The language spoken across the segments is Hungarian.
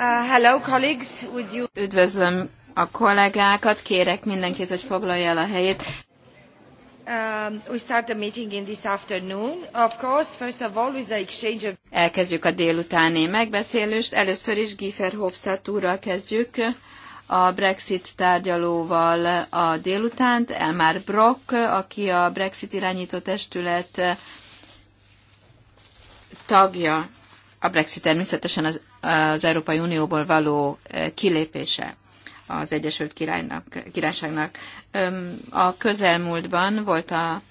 Uh, hello, colleagues. Would you... Üdvözlöm a kollégákat, kérek mindenkit, hogy foglalja el a helyét. Um, we start the meeting in this afternoon. Of course, first of all, the exchange of... Elkezdjük a délutáni megbeszélést. Először is Giefer Hofstadt úrral kezdjük a Brexit tárgyalóval a délutánt, Elmar Brock, aki a Brexit irányító testület tagja a Brexit természetesen az, az Európai Unióból való kilépése az Egyesült Királynak, Királyságnak. A közelmúltban volt a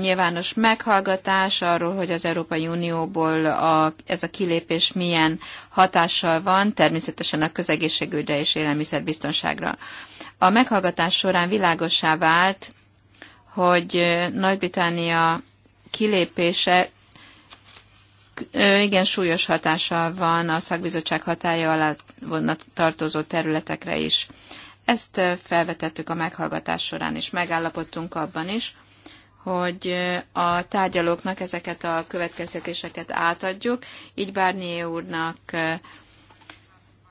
nyilvános meghallgatás arról, hogy az Európai Unióból a, ez a kilépés milyen hatással van, természetesen a közegészségügyre és élelmiszerbiztonságra. A meghallgatás során világosá vált, hogy Nagy-Britannia kilépése igen súlyos hatással van a szakbizottság hatája alá tartozó területekre is. Ezt felvetettük a meghallgatás során, és megállapodtunk abban is, hogy a tárgyalóknak ezeket a következtetéseket átadjuk, így Bárnyé úrnak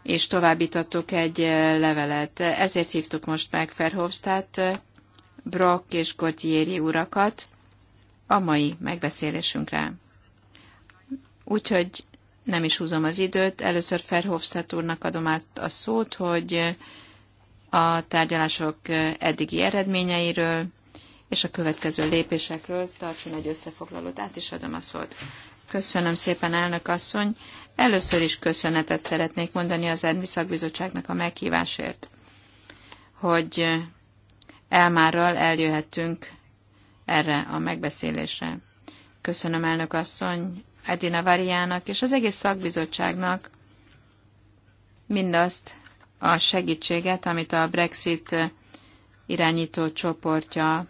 és továbbítottuk egy levelet. Ezért hívtuk most meg Ferhofstadt, Brock és Gautieri urakat a mai megbeszélésünkre. Úgyhogy nem is húzom az időt. Először Ferhofstadt úrnak adom át a szót, hogy a tárgyalások eddigi eredményeiről és a következő lépésekről tartson egy összefoglalót. Át is adom a szót. Köszönöm szépen, elnök asszony. Először is köszönetet szeretnék mondani az Edmi Szakbizottságnak a meghívásért, hogy elmárral eljöhettünk erre a megbeszélésre. Köszönöm, elnök asszony, Edina Variának és az egész szakbizottságnak mindazt a segítséget, amit a Brexit irányító csoportja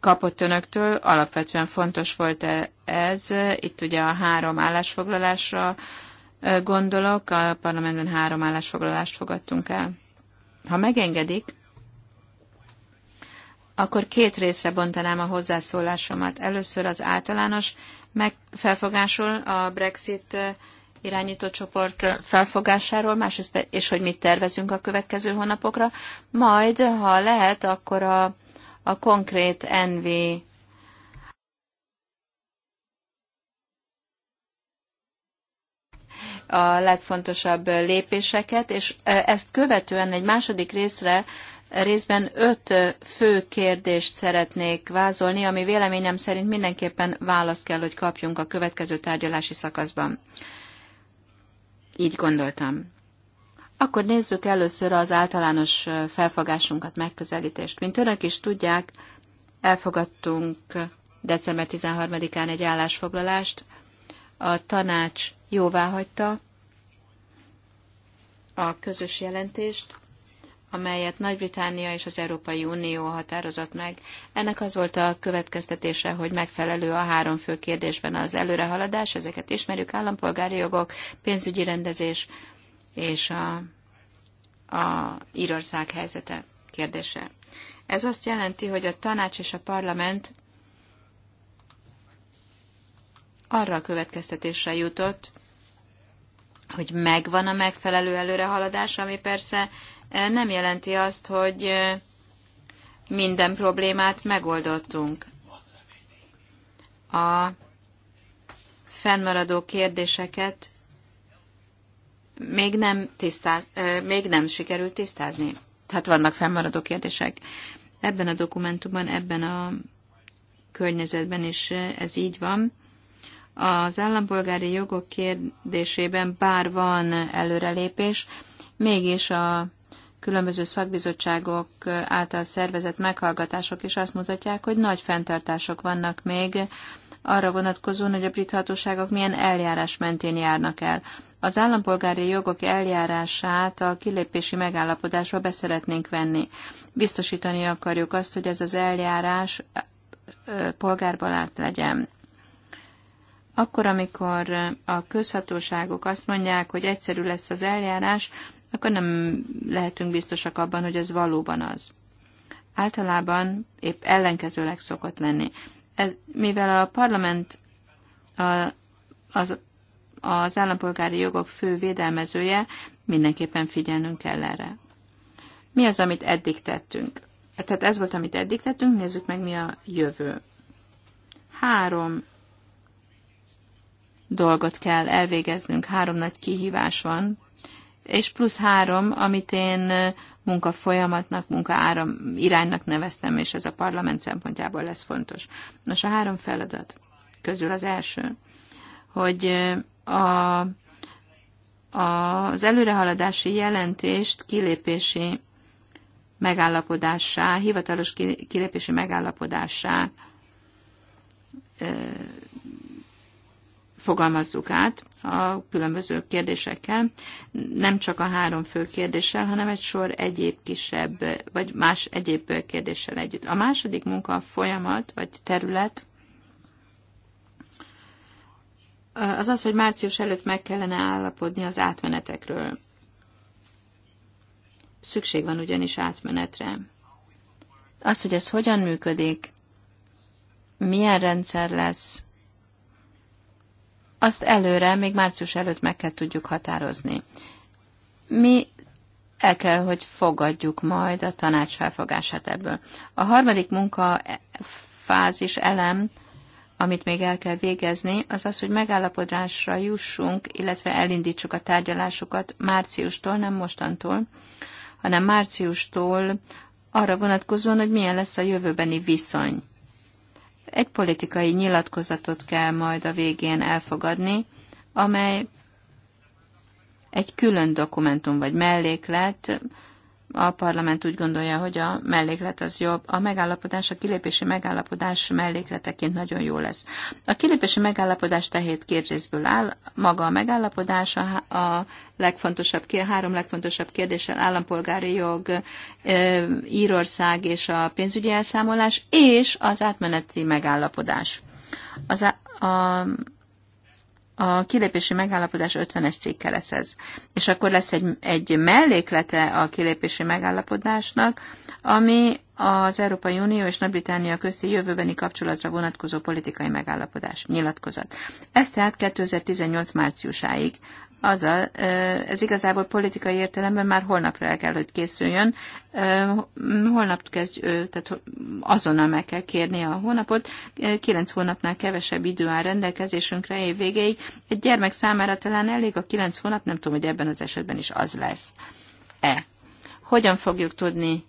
kapott önöktől, alapvetően fontos volt e- ez. Itt ugye a három állásfoglalásra e, gondolok, a parlamentben három állásfoglalást fogadtunk el. Ha megengedik, akkor két részre bontanám a hozzászólásomat. Először az általános felfogásról, a Brexit irányító csoport felfogásáról, másrészt és hogy mit tervezünk a következő hónapokra, majd, ha lehet, akkor a, a konkrét NV a legfontosabb lépéseket, és ezt követően egy második részre részben öt fő kérdést szeretnék vázolni, ami véleményem szerint mindenképpen választ kell, hogy kapjunk a következő tárgyalási szakaszban. Így gondoltam. Akkor nézzük először az általános felfogásunkat, megközelítést. Mint önök is tudják, elfogadtunk december 13-án egy állásfoglalást. A tanács jóvá hagyta a közös jelentést, amelyet Nagy-Britannia és az Európai Unió határozott meg. Ennek az volt a következtetése, hogy megfelelő a három fő kérdésben az előrehaladás, ezeket ismerjük, állampolgári jogok, pénzügyi rendezés és a, a Írország helyzete kérdése. Ez azt jelenti, hogy a tanács és a parlament arra a következtetésre jutott, hogy megvan a megfelelő előrehaladás, ami persze nem jelenti azt, hogy minden problémát megoldottunk. A fennmaradó kérdéseket még nem, tisztáz, még nem sikerült tisztázni. Tehát vannak fennmaradó kérdések. Ebben a dokumentumban, ebben a környezetben is ez így van. Az állampolgári jogok kérdésében bár van előrelépés, mégis a különböző szakbizottságok által szervezett meghallgatások is azt mutatják, hogy nagy fenntartások vannak még arra vonatkozóan, hogy a brit hatóságok milyen eljárás mentén járnak el. Az állampolgári jogok eljárását a kilépési megállapodásba beszeretnénk venni. Biztosítani akarjuk azt, hogy ez az eljárás polgárbalárt legyen. Akkor, amikor a közhatóságok azt mondják, hogy egyszerű lesz az eljárás, akkor nem lehetünk biztosak abban, hogy ez valóban az. Általában épp ellenkezőleg szokott lenni. Ez, mivel a parlament a, az, az állampolgári jogok fő védelmezője, mindenképpen figyelnünk kell erre. Mi az, amit eddig tettünk? Tehát ez volt, amit eddig tettünk, nézzük meg, mi a jövő. Három dolgot kell elvégeznünk, három nagy kihívás van, és plusz három, amit én munkafolyamatnak, munkaáram iránynak neveztem, és ez a parlament szempontjából lesz fontos. Nos, a három feladat közül az első, hogy a, a, az előrehaladási jelentést kilépési megállapodássá, hivatalos kilépési megállapodássá fogalmazzuk át a különböző kérdésekkel, nem csak a három fő kérdéssel, hanem egy sor egyéb kisebb, vagy más egyéb kérdéssel együtt. A második munka folyamat, vagy terület, az az, hogy március előtt meg kellene állapodni az átmenetekről. Szükség van ugyanis átmenetre. Az, hogy ez hogyan működik, milyen rendszer lesz, azt előre, még március előtt meg kell tudjuk határozni. Mi el kell, hogy fogadjuk majd a tanács felfogását ebből. A harmadik munka fázis elem, amit még el kell végezni, az az, hogy megállapodásra jussunk, illetve elindítsuk a tárgyalásokat márciustól, nem mostantól, hanem márciustól arra vonatkozóan, hogy milyen lesz a jövőbeni viszony egy politikai nyilatkozatot kell majd a végén elfogadni, amely egy külön dokumentum vagy melléklet, a parlament úgy gondolja, hogy a melléklet az jobb. A megállapodás, a kilépési megállapodás mellékleteként nagyon jó lesz. A kilépési megállapodás tehét két részből áll. Maga a megállapodás a, a legfontosabb, három legfontosabb kérdése, állampolgári jog, Írország és a pénzügyi elszámolás, és az átmeneti megállapodás. Az a, a, a kilépési megállapodás 50-es cikke lesz ez. És akkor lesz egy, egy melléklete a kilépési megállapodásnak, ami az Európai Unió és Nagy-Britannia közti jövőbeni kapcsolatra vonatkozó politikai megállapodás, nyilatkozat. Ez tehát 2018 márciusáig azzal, ez igazából politikai értelemben már holnapra el kell, hogy készüljön. Holnap kezd, tehát azonnal meg kell kérni a hónapot. Kilenc hónapnál kevesebb idő áll rendelkezésünkre év végéig. Egy gyermek számára talán elég a kilenc hónap, nem tudom, hogy ebben az esetben is az lesz. E. Hogyan fogjuk tudni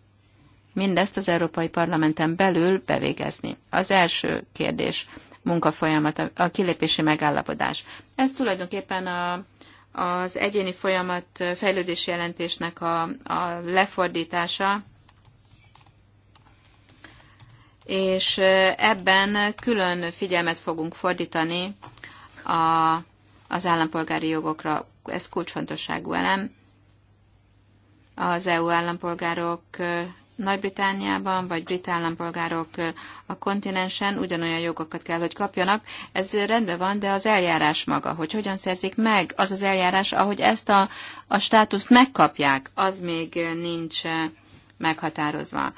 mindezt az Európai Parlamenten belül bevégezni? Az első kérdés munkafolyamat, a kilépési megállapodás. Ez tulajdonképpen a az egyéni folyamat fejlődési jelentésnek a, a lefordítása, és ebben külön figyelmet fogunk fordítani a, az állampolgári jogokra. Ez kulcsfontosságú elem. Az EU állampolgárok nagy-Britániában vagy brit állampolgárok a kontinensen ugyanolyan jogokat kell, hogy kapjanak. Ez rendben van, de az eljárás maga, hogy hogyan szerzik meg, az az eljárás, ahogy ezt a, a státuszt megkapják, az még nincs meghatározva.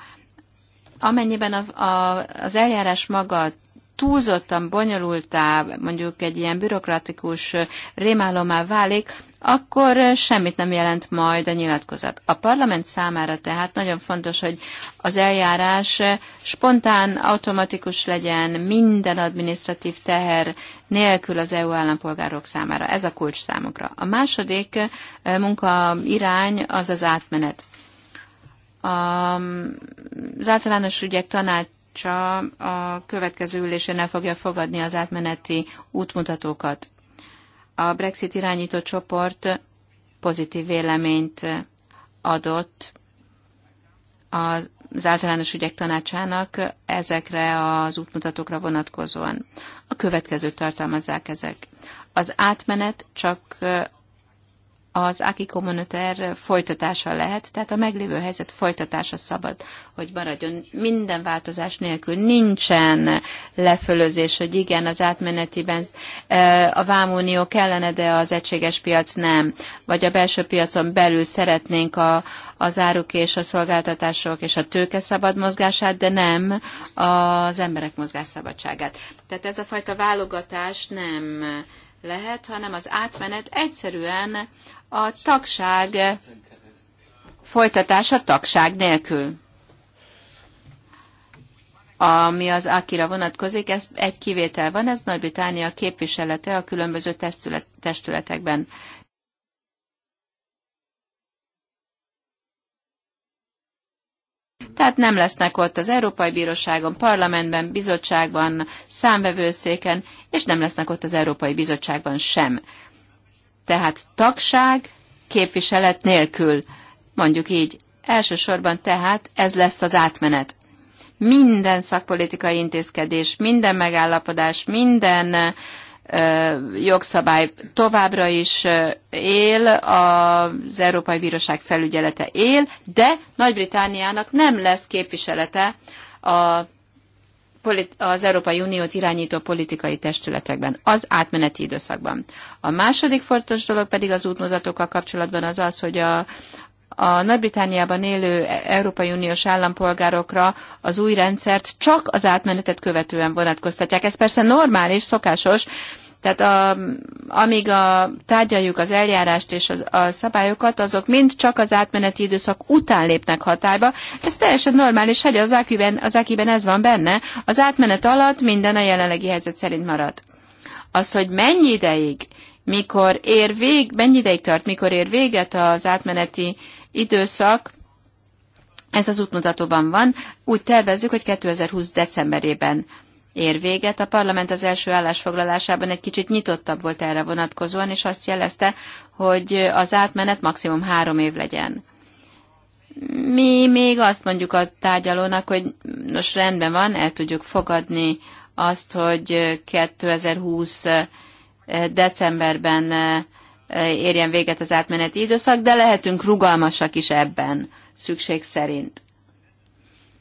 Amennyiben a, a, az eljárás maga túlzottan bonyolultá, mondjuk egy ilyen bürokratikus rémálomá válik, akkor eh, semmit nem jelent majd a nyilatkozat. A parlament számára tehát nagyon fontos, hogy az eljárás eh, spontán, automatikus legyen, minden adminisztratív teher nélkül az EU állampolgárok számára. Ez a kulcs számukra. A második eh, munka irány az az átmenet. Az általános ügyek tanács a következő ülésénél fogja fogadni az átmeneti útmutatókat a Brexit irányító csoport pozitív véleményt adott az általános ügyek tanácsának ezekre az útmutatókra vonatkozóan. A következőt tartalmazzák ezek. Az átmenet csak az aki kommunitár folytatása lehet, tehát a meglévő helyzet folytatása szabad, hogy maradjon. Minden változás nélkül nincsen lefölözés, hogy igen, az átmenetiben a vámunió kellene, de az egységes piac nem. Vagy a belső piacon belül szeretnénk a, az áruk és a szolgáltatások és a tőke szabad mozgását, de nem az emberek mozgásszabadságát. Tehát ez a fajta válogatás nem lehet, hanem az átmenet egyszerűen a tagság folytatása tagság nélkül. Ami az Akira vonatkozik, ez egy kivétel van, ez Nagy-Británia képviselete a különböző testület, testületekben. Tehát nem lesznek ott az Európai Bíróságon, Parlamentben, Bizottságban, Számvevőszéken, és nem lesznek ott az Európai Bizottságban sem. Tehát tagság képviselet nélkül, mondjuk így. Elsősorban tehát ez lesz az átmenet. Minden szakpolitikai intézkedés, minden megállapodás, minden ö, jogszabály továbbra is él, az Európai Bíróság felügyelete él, de Nagy-Britániának nem lesz képviselete a az Európai Uniót irányító politikai testületekben, az átmeneti időszakban. A második fontos dolog pedig az útmutatókkal kapcsolatban az az, hogy a, a Nagy-Britániában élő Európai Uniós állampolgárokra az új rendszert csak az átmenetet követően vonatkoztatják. Ez persze normális, szokásos, tehát a, amíg a, tárgyaljuk az eljárást és a, a szabályokat, azok mind csak az átmeneti időszak után lépnek hatályba. Ez teljesen normális, hogy az ákiben, az ákiben ez van benne. Az átmenet alatt minden a jelenlegi helyzet szerint marad. Az, hogy mennyi ideig, mikor ér vég, mennyi ideig tart, mikor ér véget az átmeneti időszak, ez az útmutatóban van. Úgy tervezzük, hogy 2020 decemberében ér véget. A parlament az első állásfoglalásában egy kicsit nyitottabb volt erre vonatkozóan, és azt jelezte, hogy az átmenet maximum három év legyen. Mi még azt mondjuk a tárgyalónak, hogy nos rendben van, el tudjuk fogadni azt, hogy 2020 eh, decemberben eh, érjen véget az átmeneti időszak, de lehetünk rugalmasak is ebben, szükség szerint.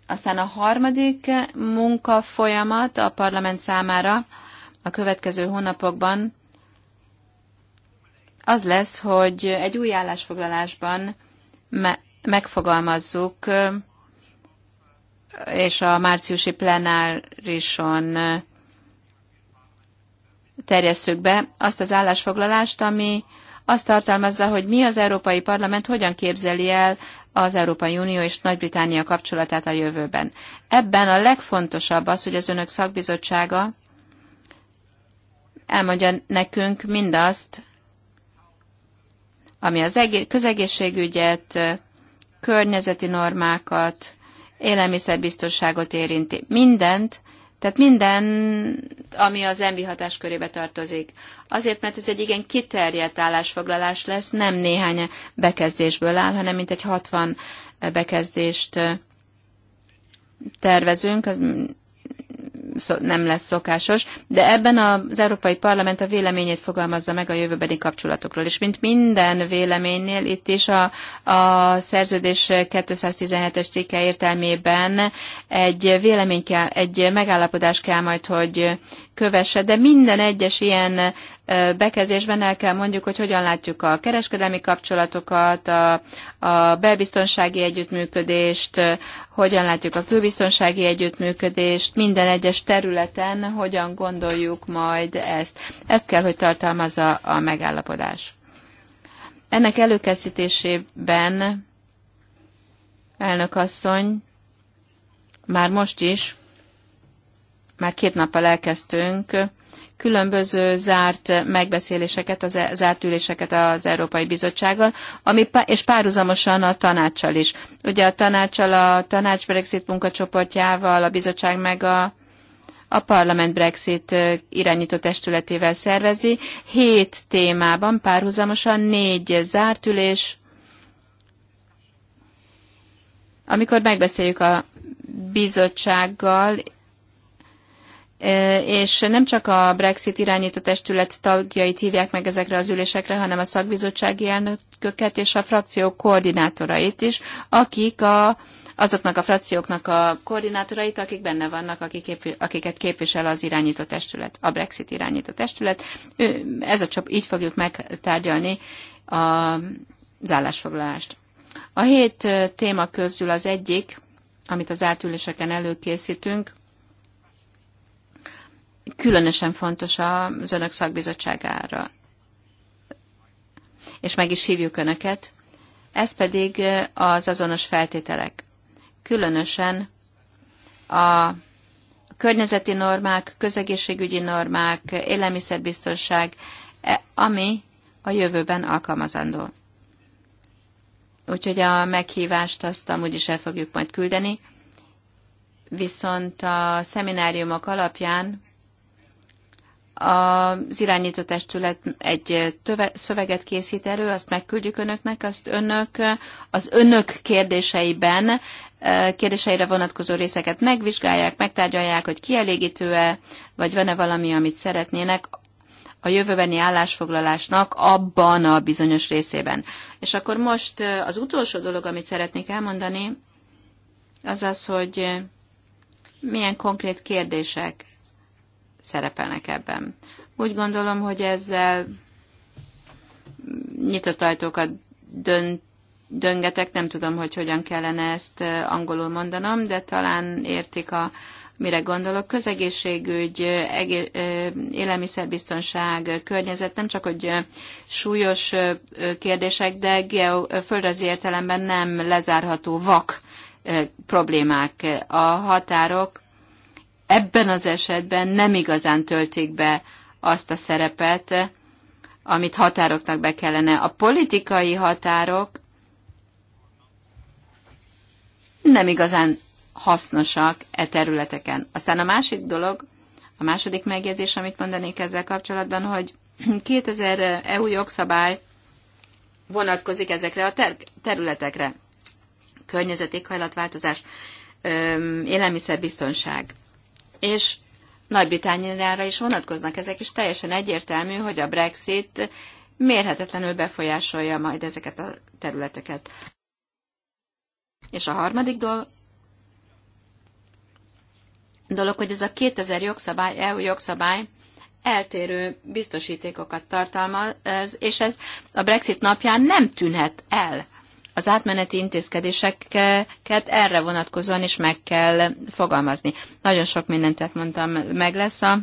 Aztán a harmadik munkafolyamat a parlament számára a következő hónapokban az lesz, hogy egy új állásfoglalásban me- megfogalmazzuk, és a márciusi plenárison terjesszük be azt az állásfoglalást, ami azt tartalmazza, hogy mi az Európai Parlament hogyan képzeli el az Európai Unió és Nagy-Británia kapcsolatát a jövőben. Ebben a legfontosabb az, hogy az önök szakbizottsága elmondja nekünk mindazt, ami az közegészségügyet, környezeti normákat, élelmiszerbiztonságot érinti. Mindent, tehát minden, ami az envi körébe tartozik. Azért, mert ez egy igen kiterjedt állásfoglalás lesz, nem néhány bekezdésből áll, hanem mint egy 60 bekezdést tervezünk, nem lesz szokásos, de ebben az Európai Parlament a véleményét fogalmazza meg a jövőbeni kapcsolatokról. És mint minden véleménynél, itt is a, a szerződés 217-es cikke értelmében egy vélemény kell, egy megállapodás kell majd, hogy kövesse, de minden egyes ilyen bekezdésben el kell mondjuk, hogy hogyan látjuk a kereskedelmi kapcsolatokat, a, a belbiztonsági együttműködést, hogyan látjuk a külbiztonsági együttműködést, minden egyes területen hogyan gondoljuk majd ezt. Ezt kell, hogy tartalmazza a megállapodás. Ennek előkészítésében elnök asszony már most is, már két nappal elkezdtünk különböző zárt megbeszéléseket, az e- zárt üléseket az Európai Bizottsággal, ami, és párhuzamosan a tanácssal is. Ugye a tanácssal, a tanács Brexit munkacsoportjával, a bizottság meg a a parlament Brexit irányító testületével szervezi. Hét témában párhuzamosan négy zárt ülés, amikor megbeszéljük a bizottsággal és nem csak a Brexit irányító testület tagjait hívják meg ezekre az ülésekre, hanem a szakbizottsági elnököket és a frakciók koordinátorait is, akik a, azoknak a frakcióknak a koordinátorait, akik benne vannak, akik kép, akiket képvisel az irányító testület, a Brexit irányító testület. Ő, ez a csop, így fogjuk megtárgyalni a, az állásfoglalást. A hét téma közül az egyik, amit az átüléseken előkészítünk, különösen fontos az önök szakbizottságára. És meg is hívjuk önöket. Ez pedig az azonos feltételek. Különösen a környezeti normák, közegészségügyi normák, élelmiszerbiztonság, e, ami a jövőben alkalmazandó. Úgyhogy a meghívást azt amúgy is el fogjuk majd küldeni, viszont a szemináriumok alapján az irányító testület egy töve, szöveget készít elő, azt megküldjük önöknek, azt önök az önök kérdéseiben e, kérdéseire vonatkozó részeket megvizsgálják, megtárgyalják, hogy kielégítő-e, vagy van-e valami, amit szeretnének a jövőbeni állásfoglalásnak abban a bizonyos részében. És akkor most e, az utolsó dolog, amit szeretnék elmondani, az az, hogy milyen konkrét kérdések szerepelnek ebben. Úgy gondolom, hogy ezzel nyitott ajtókat dönt döngetek, nem tudom, hogy hogyan kellene ezt angolul mondanom, de talán értik a, mire gondolok. Közegészségügy, egé- élelmiszerbiztonság, környezet nem csak hogy súlyos kérdések, de geo, földrajzi értelemben nem lezárható vak problémák. A határok ebben az esetben nem igazán töltik be azt a szerepet, amit határoknak be kellene. A politikai határok nem igazán hasznosak e területeken. Aztán a másik dolog, a második megjegyzés, amit mondanék ezzel kapcsolatban, hogy 2000 EU jogszabály vonatkozik ezekre a ter- területekre. Környezet, éghajlatváltozás, élelmiszerbiztonság és Nagy-Britániára is vonatkoznak ezek, és teljesen egyértelmű, hogy a Brexit mérhetetlenül befolyásolja majd ezeket a területeket. És a harmadik dolog, dolog, hogy ez a 2000 jogszabály, EU jogszabály eltérő biztosítékokat tartalmaz, és ez a Brexit napján nem tűnhet el. Az átmeneti intézkedéseket erre vonatkozóan is meg kell fogalmazni. Nagyon sok mindent tehát mondtam, meg lesz a,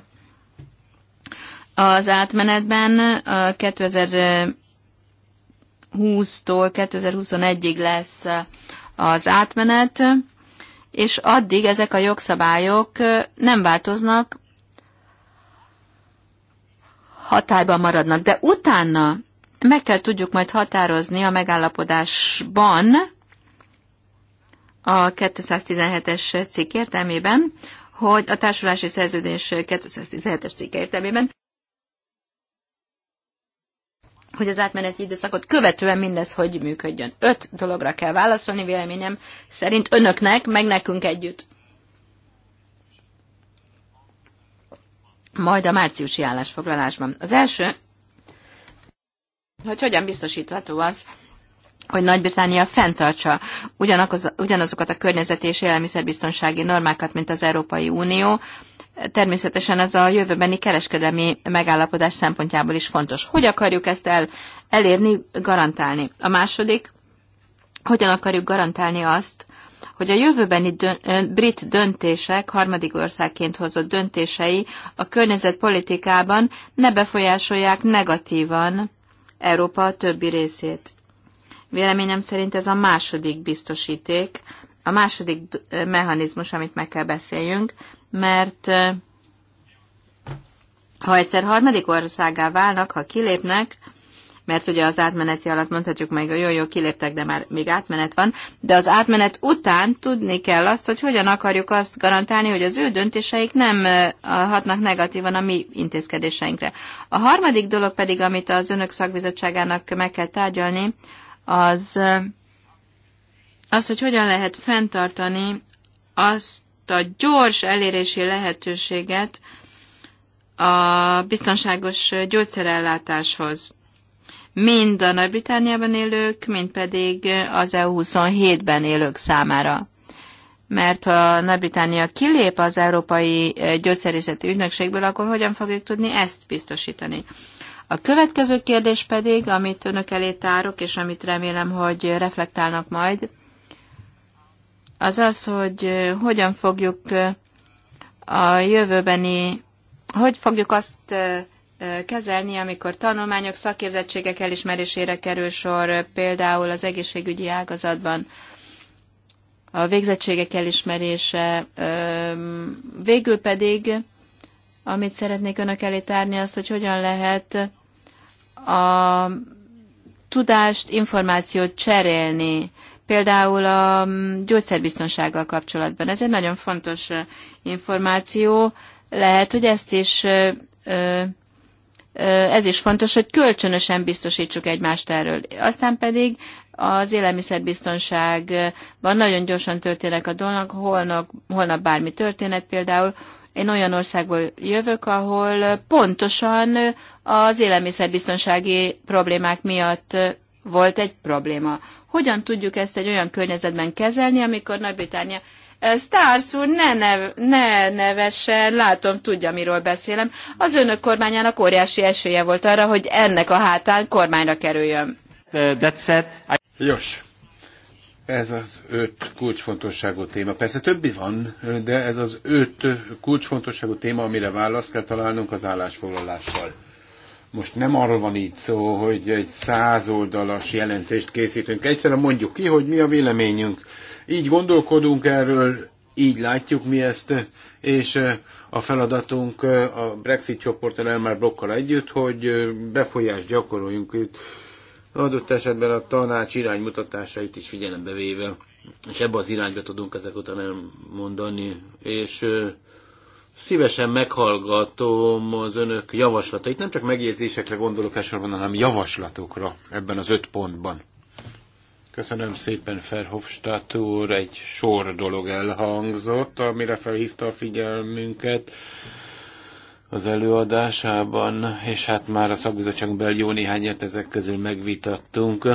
az átmenetben. A 2020-tól 2021-ig lesz az átmenet, és addig ezek a jogszabályok nem változnak, hatályban maradnak, de utána meg kell tudjuk majd határozni a megállapodásban, a 217-es cikk értelmében, hogy a társulási szerződés 217-es cikk értelmében, hogy az átmeneti időszakot követően mindez hogy működjön. Öt dologra kell válaszolni véleményem szerint önöknek, meg nekünk együtt. Majd a márciusi állásfoglalásban. Az első, hogy hogyan biztosítható az, hogy Nagy-Britannia fenntartsa ugyanaz, ugyanazokat a környezeti és élelmiszerbiztonsági normákat, mint az Európai Unió. Természetesen ez a jövőbeni kereskedelmi megállapodás szempontjából is fontos. Hogy akarjuk ezt el, elérni, garantálni? A második, hogyan akarjuk garantálni azt, hogy a jövőbeni dön- brit döntések, harmadik országként hozott döntései a környezetpolitikában ne befolyásolják negatívan Európa a többi részét. Véleményem szerint ez a második biztosíték, a második eh, mechanizmus, amit meg kell beszéljünk, mert eh, ha egyszer harmadik országá válnak, ha kilépnek, mert ugye az átmeneti alatt mondhatjuk meg, hogy jó, jó, kiléptek, de már még átmenet van, de az átmenet után tudni kell azt, hogy hogyan akarjuk azt garantálni, hogy az ő döntéseik nem hatnak negatívan a mi intézkedéseinkre. A harmadik dolog pedig, amit az önök szakbizottságának meg kell tárgyalni, az az, hogy hogyan lehet fenntartani azt a gyors elérési lehetőséget a biztonságos gyógyszerellátáshoz mind a Nagy-Britániában élők, mind pedig az EU27-ben élők számára. Mert ha nagy británia kilép az Európai eh, Gyógyszerészeti Ügynökségből, akkor hogyan fogjuk tudni ezt biztosítani? A következő kérdés pedig, amit önök elé tárok, és amit remélem, hogy reflektálnak majd, az az, hogy eh, hogyan fogjuk eh, a jövőbeni, hogy fogjuk azt kezelni, amikor tanulmányok, szakképzettségek elismerésére kerül sor, például az egészségügyi ágazatban a végzettségek elismerése. Végül pedig, amit szeretnék önök elé tárni, az, hogy hogyan lehet a tudást, információt cserélni, például a gyógyszerbiztonsággal kapcsolatban. Ez egy nagyon fontos információ. Lehet, hogy ezt is ez is fontos, hogy kölcsönösen biztosítsuk egymást erről. Aztán pedig az élelmiszerbiztonságban nagyon gyorsan történnek a dolgok, holnap, holnap bármi történet például. Én olyan országból jövök, ahol pontosan az élelmiszerbiztonsági problémák miatt volt egy probléma. Hogyan tudjuk ezt egy olyan környezetben kezelni, amikor Nagy-Britannia Stars úr, ne, nev, ne nevessen, látom, tudja, miről beszélem. Az önök kormányának óriási esélye volt arra, hogy ennek a hátán kormányra kerüljön. Uh, that said, I... Jos, ez az öt kulcsfontosságú téma. Persze többi van, de ez az öt kulcsfontosságú téma, amire választ kell találnunk az állásfoglalással. Most nem arról van így szó, hogy egy százoldalas jelentést készítünk. Egyszerűen mondjuk ki, hogy mi a véleményünk így gondolkodunk erről, így látjuk mi ezt, és eh, a feladatunk eh, a Brexit csoporttal már Blokkal együtt, hogy eh, befolyást gyakoroljunk itt, adott esetben a tanács iránymutatásait is figyelembe véve, és ebbe az irányba tudunk ezek után elmondani, és szívesen meghallgatom az önök javaslatait. Nem csak megjegyzésekre gondolok elsősorban, hanem javaslatokra ebben az öt pontban. Köszönöm szépen, Ferhofstadt úr. Egy sor dolog elhangzott, amire felhívta a figyelmünket az előadásában, és hát már a szakbizottságon belül jó néhányat ezek közül megvitattunk.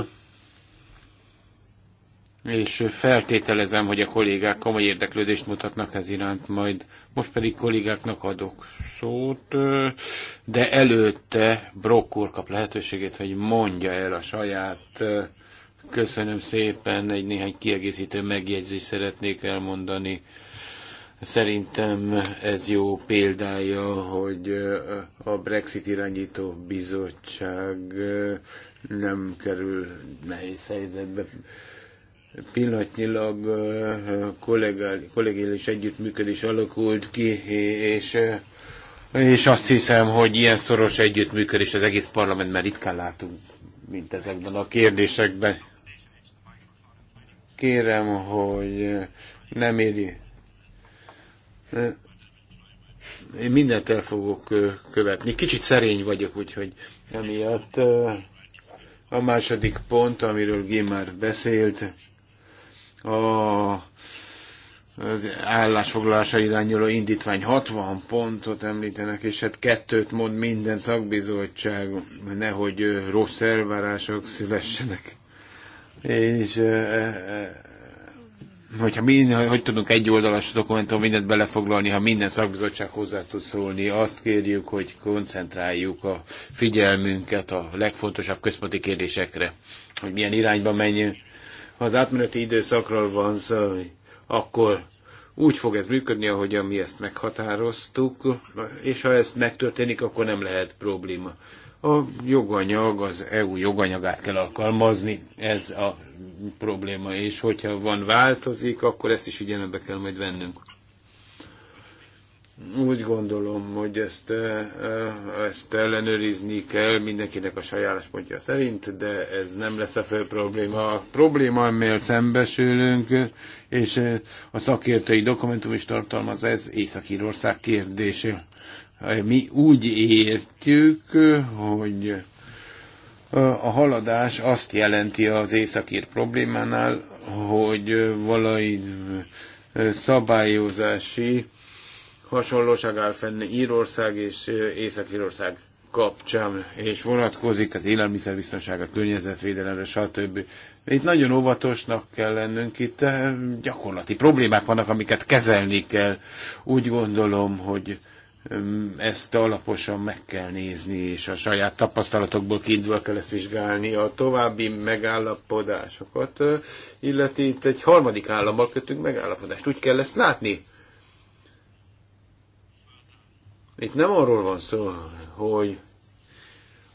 És feltételezem, hogy a kollégák komoly érdeklődést mutatnak ez iránt majd. Most pedig kollégáknak adok szót, de előtte Brock úr kap lehetőségét, hogy mondja el a saját Köszönöm szépen, egy néhány kiegészítő megjegyzést szeretnék elmondani. Szerintem ez jó példája, hogy a Brexit irányító bizottság nem kerül nehéz helyzetbe. Pillanatnyilag kollégális együttműködés alakult ki, és, és azt hiszem, hogy ilyen szoros együttműködés az egész parlament már ritkán látunk, mint ezekben a kérdésekben kérem, hogy nem éri. Én mindent el fogok követni. Kicsit szerény vagyok, úgyhogy emiatt a második pont, amiről Gim már beszélt, a, az állásfoglalása irányuló indítvány 60 pontot említenek, és hát kettőt mond minden szakbizottság, nehogy rossz elvárások szülessenek és hogyha mi, hogy tudunk egy oldalas dokumentum mindent belefoglalni, ha minden szakbizottság hozzá tud szólni, azt kérjük, hogy koncentráljuk a figyelmünket a legfontosabb központi kérdésekre, hogy milyen irányba menjünk. Ha az átmeneti időszakról van szó, akkor úgy fog ez működni, ahogy mi ezt meghatároztuk, és ha ezt megtörténik, akkor nem lehet probléma. A joganyag, az EU joganyagát kell alkalmazni, ez a probléma, és hogyha van változik, akkor ezt is figyelembe kell majd vennünk. Úgy gondolom, hogy ezt, e, e, ezt ellenőrizni kell mindenkinek a saját pontja szerint, de ez nem lesz a fő probléma. A probléma, amivel szembesülünk, és e, a szakértői dokumentum is tartalmaz, ez Észak-Írország kérdése. Mi úgy értjük, hogy a haladás azt jelenti az északír problémánál, hogy valami szabályozási hasonlóság áll fenn Írország és Észak-Írország kapcsán, és vonatkozik az élelmiszerbiztonságra, környezetvédelemre, stb. Itt nagyon óvatosnak kell lennünk, itt gyakorlati problémák vannak, amiket kezelni kell. Úgy gondolom, hogy ezt alaposan meg kell nézni, és a saját tapasztalatokból kiindulva kell ezt vizsgálni. A további megállapodásokat illeti itt egy harmadik állammal kötünk megállapodást. Úgy kell ezt látni. Itt nem arról van szó, hogy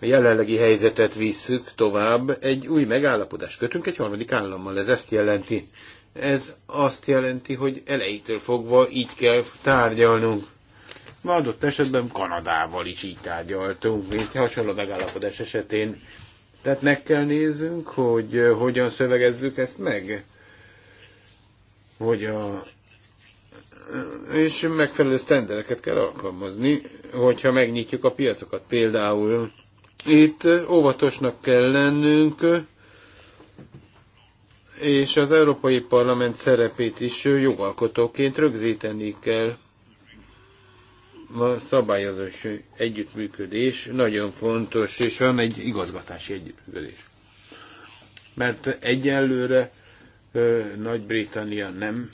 a jelenlegi helyzetet visszük tovább, egy új megállapodást kötünk egy harmadik állammal. Ez ezt jelenti. Ez azt jelenti, hogy elejétől fogva így kell tárgyalnunk Ma adott esetben Kanadával is így tárgyaltunk, mint hasonló megállapodás esetén. Tehát meg kell nézzünk, hogy eh, hogyan szövegezzük ezt meg. Hogy a eh, és megfelelő sztendereket kell alkalmazni, hogyha megnyitjuk a piacokat. Például itt eh, óvatosnak kell lennünk, és az Európai Parlament szerepét is jogalkotóként rögzíteni kell a szabályozás együttműködés nagyon fontos, és van egy igazgatási együttműködés. Mert egyelőre Nagy-Britannia nem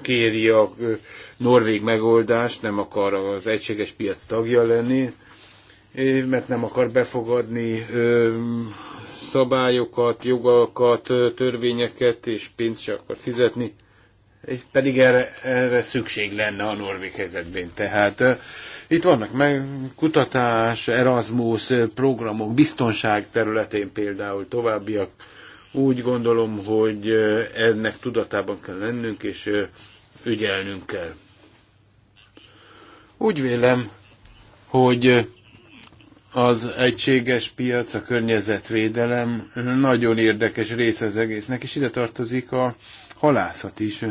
kéri a norvég megoldást, nem akar az egységes piac tagja lenni, mert nem akar befogadni szabályokat, jogokat, törvényeket, és pénzt se akar fizetni és pedig erre, erre szükség lenne a norvég helyzetben. Tehát itt vannak meg kutatás, Erasmus programok, biztonság területén például továbbiak. Úgy gondolom, hogy ennek tudatában kell lennünk, és ügyelnünk kell. Úgy vélem, hogy az egységes piac, a környezetvédelem nagyon érdekes része az egésznek, és ide tartozik a halászat is.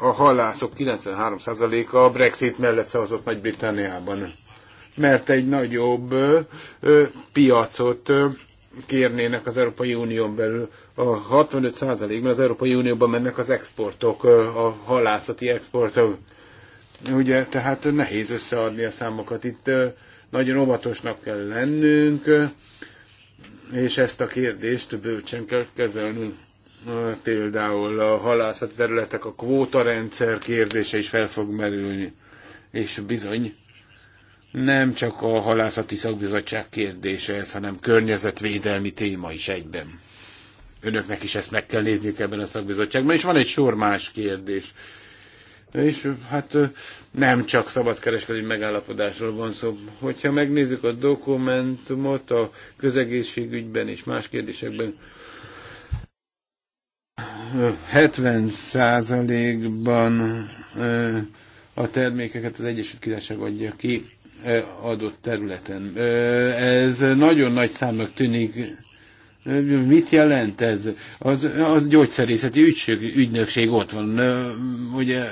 a halászok 93%-a a Brexit mellett szavazott Nagy-Britanniában, mert egy nagyobb piacot kérnének az Európai Unión belül. A 65%-ban az Európai Unióban mennek az exportok, a halászati exportok. Ugye, tehát nehéz összeadni a számokat. Itt nagyon óvatosnak kell lennünk, és ezt a kérdést bőcsen kell kezelnünk Például a halászati területek, a kvótarendszer kérdése is fel fog merülni. És bizony, nem csak a halászati szakbizottság kérdése ez, hanem környezetvédelmi téma is egyben. Önöknek is ezt meg kell nézniük ebben a szakbizottságban, és van egy sor más kérdés. És hát nem csak szabadkereskedelmi megállapodásról van szó. Hogyha megnézzük a dokumentumot a közegészségügyben és más kérdésekben, 70%-ban a termékeket az Egyesült Királyság adja ki adott területen. Ez nagyon nagy számnak tűnik. Mit jelent ez? Az, az gyógyszerészeti ügység, ügynökség ott van, ugye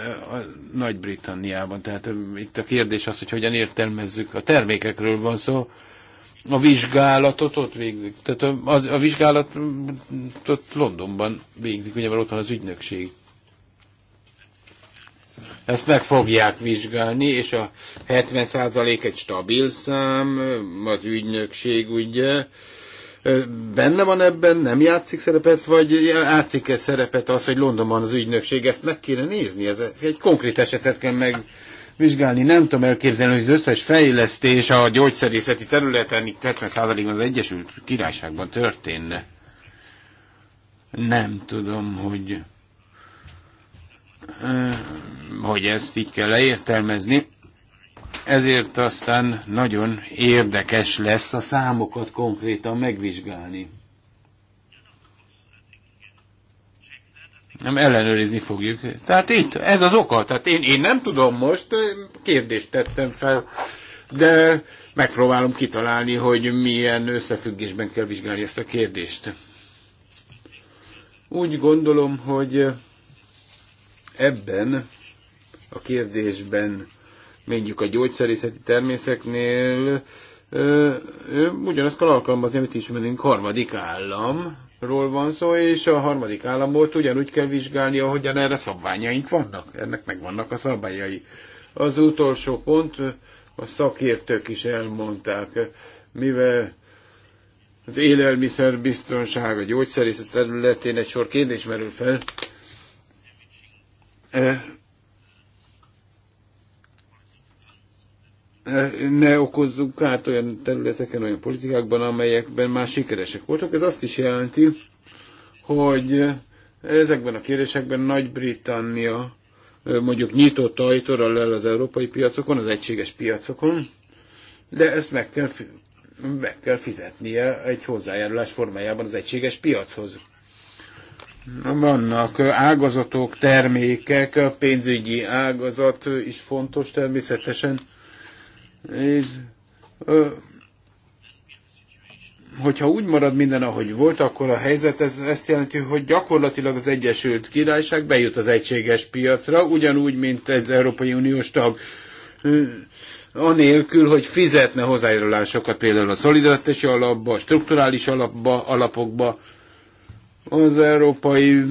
Nagy-Britanniában. Tehát itt a kérdés az, hogy hogyan értelmezzük. A termékekről van szó a vizsgálatot ott végzik. Tehát a, az, a vizsgálatot mm, Londonban végzik, ugye, mert ott van az ügynökség. Ezt meg fogják vizsgálni, és a 70% egy stabil szám, az ügynökség ugye benne van ebben, nem játszik szerepet, vagy játszik-e szerepet az, hogy Londonban az ügynökség, ezt meg kéne nézni, ez egy konkrét esetet kell meg vizsgálni. Nem tudom elképzelni, hogy az összes fejlesztés a gyógyszerészeti területen itt 70%-ban az Egyesült Királyságban történne. Nem tudom, hogy hogy ezt így kell leértelmezni. Ezért aztán nagyon érdekes lesz a számokat konkrétan megvizsgálni. Nem ellenőrizni fogjuk. Tehát itt, ez az oka. Tehát én, én nem tudom most, eh, kérdést tettem fel, de megpróbálom kitalálni, hogy milyen összefüggésben kell vizsgálni ezt a kérdést. Úgy gondolom, hogy ebben a kérdésben mondjuk a gyógyszerészeti természeknél eh, eh, ugyanazt kell alkalmazni, amit ismerünk harmadik állam, államról van szó, és a harmadik államot ugyanúgy kell vizsgálni, ahogyan erre szabványaink vannak. Ennek megvannak a szabályai. Az utolsó pont, a szakértők is elmondták, mivel az élelmiszerbiztonság, a gyógyszerészet területén egy sor kérdés merül fel, Eh, ne okozzunk kárt olyan területeken, olyan politikákban, amelyekben már sikeresek voltak. Ez azt is jelenti, hogy ezekben a kérdésekben Nagy-Britannia eh, mondjuk nyitott ajtóra lel az európai piacokon, az egységes piacokon, de ezt meg kell, meg kell fizetnie egy hozzájárulás formájában az egységes piachoz. Vannak eh, ágazatok, termékek, a pénzügyi ágazat is fontos természetesen, és ö, hogyha úgy marad minden, ahogy volt, akkor a helyzet ez, ezt jelenti, hogy gyakorlatilag az Egyesült Királyság bejut az egységes piacra, ugyanúgy, mint az Európai Uniós tag anélkül, hogy fizetne hozzájárulásokat például a szolidaritási alapba, a strukturális alapba, alapokba, az Európai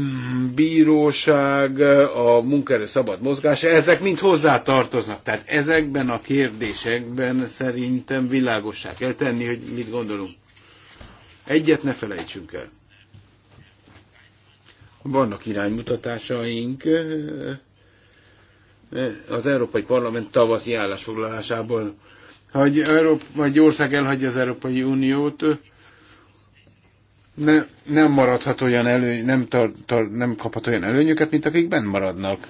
Bíróság, a munkaerő szabad mozgása, ezek mind hozzá tartoznak. Tehát ezekben a kérdésekben szerintem világossá kell tenni, hogy mit gondolunk. Egyet ne felejtsünk el. Vannak iránymutatásaink. Az Európai Parlament tavaszi állásfoglalásából, hogy Európa, vagy ország elhagyja az Európai Uniót, ne, nem maradhat olyan elő, nem, tar, tar, nem kaphat olyan előnyöket, mint akik benn maradnak.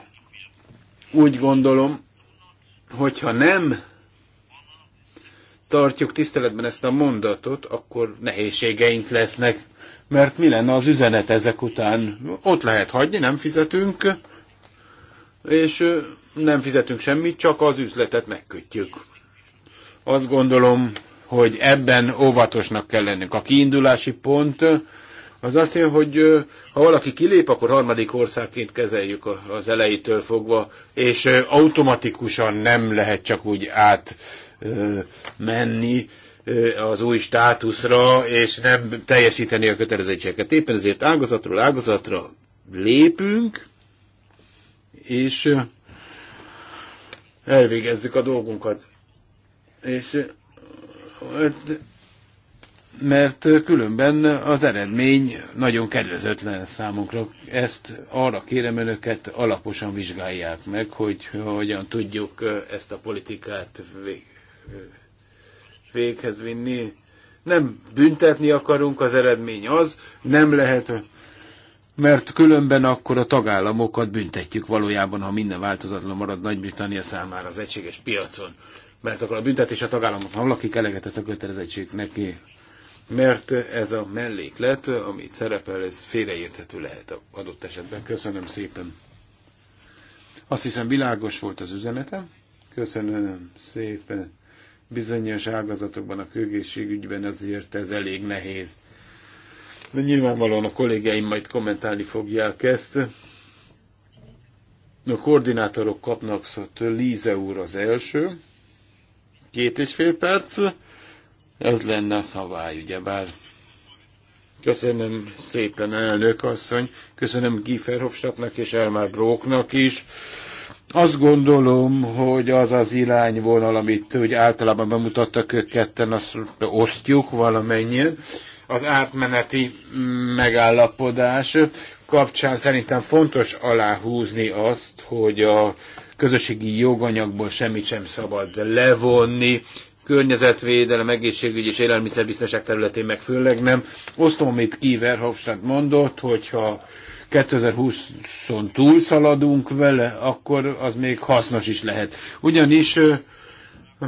Úgy gondolom, hogyha nem tartjuk tiszteletben ezt a mondatot, akkor nehézségeink lesznek. Mert mi lenne az üzenet ezek után? Ott lehet hagyni, nem fizetünk, és nem fizetünk semmit, csak az üzletet megkötjük. Azt gondolom, hogy ebben óvatosnak kell lennünk. A kiindulási pont az azt jelenti, hogy ha valaki kilép, akkor harmadik országként kezeljük az elejétől fogva, és automatikusan nem lehet csak úgy át menni az új státuszra, és nem teljesíteni a kötelezettségeket. Éppen ezért ágazatról ágazatra lépünk, és elvégezzük a dolgunkat. És mert különben az eredmény nagyon kedvezőtlen számunkra. Ezt arra kérem önöket, alaposan vizsgálják meg, hogy hogyan tudjuk ezt a politikát vég, véghez vinni. Nem büntetni akarunk, az eredmény az, nem lehet, mert különben akkor a tagállamokat büntetjük valójában, ha minden változatlan marad Nagy-Britannia számára az egységes piacon mert akkor a büntetés a tagállamot, ha valaki eleget ezt a kötelezettség neki, mert ez a melléklet, amit szerepel, ez félreérthető lehet a adott esetben. Köszönöm szépen. Azt hiszem világos volt az üzenete. Köszönöm szépen. Bizonyos ágazatokban a közegészségügyben azért ez elég nehéz. De nyilvánvalóan a kollégeim majd kommentálni fogják ezt. A koordinátorok kapnak szóval Líze úr az első. Két és fél perc, ez lenne a szabály, ugyebár. Köszönöm szépen, elnök asszony. Köszönöm Giferhofstadtnak és Elmar Bróknak is. Azt gondolom, hogy az az irányvonal, amit úgy általában bemutattak ők ketten, azt osztjuk valamennyien. Az átmeneti megállapodás kapcsán szerintem fontos aláhúzni azt, hogy a közösségi joganyagból semmit sem szabad levonni, környezetvédelem, egészségügy és élelmiszerbiztonság területén meg főleg nem. Osztom, amit Kiver Hofstadt mondott, hogyha 2020-on túlszaladunk vele, akkor az még hasznos is lehet. Ugyanis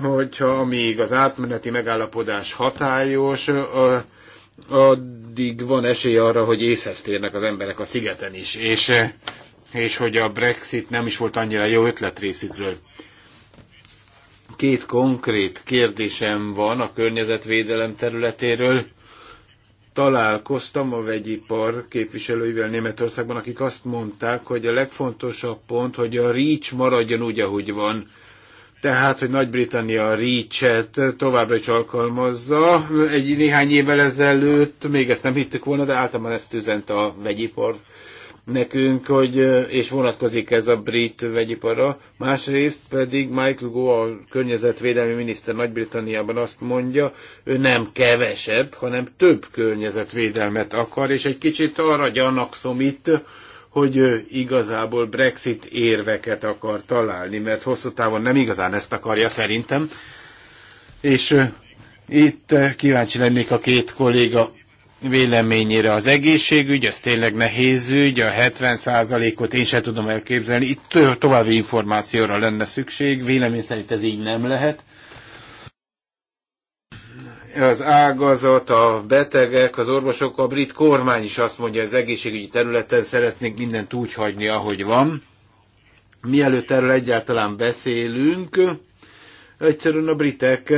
hogyha amíg az átmeneti megállapodás hatályos, addig van esély arra, hogy észhez térnek az emberek a szigeten is, és és hogy a Brexit nem is volt annyira jó ötlet részükről. Két konkrét kérdésem van a környezetvédelem területéről. Találkoztam a vegyipar képviselőivel Németországban, akik azt mondták, hogy a legfontosabb pont, hogy a REACH maradjon úgy, ahogy van. Tehát, hogy Nagy-Britannia a REACH-et továbbra is alkalmazza. Egy néhány évvel ezelőtt még ezt nem hittük volna, de általában ezt üzent a vegyipar nekünk, hogy, és vonatkozik ez a brit vegyiparra. Másrészt pedig Michael Gove, a környezetvédelmi miniszter Nagy-Britanniában azt mondja, ő nem kevesebb, hanem több környezetvédelmet akar, és egy kicsit arra gyanakszom itt, hogy ő igazából Brexit érveket akar találni, mert hosszú távon nem igazán ezt akarja szerintem. És itt kíváncsi lennék a két kolléga véleményére az egészségügy, ez tényleg nehéz ügy, a 70%-ot én sem tudom elképzelni, itt további információra lenne szükség, vélemény szerint ez így nem lehet. Az ágazat, a betegek, az orvosok, a brit kormány is azt mondja, hogy az egészségügyi területen szeretnék mindent úgy hagyni, ahogy van. Mielőtt erről egyáltalán beszélünk, egyszerűen a britek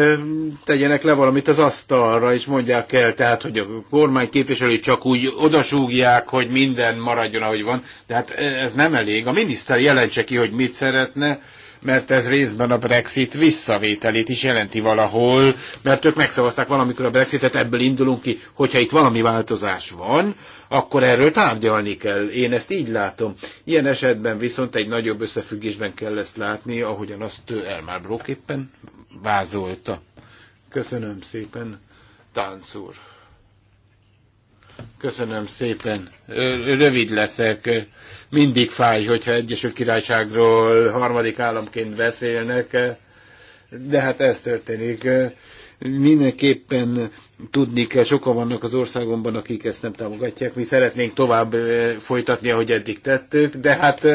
tegyenek le valamit az asztalra, és mondják el, tehát, hogy a kormány képviselői csak úgy odasúgják, hogy minden maradjon, ahogy van. Tehát ez nem elég. A miniszter jelentse ki, hogy mit szeretne, mert ez részben a Brexit visszavételét is jelenti valahol, mert ők megszavazták valamikor a Brexitet, ebből indulunk ki, hogyha itt valami változás van, akkor erről tárgyalni kell. Én ezt így látom. Ilyen esetben viszont egy nagyobb összefüggésben kell ezt látni, ahogyan azt Elmar Brock éppen vázolta. Köszönöm szépen, Tánc úr. Köszönöm szépen. Rövid leszek. Mindig fáj, hogyha Egyesült Királyságról harmadik államként beszélnek, de hát ez történik. Mindenképpen tudni kell, sokan vannak az országomban, akik ezt nem támogatják. Mi szeretnénk tovább folytatni, ahogy eddig tettük, de hát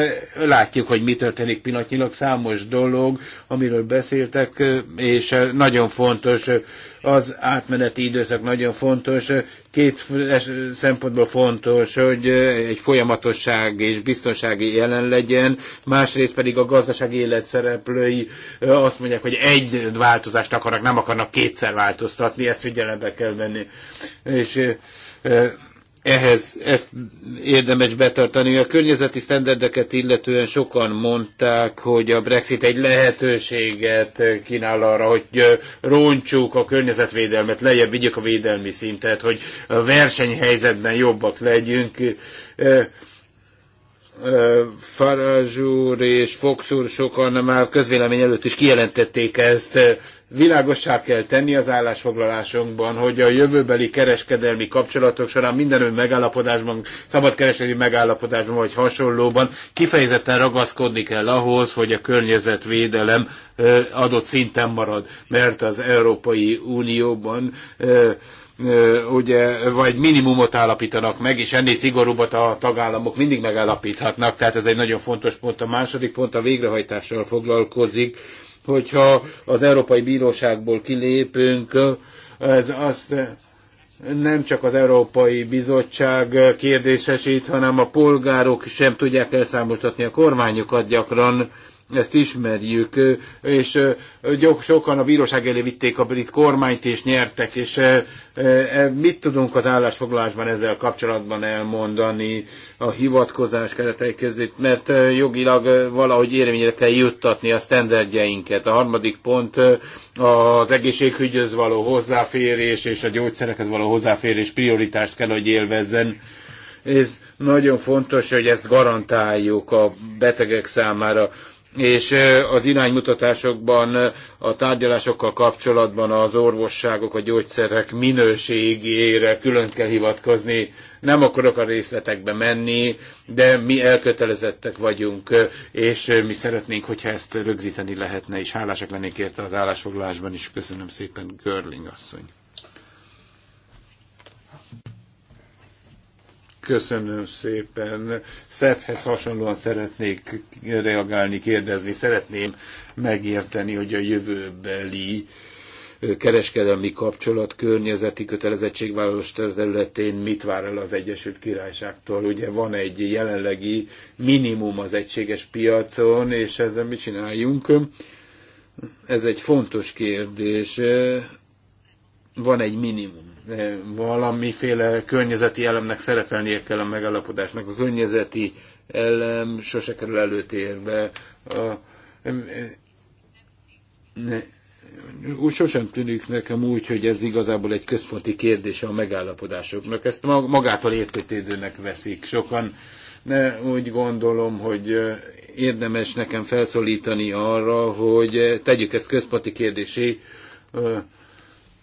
látjuk, hogy mi történik pillanatnyilag. Számos dolog, amiről beszéltek, és nagyon fontos, az átmeneti időszak nagyon fontos két szempontból fontos, hogy egy folyamatosság és biztonsági jelen legyen, másrészt pedig a gazdasági élet szereplői azt mondják, hogy egy változást akarnak, nem akarnak kétszer változtatni, ezt figyelembe kell venni. És ehhez ezt érdemes betartani. A környezeti sztenderdeket illetően sokan mondták, hogy a Brexit egy lehetőséget kínál arra, hogy roncsuk a környezetvédelmet, lejjebb vigyük a védelmi szintet, hogy a versenyhelyzetben jobbak legyünk Farage úr és Fox úr sokan már közvélemény előtt is kijelentették ezt. Világossá kell tenni az állásfoglalásunkban, hogy a jövőbeli kereskedelmi kapcsolatok során ön megállapodásban, szabadkereskedelmi megállapodásban vagy hasonlóban kifejezetten ragaszkodni kell ahhoz, hogy a környezetvédelem adott szinten marad, mert az Európai Unióban ugye, vagy minimumot állapítanak meg, és ennél szigorúbbat a tagállamok mindig megállapíthatnak, tehát ez egy nagyon fontos pont. A második pont a végrehajtással foglalkozik, hogyha az Európai Bíróságból kilépünk, ez azt nem csak az Európai Bizottság kérdésesít, hanem a polgárok sem tudják elszámoltatni a kormányokat gyakran, ezt ismerjük, és sokan a bíróság elé vitték a brit kormányt, és nyertek, és e, mit tudunk az állásfoglalásban ezzel kapcsolatban elmondani a hivatkozás keretei között, mert jogilag valahogy érvényre kell juttatni a sztenderdjeinket. A harmadik pont az egészségügyhöz való hozzáférés és a gyógyszerekhez való hozzáférés prioritást kell, hogy élvezzen ez nagyon fontos, hogy ezt garantáljuk a betegek számára és az iránymutatásokban a tárgyalásokkal kapcsolatban az orvosságok, a gyógyszerek minőségére külön kell hivatkozni. Nem akarok a részletekbe menni, de mi elkötelezettek vagyunk, és mi szeretnénk, hogyha ezt rögzíteni lehetne, és hálásak lennék érte az állásfoglalásban is. Köszönöm szépen, Görling asszony. Köszönöm szépen. Szebbhez hasonlóan szeretnék reagálni, kérdezni. Szeretném megérteni, hogy a jövőbeli kereskedelmi kapcsolat, környezeti kötelezettségvállalás területén mit vár el az Egyesült Királyságtól. Ugye van egy jelenlegi minimum az egységes piacon, és ezzel mit csináljunk? Ez egy fontos kérdés. Van egy minimum valamiféle környezeti elemnek szerepelnie kell a megállapodásnak. A környezeti elem sose kerül előtérbe. A, ne, úgy sosem tűnik nekem úgy, hogy ez igazából egy központi kérdése a megállapodásoknak. Ezt magától értetődőnek veszik sokan. ne, úgy gondolom, hogy érdemes nekem felszólítani arra, hogy tegyük ezt központi kérdésé,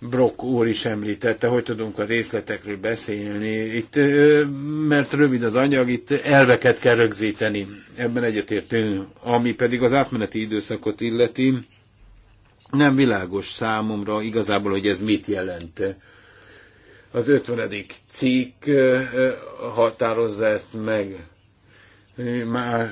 Brock úr is említette, hogy tudunk a részletekről beszélni, itt, mert rövid az anyag, itt elveket kell rögzíteni, ebben egyetértünk, ami pedig az átmeneti időszakot illeti, nem világos számomra igazából, hogy ez mit jelent. Az 50. cikk határozza ezt meg. Már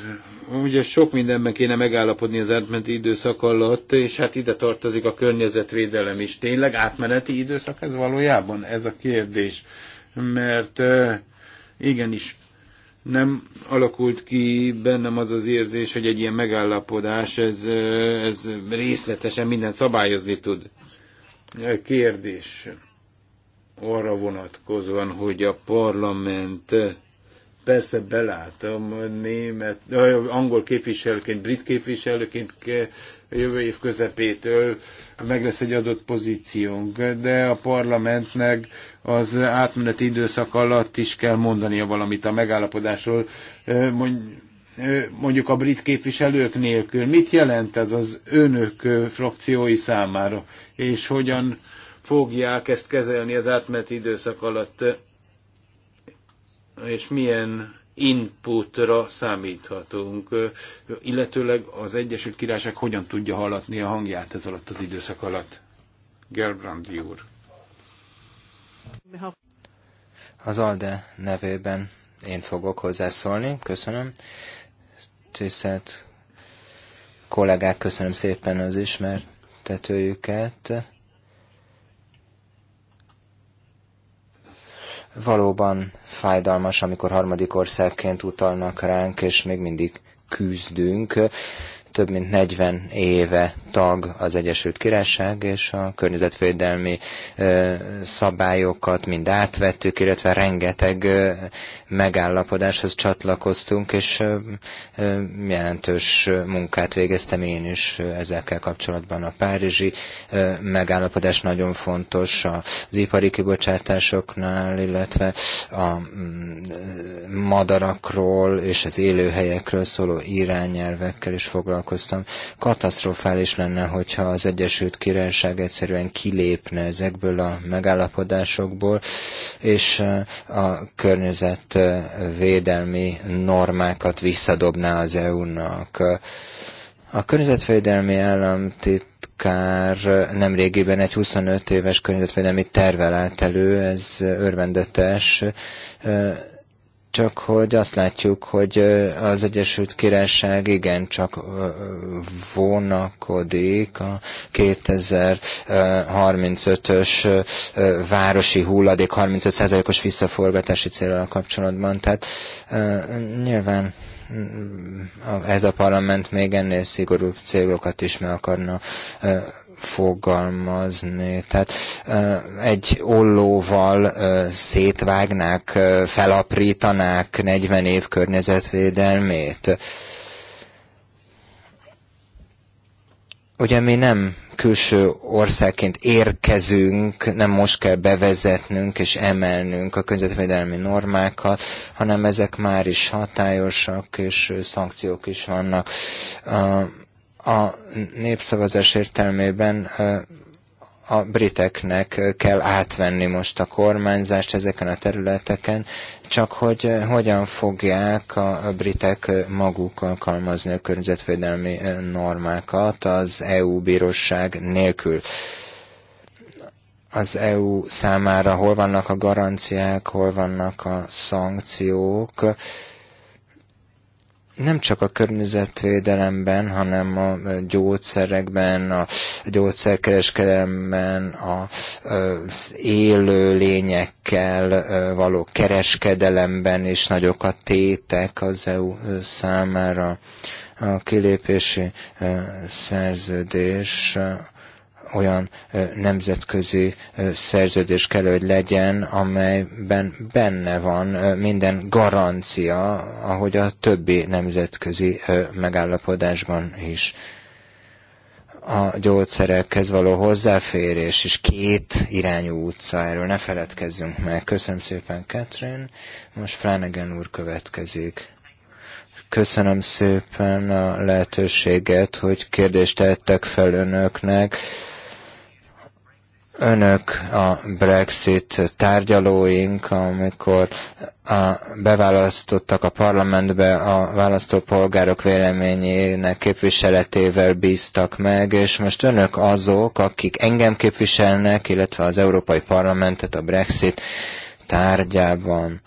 ugye sok mindenben kéne megállapodni az átmeneti időszak alatt, és hát ide tartozik a környezetvédelem is. Tényleg átmeneti időszak ez valójában? Ez a kérdés. Mert igenis, nem alakult ki bennem az az érzés, hogy egy ilyen megállapodás, ez, ez részletesen mindent szabályozni tud. Kérdés arra vonatkozóan, hogy a parlament Persze belátom, német, angol képviselőként, brit képviselőként jövő év közepétől meg lesz egy adott pozíciónk, de a parlamentnek az átmeneti időszak alatt is kell mondania valamit a megállapodásról. mondjuk a brit képviselők nélkül. Mit jelent ez az önök frakciói számára, és hogyan fogják ezt kezelni az átmeneti időszak alatt? és milyen inputra számíthatunk, illetőleg az Egyesült Királyság hogyan tudja hallatni a hangját ez alatt az időszak alatt. Gerbrandi úr. Az ALDE nevében én fogok hozzászólni. Köszönöm. Tisztelt kollégák, köszönöm szépen az ismertetőjüket Valóban fájdalmas, amikor harmadik országként utalnak ránk, és még mindig küzdünk. Több mint 40 éve tag az Egyesült Királyság, és a környezetvédelmi szabályokat mind átvettük, illetve rengeteg megállapodáshoz csatlakoztunk, és jelentős munkát végeztem én is ezekkel kapcsolatban. A párizsi megállapodás nagyon fontos az ipari kibocsátásoknál, illetve a mm, madarakról és az élőhelyekről szóló irányelvekkel is foglalkoztam. Katasztrofális lenne, hogyha az Egyesült Királyság egyszerűen kilépne ezekből a megállapodásokból, és eh, a környezetvédelmi eh, normákat visszadobná az EU-nak. A környezetvédelmi államtitkár nemrégiben egy 25 éves környezetvédelmi tervel állt elő, ez örvendetes eh, csak hogy azt látjuk, hogy az Egyesült Királyság csak vonakodik a 2035-ös városi hulladék 35%-os visszaforgatási célral kapcsolatban. Tehát nyilván mm, ez a parlament még ennél szigorúbb célokat is meg akarna fogalmazni. Tehát egy ollóval szétvágnák, felaprítanák 40 év környezetvédelmét. Ugye mi nem külső országként érkezünk, nem most kell bevezetnünk és emelnünk a környezetvédelmi normákat, hanem ezek már is hatályosak, és szankciók is vannak a népszavazás értelmében a briteknek kell átvenni most a kormányzást ezeken a területeken, csak hogy hogyan fogják a britek maguk alkalmazni a környezetvédelmi normákat az EU bíróság nélkül. Az EU számára hol vannak a garanciák, hol vannak a szankciók, nem csak a környezetvédelemben, hanem a gyógyszerekben, a gyógyszerkereskedelemben, az élő lényekkel való kereskedelemben is nagyok a tétek az EU számára. A kilépési szerződés olyan nemzetközi szerződés kell, hogy legyen, amelyben benne van minden garancia, ahogy a többi nemzetközi megállapodásban is a gyógyszerekhez való hozzáférés is két irányú utca, erről ne feledkezzünk meg. Köszönöm szépen, Katrin. Most Flanagan úr következik. Köszönöm szépen a lehetőséget, hogy kérdést tettek fel önöknek önök a Brexit tárgyalóink, amikor a beválasztottak a parlamentbe a választópolgárok véleményének képviseletével bíztak meg, és most önök azok, akik engem képviselnek, illetve az Európai Parlamentet a Brexit tárgyában.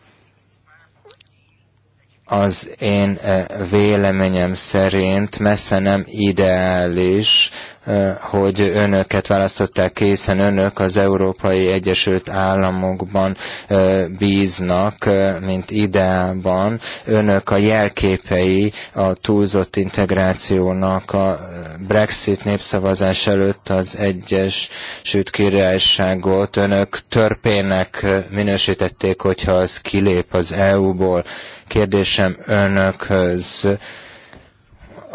Az én eh, véleményem szerint messze nem ideális Eh, hogy önöket választották ki, hiszen önök az Európai Egyesült Államokban eh, bíznak, eh, mint ideában. Önök a jelképei a túlzott integrációnak a Brexit népszavazás előtt az Egyesült Királyságot önök törpének minősítették, hogyha az kilép az EU-ból. Kérdésem önökhöz,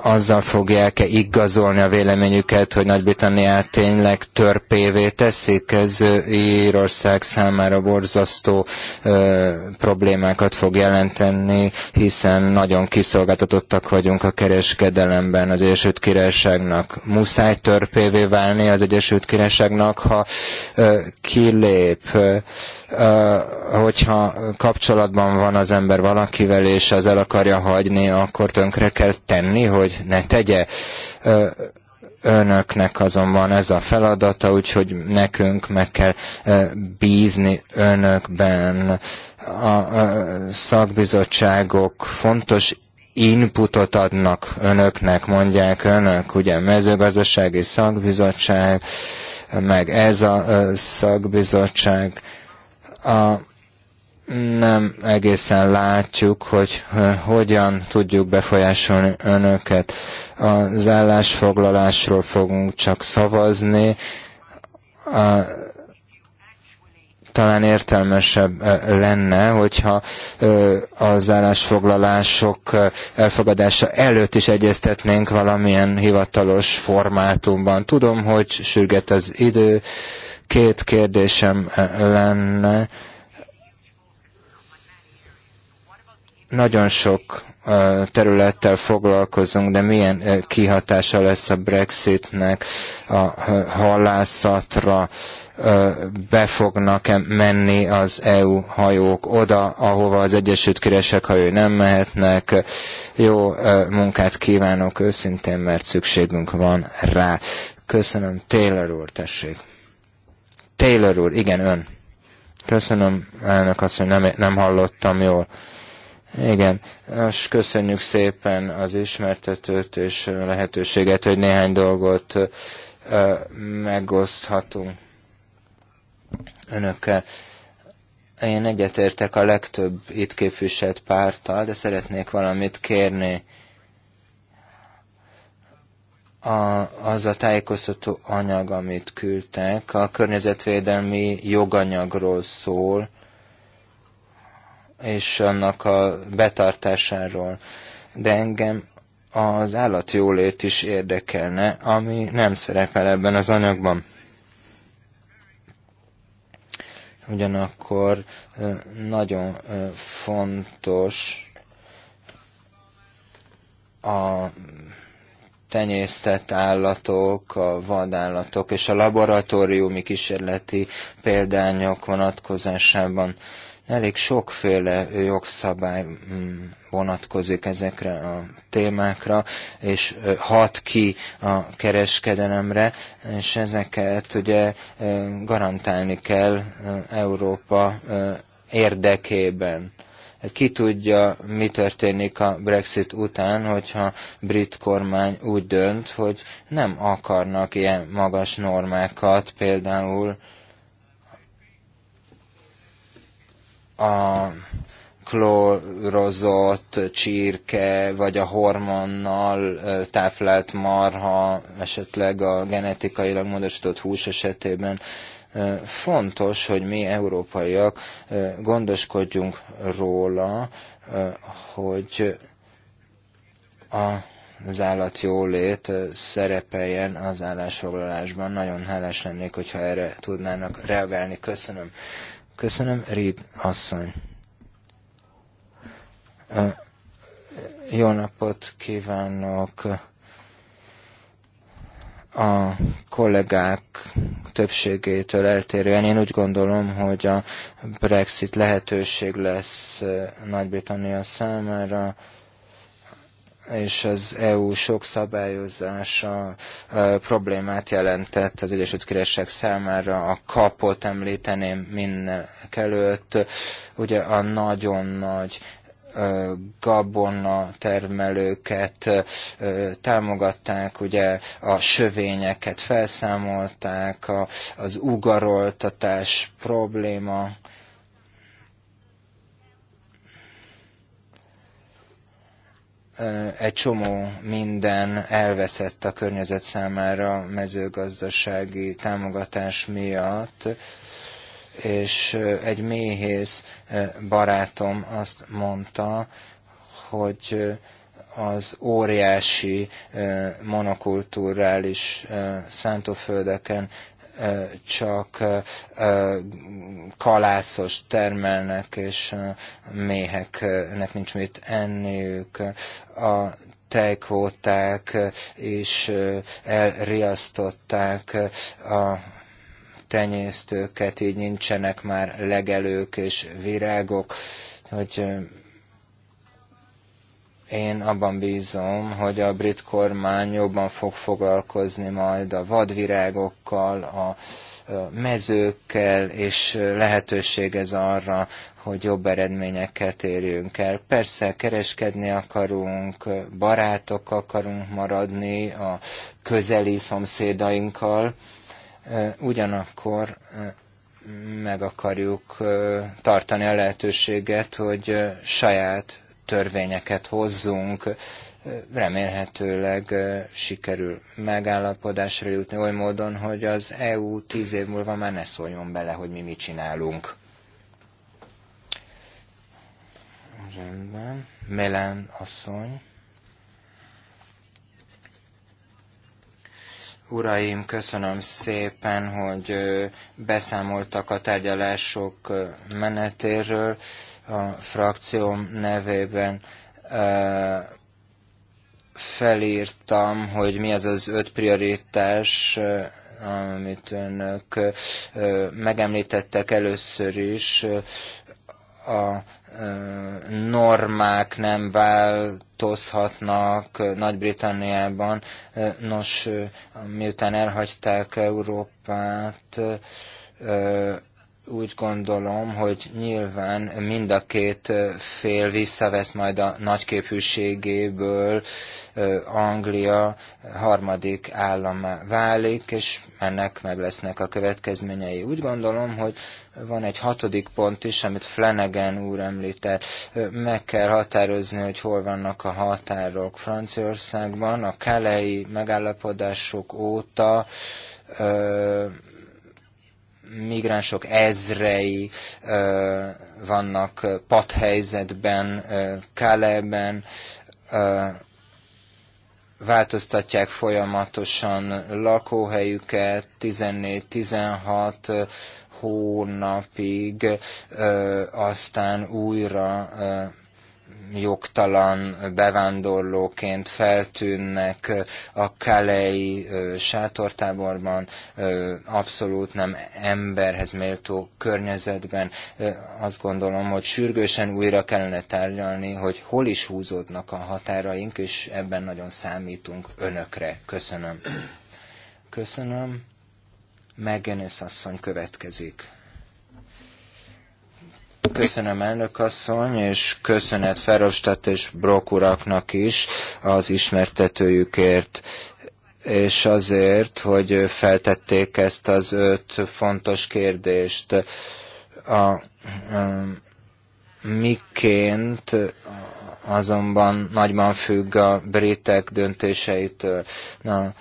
azzal fogják-e igazolni a véleményüket, hogy Nagy-Britanniát tényleg törpévé teszik? Ez Írország számára borzasztó ö, problémákat fog jelenteni, hiszen nagyon kiszolgáltatottak vagyunk a kereskedelemben az Egyesült Királyságnak. Muszáj törpévé válni az Egyesült Királyságnak, ha ö, kilép. Ö, hogyha kapcsolatban van az ember valakivel, és az el akarja hagyni, akkor tönkre kell tenni, hogy ne tegye. Önöknek azonban ez a feladata, úgyhogy nekünk meg kell bízni önökben. A szakbizottságok fontos inputot adnak önöknek, mondják önök, ugye mezőgazdasági szakbizottság, meg ez a szakbizottság, a nem egészen látjuk, hogy hogyan tudjuk befolyásolni önöket. Az állásfoglalásról fogunk csak szavazni. A, talán értelmesebb lenne, hogyha az állásfoglalások elfogadása előtt is egyeztetnénk valamilyen hivatalos formátumban. Tudom, hogy sürget az idő, Két kérdésem eh, lenne. Nagyon sok eh, területtel foglalkozunk, de milyen eh, kihatása lesz a Brexitnek a halászatra, be fognak-e menni az EU hajók oda, ahova az Egyesült Királyság hajói nem mehetnek. Jó munkát kívánok őszintén, mert szükségünk van rá. Köszönöm, Taylor úr, tessék! Taylor úr, igen, ön. Köszönöm, elnök azt, hogy nem, nem hallottam jól. Igen, most köszönjük szépen az ismertetőt és lehetőséget, hogy néhány dolgot megoszthatunk önökkel. Én egyetértek a legtöbb itt képviselt párttal, de szeretnék valamit kérni a, az a tájékoztató anyag, amit küldtek, a környezetvédelmi joganyagról szól, és annak a betartásáról. De engem az állatjólét is érdekelne, ami nem szerepel ebben az anyagban. Ugyanakkor nagyon fontos a tenyésztett állatok, a vadállatok és a laboratóriumi kísérleti példányok vonatkozásában elég sokféle jogszabály mm, vonatkozik ezekre a témákra, és hat ki a kereskedelemre, és ezeket ugye garantálni kell Európa érdekében. Hát ki tudja, mi történik a Brexit után, hogyha brit kormány úgy dönt, hogy nem akarnak ilyen magas normákat, például a klórozott csirke, vagy a hormonnal táplált marha, esetleg a genetikailag módosított hús esetében Fontos, hogy mi európaiak gondoskodjunk róla, hogy a az állatjólét szerepeljen az állásfoglalásban. Nagyon hálás lennék, hogyha erre tudnának reagálni. Köszönöm. Köszönöm, Reed asszony. Jó napot kívánok! a kollégák többségétől eltérően én úgy gondolom, hogy a Brexit lehetőség lesz Nagy-Britannia számára, és az EU sok szabályozása problémát jelentett az Egyesült Királyság számára. A kapot említeném mindenek előtt. Ugye a nagyon nagy gabona termelőket támogatták, ugye a sövényeket felszámolták, a, az ugaroltatás probléma. Egy csomó minden elveszett a környezet számára mezőgazdasági támogatás miatt és egy méhész barátom azt mondta, hogy az óriási monokulturális szántóföldeken csak kalászos termelnek, és méheknek nincs mit enniük. A tejkvóták is elriasztották a tenyésztőket, így nincsenek már legelők és virágok, hogy én abban bízom, hogy a brit kormány jobban fog foglalkozni majd a vadvirágokkal, a mezőkkel, és lehetőség ez arra, hogy jobb eredményeket érjünk el. Persze kereskedni akarunk, barátok akarunk maradni a közeli szomszédainkkal, Ugyanakkor meg akarjuk tartani a lehetőséget, hogy saját törvényeket hozzunk, remélhetőleg sikerül megállapodásra jutni oly módon, hogy az EU tíz év múlva már ne szóljon bele, hogy mi mit csinálunk. Rendben. melán asszony. Uraim, köszönöm szépen, hogy beszámoltak a tárgyalások menetéről a frakcióm nevében felírtam, hogy mi az az öt prioritás, amit önök megemlítettek először is, a normák nem változhatnak Nagy-Britanniában. Nos, miután elhagyták Európát, úgy gondolom, hogy nyilván mind a két fél visszavesz majd a nagyképűségéből, Anglia harmadik állama válik, és ennek meg lesznek a következményei. Úgy gondolom, hogy van egy hatodik pont is, amit Flanagan úr említett. Meg kell határozni, hogy hol vannak a határok Franciaországban. A kelei megállapodások óta migránsok ezrei vannak padhelyzetben, Kaleben, változtatják folyamatosan lakóhelyüket 14-16 hónapig, aztán újra jogtalan bevándorlóként feltűnnek a kelei sátortáborban, abszolút nem emberhez méltó környezetben. Azt gondolom, hogy sürgősen újra kellene tárgyalni, hogy hol is húzódnak a határaink, és ebben nagyon számítunk önökre. Köszönöm. Köszönöm. Megenész asszony következik. Köszönöm elnök asszony, és köszönet Ferostat és Brok uraknak is az ismertetőjükért és azért, hogy feltették ezt az öt fontos kérdést. A, a, um, miként azonban nagyban függ a britek döntéseitől. Na,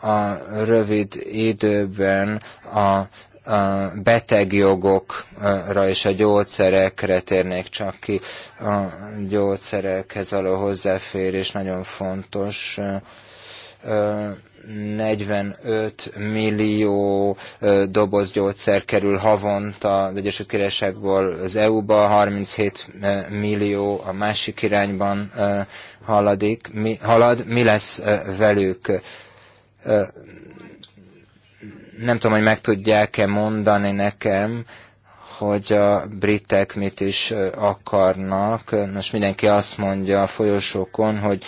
a rövid időben a a betegjogokra és a gyógyszerekre térnék csak ki. A gyógyszerekhez való hozzáférés nagyon fontos. 45 millió doboz gyógyszer kerül havonta az Egyesült Királyságból az EU-ba, 37 millió a másik irányban haladik, mi, halad. Mi lesz velük? nem tudom, hogy meg tudják-e mondani nekem, hogy a britek mit is akarnak. Most mindenki azt mondja a folyosókon, hogy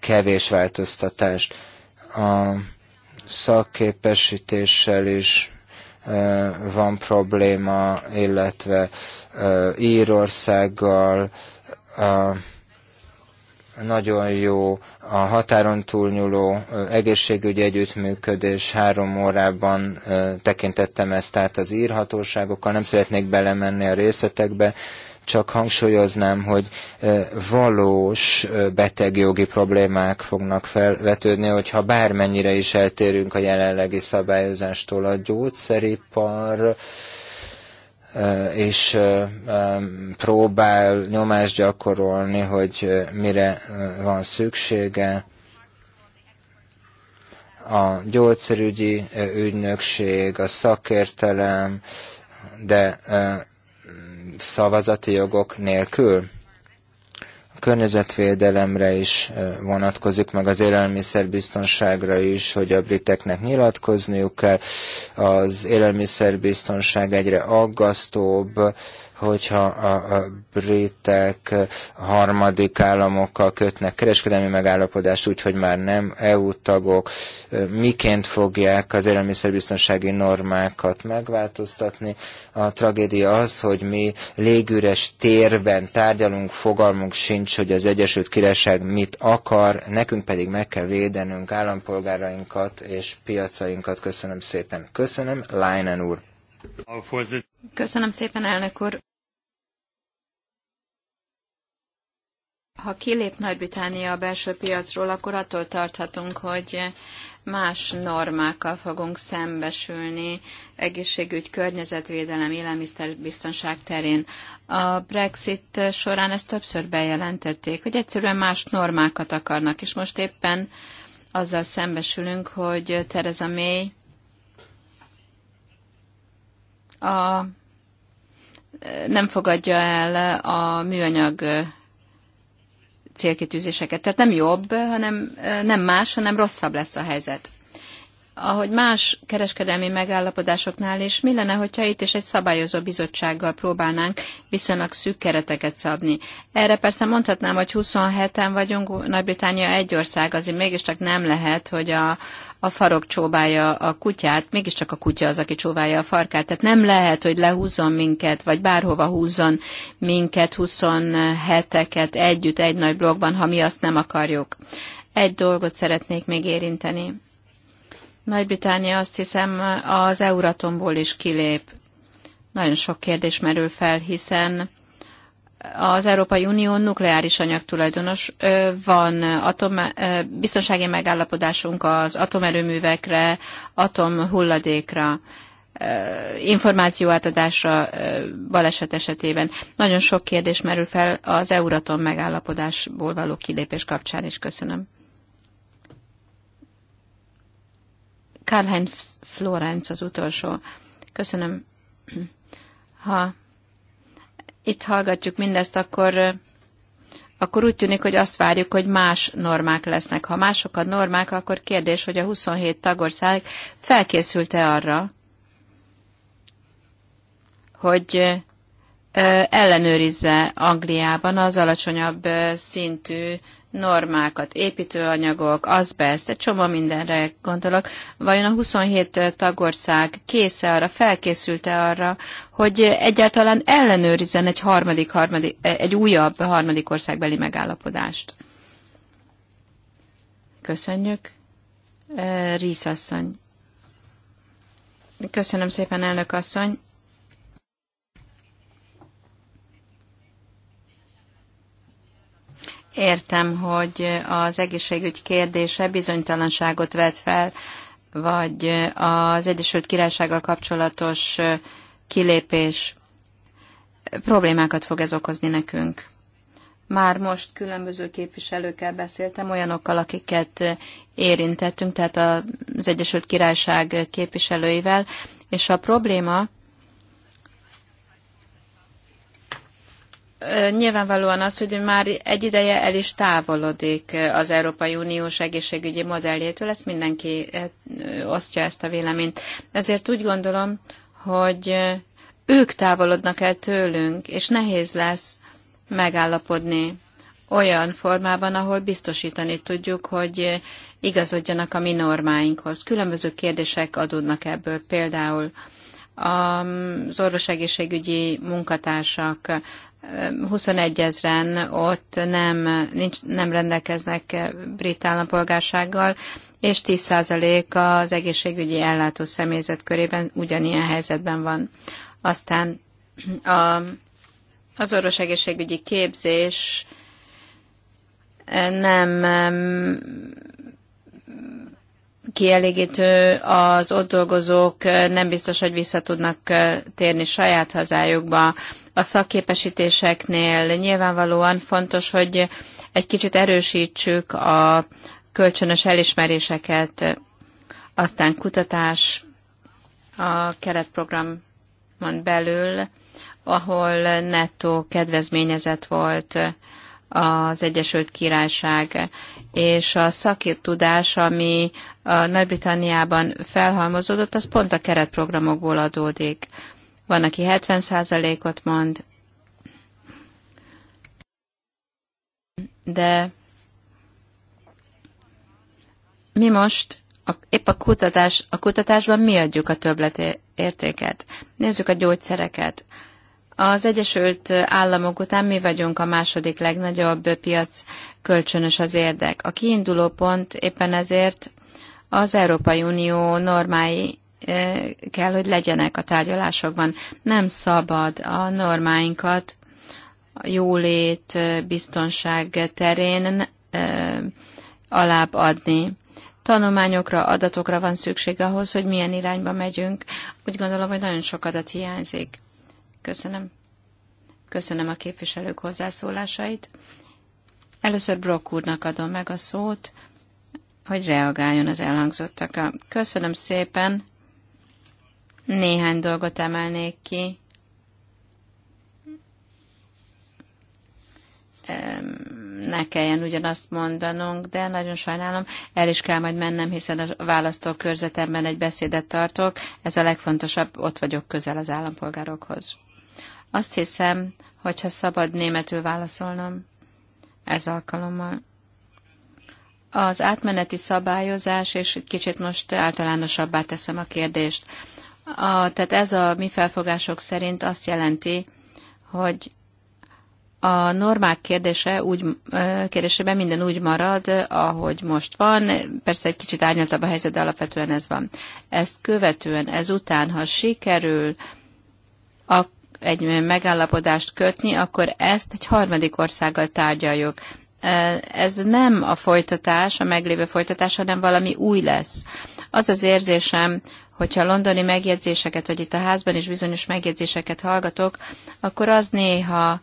kevés változtatást. A szakképesítéssel is van probléma, illetve Írországgal, nagyon jó a határon túlnyúló egészségügyi együttműködés, három órában tekintettem ezt át az írhatóságokkal, nem szeretnék belemenni a részletekbe, csak hangsúlyoznám, hogy valós betegjogi problémák fognak felvetődni, hogyha bármennyire is eltérünk a jelenlegi szabályozástól a gyógyszeripar, Eh, és eh, próbál nyomást gyakorolni, hogy eh, mire van szüksége. A gyógyszerügyi ügynökség, a szakértelem, de szavazati jogok nélkül környezetvédelemre is vonatkozik, meg az élelmiszerbiztonságra is, hogy a briteknek nyilatkozniuk kell. Az élelmiszerbiztonság egyre aggasztóbb, hogyha a britek harmadik államokkal kötnek kereskedelmi megállapodást, úgyhogy már nem EU tagok, miként fogják az élelmiszerbiztonsági normákat megváltoztatni. A tragédia az, hogy mi légüres térben tárgyalunk, fogalmunk sincs, hogy az Egyesült Királyság mit akar, nekünk pedig meg kell védenünk állampolgárainkat és piacainkat. Köszönöm szépen. Köszönöm, Leinen úr. Köszönöm szépen, elnök úr. ha kilép Nagy-Británia a belső piacról, akkor attól tarthatunk, hogy más normákkal fogunk szembesülni egészségügy, környezetvédelem, élelmiszerbiztonság terén. A Brexit során ezt többször bejelentették, hogy egyszerűen más normákat akarnak, és most éppen azzal szembesülünk, hogy Tereza May a, nem fogadja el a műanyag célkitűzéseket. Tehát nem jobb, hanem nem más, hanem rosszabb lesz a helyzet ahogy más kereskedelmi megállapodásoknál is, mi lenne, hogyha itt is egy szabályozó bizottsággal próbálnánk viszonylag szűk kereteket szabni. Erre persze mondhatnám, hogy 27-en vagyunk, Nagy-Britannia egy ország, azért mégiscsak nem lehet, hogy a, a farok csóválja a kutyát, mégiscsak a kutya az, aki csóválja a farkát. Tehát nem lehet, hogy lehúzzon minket, vagy bárhova húzzon minket 27-eket együtt egy nagy blogban, ha mi azt nem akarjuk. Egy dolgot szeretnék még érinteni nagy-Británia azt hiszem az Euratomból is kilép. Nagyon sok kérdés merül fel, hiszen az Európai Unió nukleáris anyag tulajdonos van atom, biztonsági megállapodásunk az atomerőművekre, atomhulladékra, információátadásra baleset esetében. Nagyon sok kérdés merül fel az Euratom megállapodásból való kilépés kapcsán is. Köszönöm. Karl-Heinz Florenc az utolsó. Köszönöm. Ha itt hallgatjuk mindezt, akkor, akkor úgy tűnik, hogy azt várjuk, hogy más normák lesznek. Ha mások a normák, akkor kérdés, hogy a 27 tagország felkészült-e arra, hogy ellenőrizze Angliában az alacsonyabb szintű normákat, építőanyagok, azbest, egy csomó mindenre gondolok. Vajon a 27 tagország késze arra, felkészülte arra, hogy egyáltalán ellenőrizzen egy, harmadik, harmadik, egy újabb harmadik országbeli megállapodást? Köszönjük. Eh, Ríz asszony. Köszönöm szépen, elnök asszony. Értem, hogy az egészségügy kérdése bizonytalanságot vet fel, vagy az Egyesült Királysággal kapcsolatos kilépés problémákat fog ez okozni nekünk. Már most különböző képviselőkkel beszéltem, olyanokkal, akiket érintettünk, tehát az Egyesült Királyság képviselőivel, és a probléma nyilvánvalóan az, hogy már egy ideje el is távolodik az Európai Uniós egészségügyi modelljétől, ezt mindenki osztja ezt a véleményt. Ezért úgy gondolom, hogy ők távolodnak el tőlünk, és nehéz lesz megállapodni olyan formában, ahol biztosítani tudjuk, hogy igazodjanak a mi normáinkhoz. Különböző kérdések adódnak ebből, például az orvosegészségügyi munkatársak, 21 ezeren ott nem, nincs, nem rendelkeznek brit állampolgársággal, és 10% az egészségügyi ellátó személyzet körében ugyanilyen helyzetben van. Aztán a, az orvos egészségügyi képzés nem kielégítő, az ott dolgozók nem biztos, hogy vissza tudnak térni saját hazájukba a szakképesítéseknél nyilvánvalóan fontos, hogy egy kicsit erősítsük a kölcsönös elismeréseket, aztán kutatás a keretprogramon belül, ahol nettó kedvezményezett volt az Egyesült Királyság, és a szakítudás, ami a Nagy-Britanniában felhalmozódott, az pont a keretprogramokból adódik van, aki 70%-ot mond, de mi most a, épp a, kutatás, a kutatásban mi adjuk a értéket. Nézzük a gyógyszereket. Az Egyesült Államok után mi vagyunk a második legnagyobb piac, kölcsönös az érdek. A kiinduló pont éppen ezért az Európai Unió normái kell, hogy legyenek a tárgyalásokban. Nem szabad a normáinkat jólét, biztonság terén alább adni. Tanulmányokra, adatokra van szükség ahhoz, hogy milyen irányba megyünk. Úgy gondolom, hogy nagyon sok adat hiányzik. Köszönöm. Köszönöm a képviselők hozzászólásait. Először Brock úrnak adom meg a szót, hogy reagáljon az elhangzottakra. Köszönöm szépen. Néhány dolgot emelnék ki. ne kelljen ugyanazt mondanunk, de nagyon sajnálom, el is kell majd mennem, hiszen a választókörzetemben egy beszédet tartok, ez a legfontosabb, ott vagyok közel az állampolgárokhoz. Azt hiszem, hogyha szabad németül válaszolnom ez alkalommal. Az átmeneti szabályozás, és kicsit most általánosabbá teszem a kérdést, a, tehát ez a mi felfogások szerint azt jelenti, hogy a normák kérdése úgy, kérdésében minden úgy marad, ahogy most van. Persze egy kicsit árnyaltabb a helyzet, de alapvetően ez van. Ezt követően, ezután, ha sikerül a, egy megállapodást kötni, akkor ezt egy harmadik országgal tárgyaljuk. Ez nem a folytatás, a meglévő folytatás, hanem valami új lesz. Az az érzésem, hogyha londoni megjegyzéseket, vagy itt a házban is bizonyos megjegyzéseket hallgatok, akkor az néha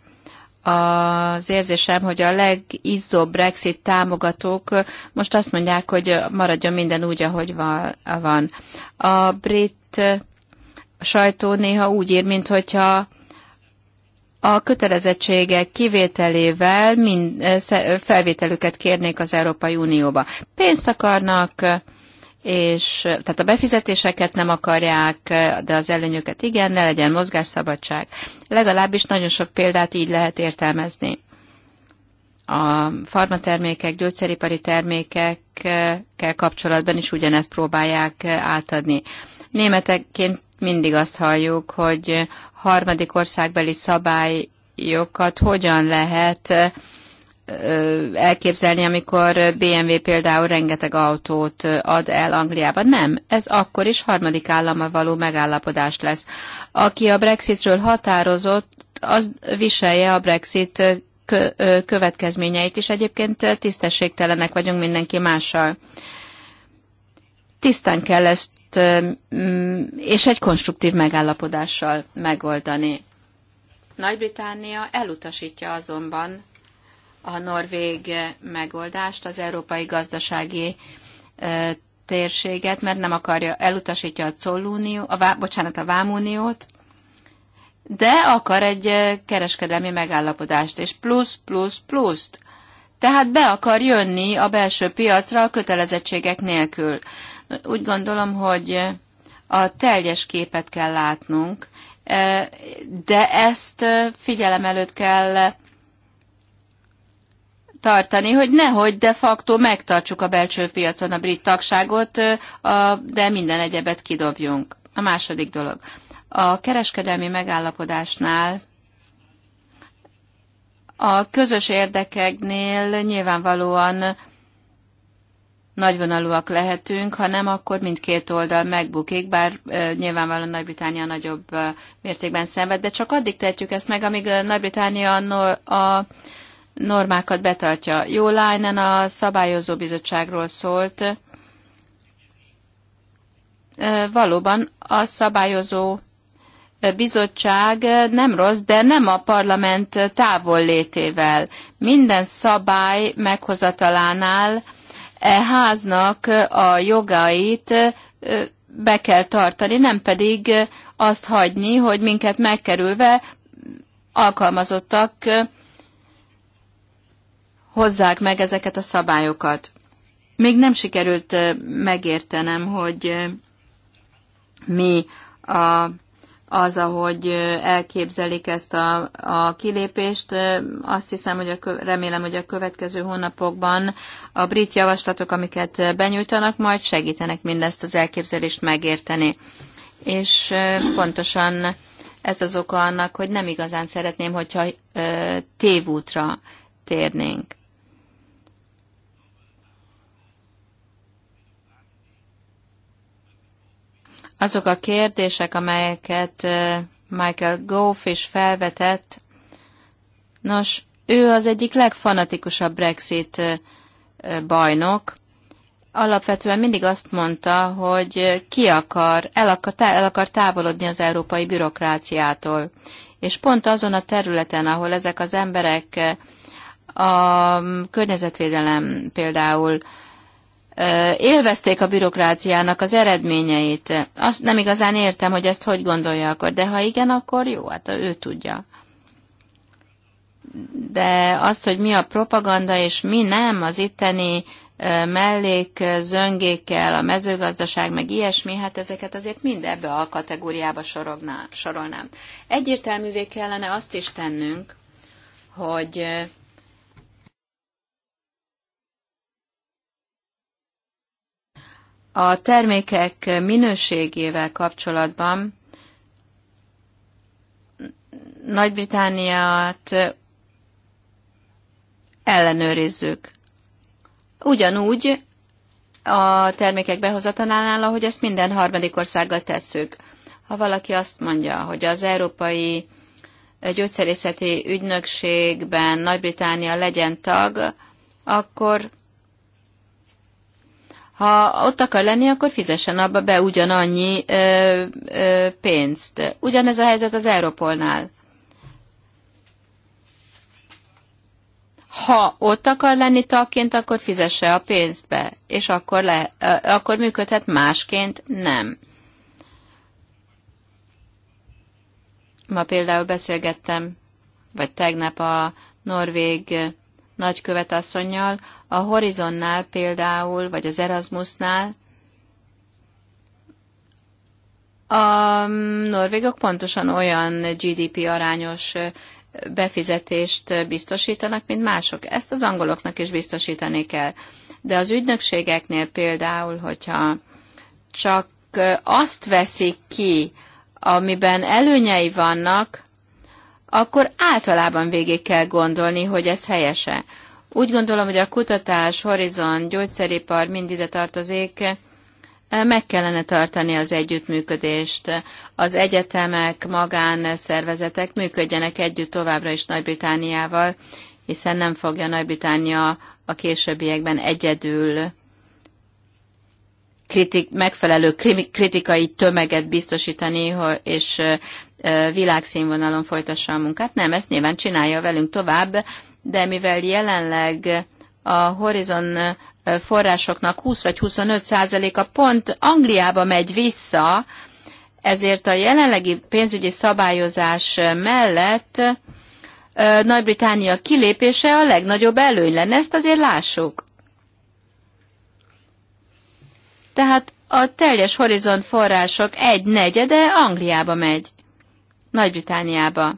az érzésem, hogy a legizzóbb Brexit támogatók most azt mondják, hogy maradjon minden úgy, ahogy van. A brit sajtó néha úgy ír, mint hogyha a kötelezettségek kivételével mind felvételüket kérnék az Európai Unióba. Pénzt akarnak, és tehát a befizetéseket nem akarják, de az előnyöket igen, ne legyen mozgásszabadság. Legalábbis nagyon sok példát így lehet értelmezni. A farmatermékek, gyógyszeripari termékekkel kapcsolatban is ugyanezt próbálják átadni. Németeként mindig azt halljuk, hogy harmadik országbeli szabályokat hogyan lehet elképzelni, amikor BMW például rengeteg autót ad el Angliában. Nem, ez akkor is harmadik állammal való megállapodás lesz. Aki a Brexitről határozott, az viselje a Brexit következményeit is. Egyébként tisztességtelenek vagyunk mindenki mással. Tisztán kell ezt mm, és egy konstruktív megállapodással megoldani. Nagy-Britannia elutasítja azonban a norvég megoldást, az európai gazdasági térséget, mert nem akarja, elutasítja a Collunió, a, bocsánat, a Vámuniót, de akar egy kereskedelmi megállapodást, és plusz, plusz, pluszt. Tehát be akar jönni a belső piacra a kötelezettségek nélkül. Úgy gondolom, hogy a teljes képet kell látnunk, de ezt figyelem előtt kell tartani, hogy nehogy de facto megtartsuk a belső piacon a brit tagságot, de minden egyebet kidobjunk. A második dolog. A kereskedelmi megállapodásnál a közös érdekeknél nyilvánvalóan nagyvonalúak lehetünk, ha nem, akkor mindkét oldal megbukik, bár e, nyilvánvalóan Nagy-Británia nagyobb e, mértékben szenved, de csak addig tehetjük ezt meg, amíg Nagy-Británia a, a normákat betartja. Jó Leinen a szabályozó bizottságról szólt. Valóban a szabályozó bizottság nem rossz, de nem a parlament távol létével. Minden szabály meghozatalánál e háznak a jogait be kell tartani, nem pedig azt hagyni, hogy minket megkerülve alkalmazottak hozzák meg ezeket a szabályokat. Még nem sikerült megértenem, hogy mi a, az, ahogy elképzelik ezt a, a kilépést. Azt hiszem, hogy a, remélem, hogy a következő hónapokban a brit javaslatok, amiket benyújtanak, majd segítenek mindezt az elképzelést megérteni. És pontosan ez az oka annak, hogy nem igazán szeretném, hogyha tévútra térnénk. Azok a kérdések, amelyeket Michael Gove is felvetett, nos, ő az egyik legfanatikusabb Brexit bajnok, alapvetően mindig azt mondta, hogy ki akar, el akar, el akar távolodni az európai bürokráciától. És pont azon a területen, ahol ezek az emberek a környezetvédelem például élvezték a bürokráciának az eredményeit. Azt nem igazán értem, hogy ezt hogy gondolja akkor, de ha igen, akkor jó, hát ő tudja. De azt, hogy mi a propaganda és mi nem, az itteni mellék zöngékkel, a mezőgazdaság, meg ilyesmi, hát ezeket azért mind ebbe a kategóriába sorolnám. Egyértelművé kellene azt is tennünk, hogy A termékek minőségével kapcsolatban Nagy-Britániát ellenőrizzük. Ugyanúgy a termékek behozatalánál, ahogy ezt minden harmadik országgal tesszük. Ha valaki azt mondja, hogy az Európai Gyógyszerészeti Ügynökségben Nagy-Británia legyen tag, akkor ha ott akar lenni, akkor fizessen abba be ugyanannyi ö, ö, pénzt. Ugyanez a helyzet az Európolnál. ha ott akar lenni tagként, akkor fizesse a pénzt be, és akkor, le, akkor működhet másként nem. Ma például beszélgettem, vagy tegnap a norvég nagykövet asszonynal, a Horizonnál például, vagy az Erasmusnál a norvégok pontosan olyan GDP arányos befizetést biztosítanak, mint mások. Ezt az angoloknak is biztosítani kell. De az ügynökségeknél például, hogyha csak azt veszik ki, amiben előnyei vannak, akkor általában végig kell gondolni, hogy ez helyese. Úgy gondolom, hogy a kutatás, horizont gyógyszeripar mind ide tartozik, meg kellene tartani az együttműködést. Az egyetemek, magánszervezetek működjenek együtt továbbra is Nagy-Britániával, hiszen nem fogja Nagy-Británia a későbbiekben egyedül kritik, megfelelő kritikai tömeget biztosítani, és világszínvonalon folytassa a munkát. Nem, ezt nyilván csinálja velünk tovább, de mivel jelenleg a Horizon forrásoknak 20 vagy 25 százaléka pont Angliába megy vissza, ezért a jelenlegi pénzügyi szabályozás mellett Nagy-Británia kilépése a legnagyobb előny lenne, ezt azért lássuk. Tehát a teljes horizont források egy negyede Angliába megy, Nagy-Britániába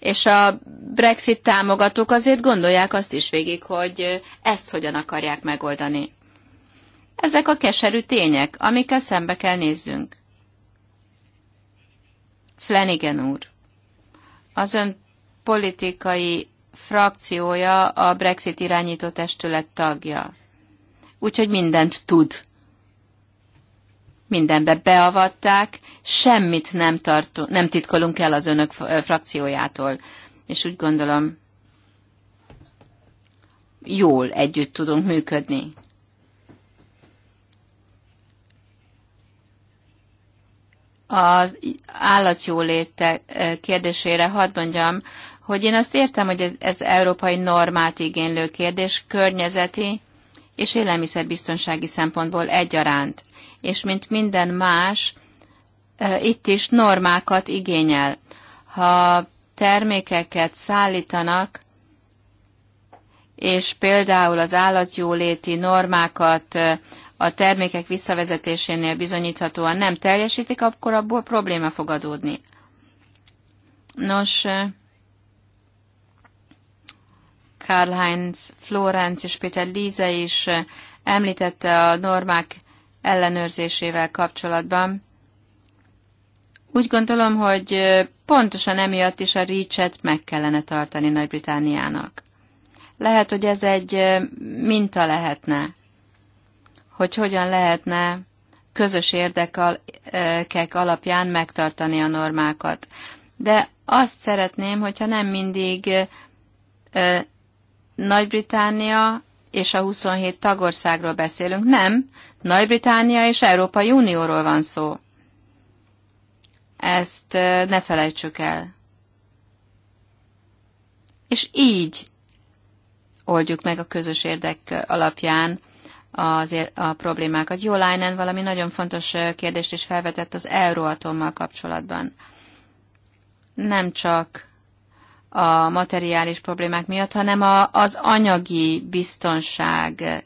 és a Brexit támogatók azért gondolják azt is végig, hogy ezt hogyan akarják megoldani. Ezek a keserű tények, amikkel szembe kell nézzünk. Flanagan úr, az ön politikai frakciója a Brexit irányító testület tagja. Úgyhogy mindent tud. Mindenbe beavatták, semmit nem, tartó, nem titkolunk el az önök frakciójától. És úgy gondolom, jól együtt tudunk működni. Az állatjólét kérdésére hadd mondjam, hogy én azt értem, hogy ez, ez európai normát igénylő kérdés, környezeti és élelmiszerbiztonsági szempontból egyaránt. És mint minden más, itt is normákat igényel. Ha termékeket szállítanak, és például az állatjóléti normákat a termékek visszavezetésénél bizonyíthatóan nem teljesítik, akkor abból probléma fog adódni. Nos, Karl-Heinz Florenz és Péter Líze is említette a normák ellenőrzésével kapcsolatban, úgy gondolom, hogy pontosan emiatt is a Ricset meg kellene tartani Nagy-Britániának. Lehet, hogy ez egy minta lehetne, hogy hogyan lehetne közös érdekek alapján megtartani a normákat. De azt szeretném, hogyha nem mindig Nagy-Británia és a 27 tagországról beszélünk, nem, Nagy-Británia és Európai Unióról van szó. Ezt ne felejtsük el. És így oldjuk meg a közös érdek alapján az, a problémákat. Jó Leinen valami nagyon fontos kérdést is felvetett az euróatommal kapcsolatban. Nem csak a materiális problémák miatt, hanem a, az anyagi biztonság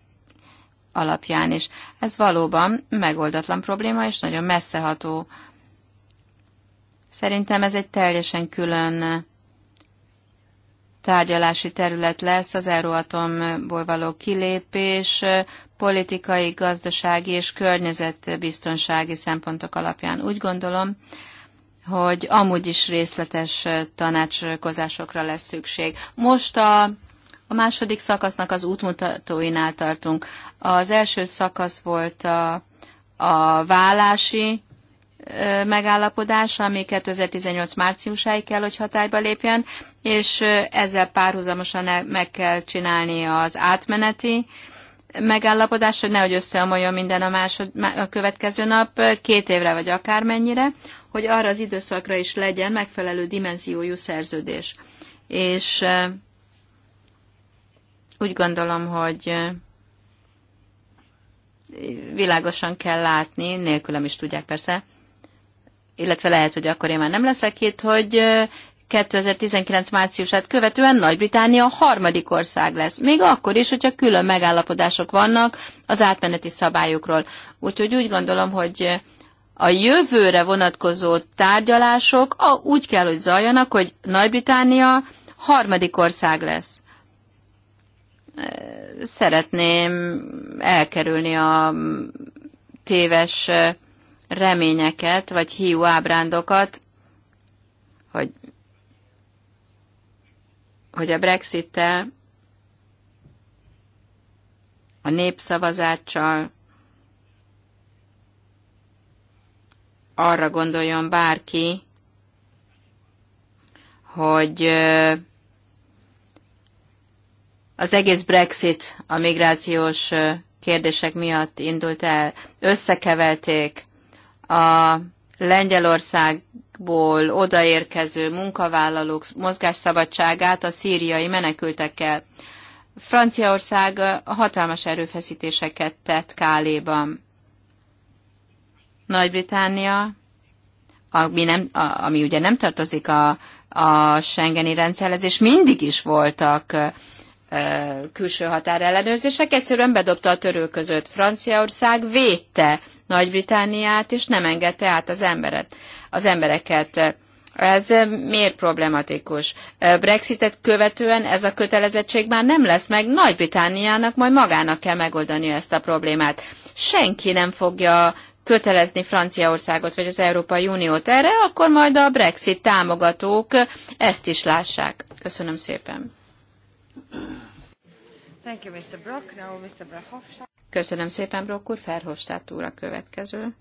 alapján is. Ez valóban megoldatlan probléma, és nagyon messzeható Szerintem ez egy teljesen külön tárgyalási terület lesz az Euróatomból való kilépés, politikai, gazdasági és környezetbiztonsági szempontok alapján. Úgy gondolom, hogy amúgy is részletes tanácskozásokra lesz szükség. Most a, a második szakasznak az útmutatóinál tartunk. Az első szakasz volt a, a vállási megállapodás, ami 2018 márciusáig kell, hogy hatályba lépjen, és ezzel párhuzamosan meg kell csinálni az átmeneti megállapodás, hogy nehogy összeomoljon minden a, másod, a következő nap, két évre vagy akármennyire, hogy arra az időszakra is legyen megfelelő dimenziójú szerződés. És úgy gondolom, hogy világosan kell látni, nélkülem is tudják persze, illetve lehet, hogy akkor én már nem leszek itt, hogy 2019 márciusát követően Nagy-Británia harmadik ország lesz. Még akkor is, hogyha külön megállapodások vannak az átmeneti szabályokról. Úgyhogy úgy gondolom, hogy a jövőre vonatkozó tárgyalások úgy kell, hogy zajjanak, hogy Nagy-Británia harmadik ország lesz. Szeretném elkerülni a téves reményeket, vagy hiú ábrándokat, hogy, hogy a brexit Brexit-tel, a népszavazáccsal arra gondoljon bárki, hogy az egész Brexit a migrációs kérdések miatt indult el. Összekevelték a Lengyelországból odaérkező munkavállalók mozgásszabadságát a szíriai menekültekkel. Franciaország hatalmas erőfeszítéseket tett Káléban. Nagy-Britannia, ami, nem, ami ugye nem tartozik a, a Schengeni rendszerhez, és mindig is voltak külső határellenőrzések, egyszerűen bedobta a törő között. Franciaország védte Nagy-Britániát, és nem engedte át az, emberet, az embereket. Ez miért problematikus? Brexitet követően ez a kötelezettség már nem lesz meg, Nagy-Britániának majd magának kell megoldani ezt a problémát. Senki nem fogja kötelezni Franciaországot vagy az Európai Uniót erre, akkor majd a Brexit támogatók ezt is lássák. Köszönöm szépen. Köszönöm szépen, Brock úr. Ferhofstadt úr a következő.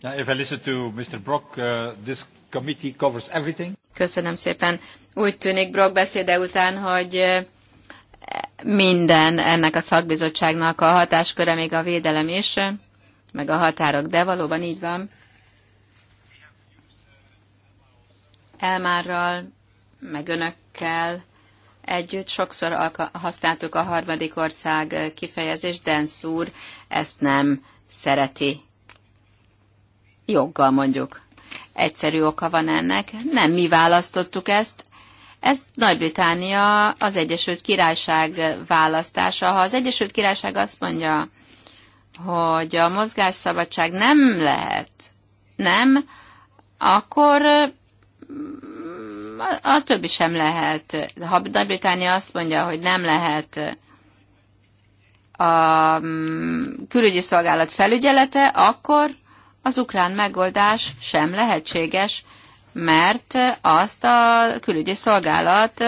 Now, if I listen to Mr. Brock, uh, this committee covers everything. Köszönöm szépen. Úgy tűnik Brock beszéde után, hogy uh, minden ennek a szakbizottságnak a hatásköre, még a védelem is, meg a határok, de valóban így van. Elmárral, meg önökkel együtt. Sokszor használtuk a harmadik ország kifejezést, Densz úr ezt nem szereti. Joggal mondjuk. Egyszerű oka van ennek. Nem mi választottuk ezt, Ez Nagy-Británia, az Egyesült Királyság választása. Ha az Egyesült Királyság azt mondja, hogy a mozgásszabadság nem lehet, nem, akkor a többi sem lehet. Ha Nagy-Britannia azt mondja, hogy nem lehet a mm, külügyi szolgálat felügyelete, akkor az ukrán megoldás sem lehetséges, mert azt a külügyi szolgálat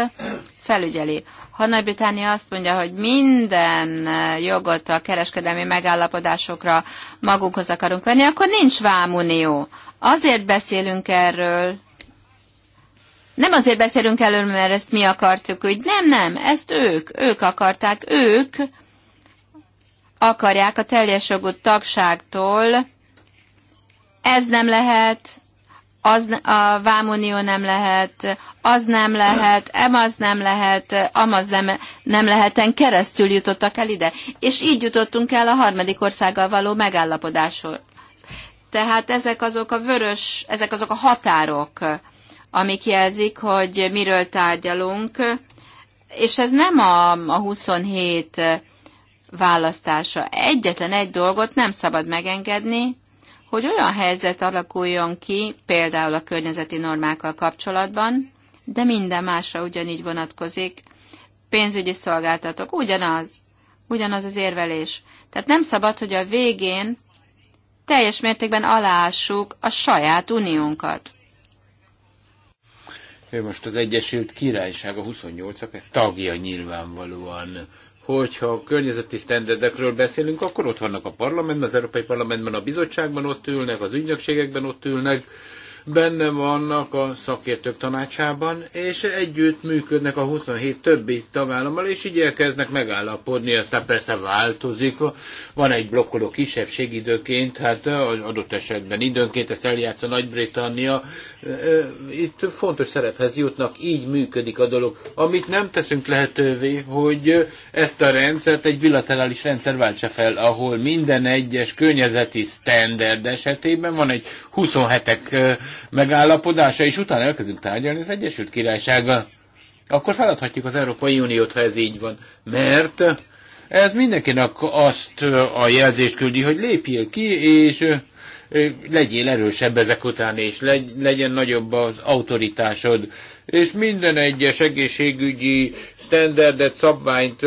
felügyeli. Ha Nagy-Britannia azt mondja, hogy minden jogot a kereskedelmi megállapodásokra magunkhoz akarunk venni, akkor nincs vámunió. Azért beszélünk erről, nem azért beszélünk előre, mert ezt mi akartuk, hogy nem, nem, ezt ők, ők akarták, ők akarják a teljes jogú tagságtól, ez nem lehet, az a vámunió nem lehet, az nem lehet, emaz az nem lehet, amaz nem, nem leheten keresztül jutottak el ide. És így jutottunk el a harmadik országgal való megállapodáshoz. Tehát ezek azok a vörös, ezek azok a határok, amik jelzik, hogy miről tárgyalunk, és ez nem a, a 27 választása. Egyetlen egy dolgot nem szabad megengedni, hogy olyan helyzet alakuljon ki, például a környezeti normákkal kapcsolatban, de minden másra ugyanígy vonatkozik. Pénzügyi szolgáltatók, ugyanaz, ugyanaz az érvelés. Tehát nem szabad, hogy a végén teljes mértékben alássuk a saját uniónkat. Most az Egyesült Királyság a 28-ak tagja nyilvánvalóan. Hogyha a környezeti sztenderdekről beszélünk, akkor ott vannak a parlamentben, az Európai Parlamentben, a bizottságban ott ülnek, az ügynökségekben ott ülnek, benne vannak a szakértők tanácsában, és együtt működnek a 27 többi tagállammal, és így elkezdnek megállapodni, aztán persze változik, van egy blokkoló kisebbség időként, hát az adott esetben időnként ezt eljátsz a Nagy-Britannia, itt fontos szerephez jutnak, így működik a dolog. Amit nem teszünk lehetővé, hogy ezt a rendszert egy bilaterális rendszer váltsa fel, ahol minden egyes környezeti standard esetében van egy 27-ek megállapodása, és utána elkezdünk tárgyalni az Egyesült Királysággal. Akkor feladhatjuk az Európai Uniót, ha ez így van. Mert ez mindenkinek azt a jelzést küldi, hogy lépjél ki, és legyél erősebb ezek után, és legyen nagyobb az autoritásod. És minden egyes egészségügyi standardet, szabványt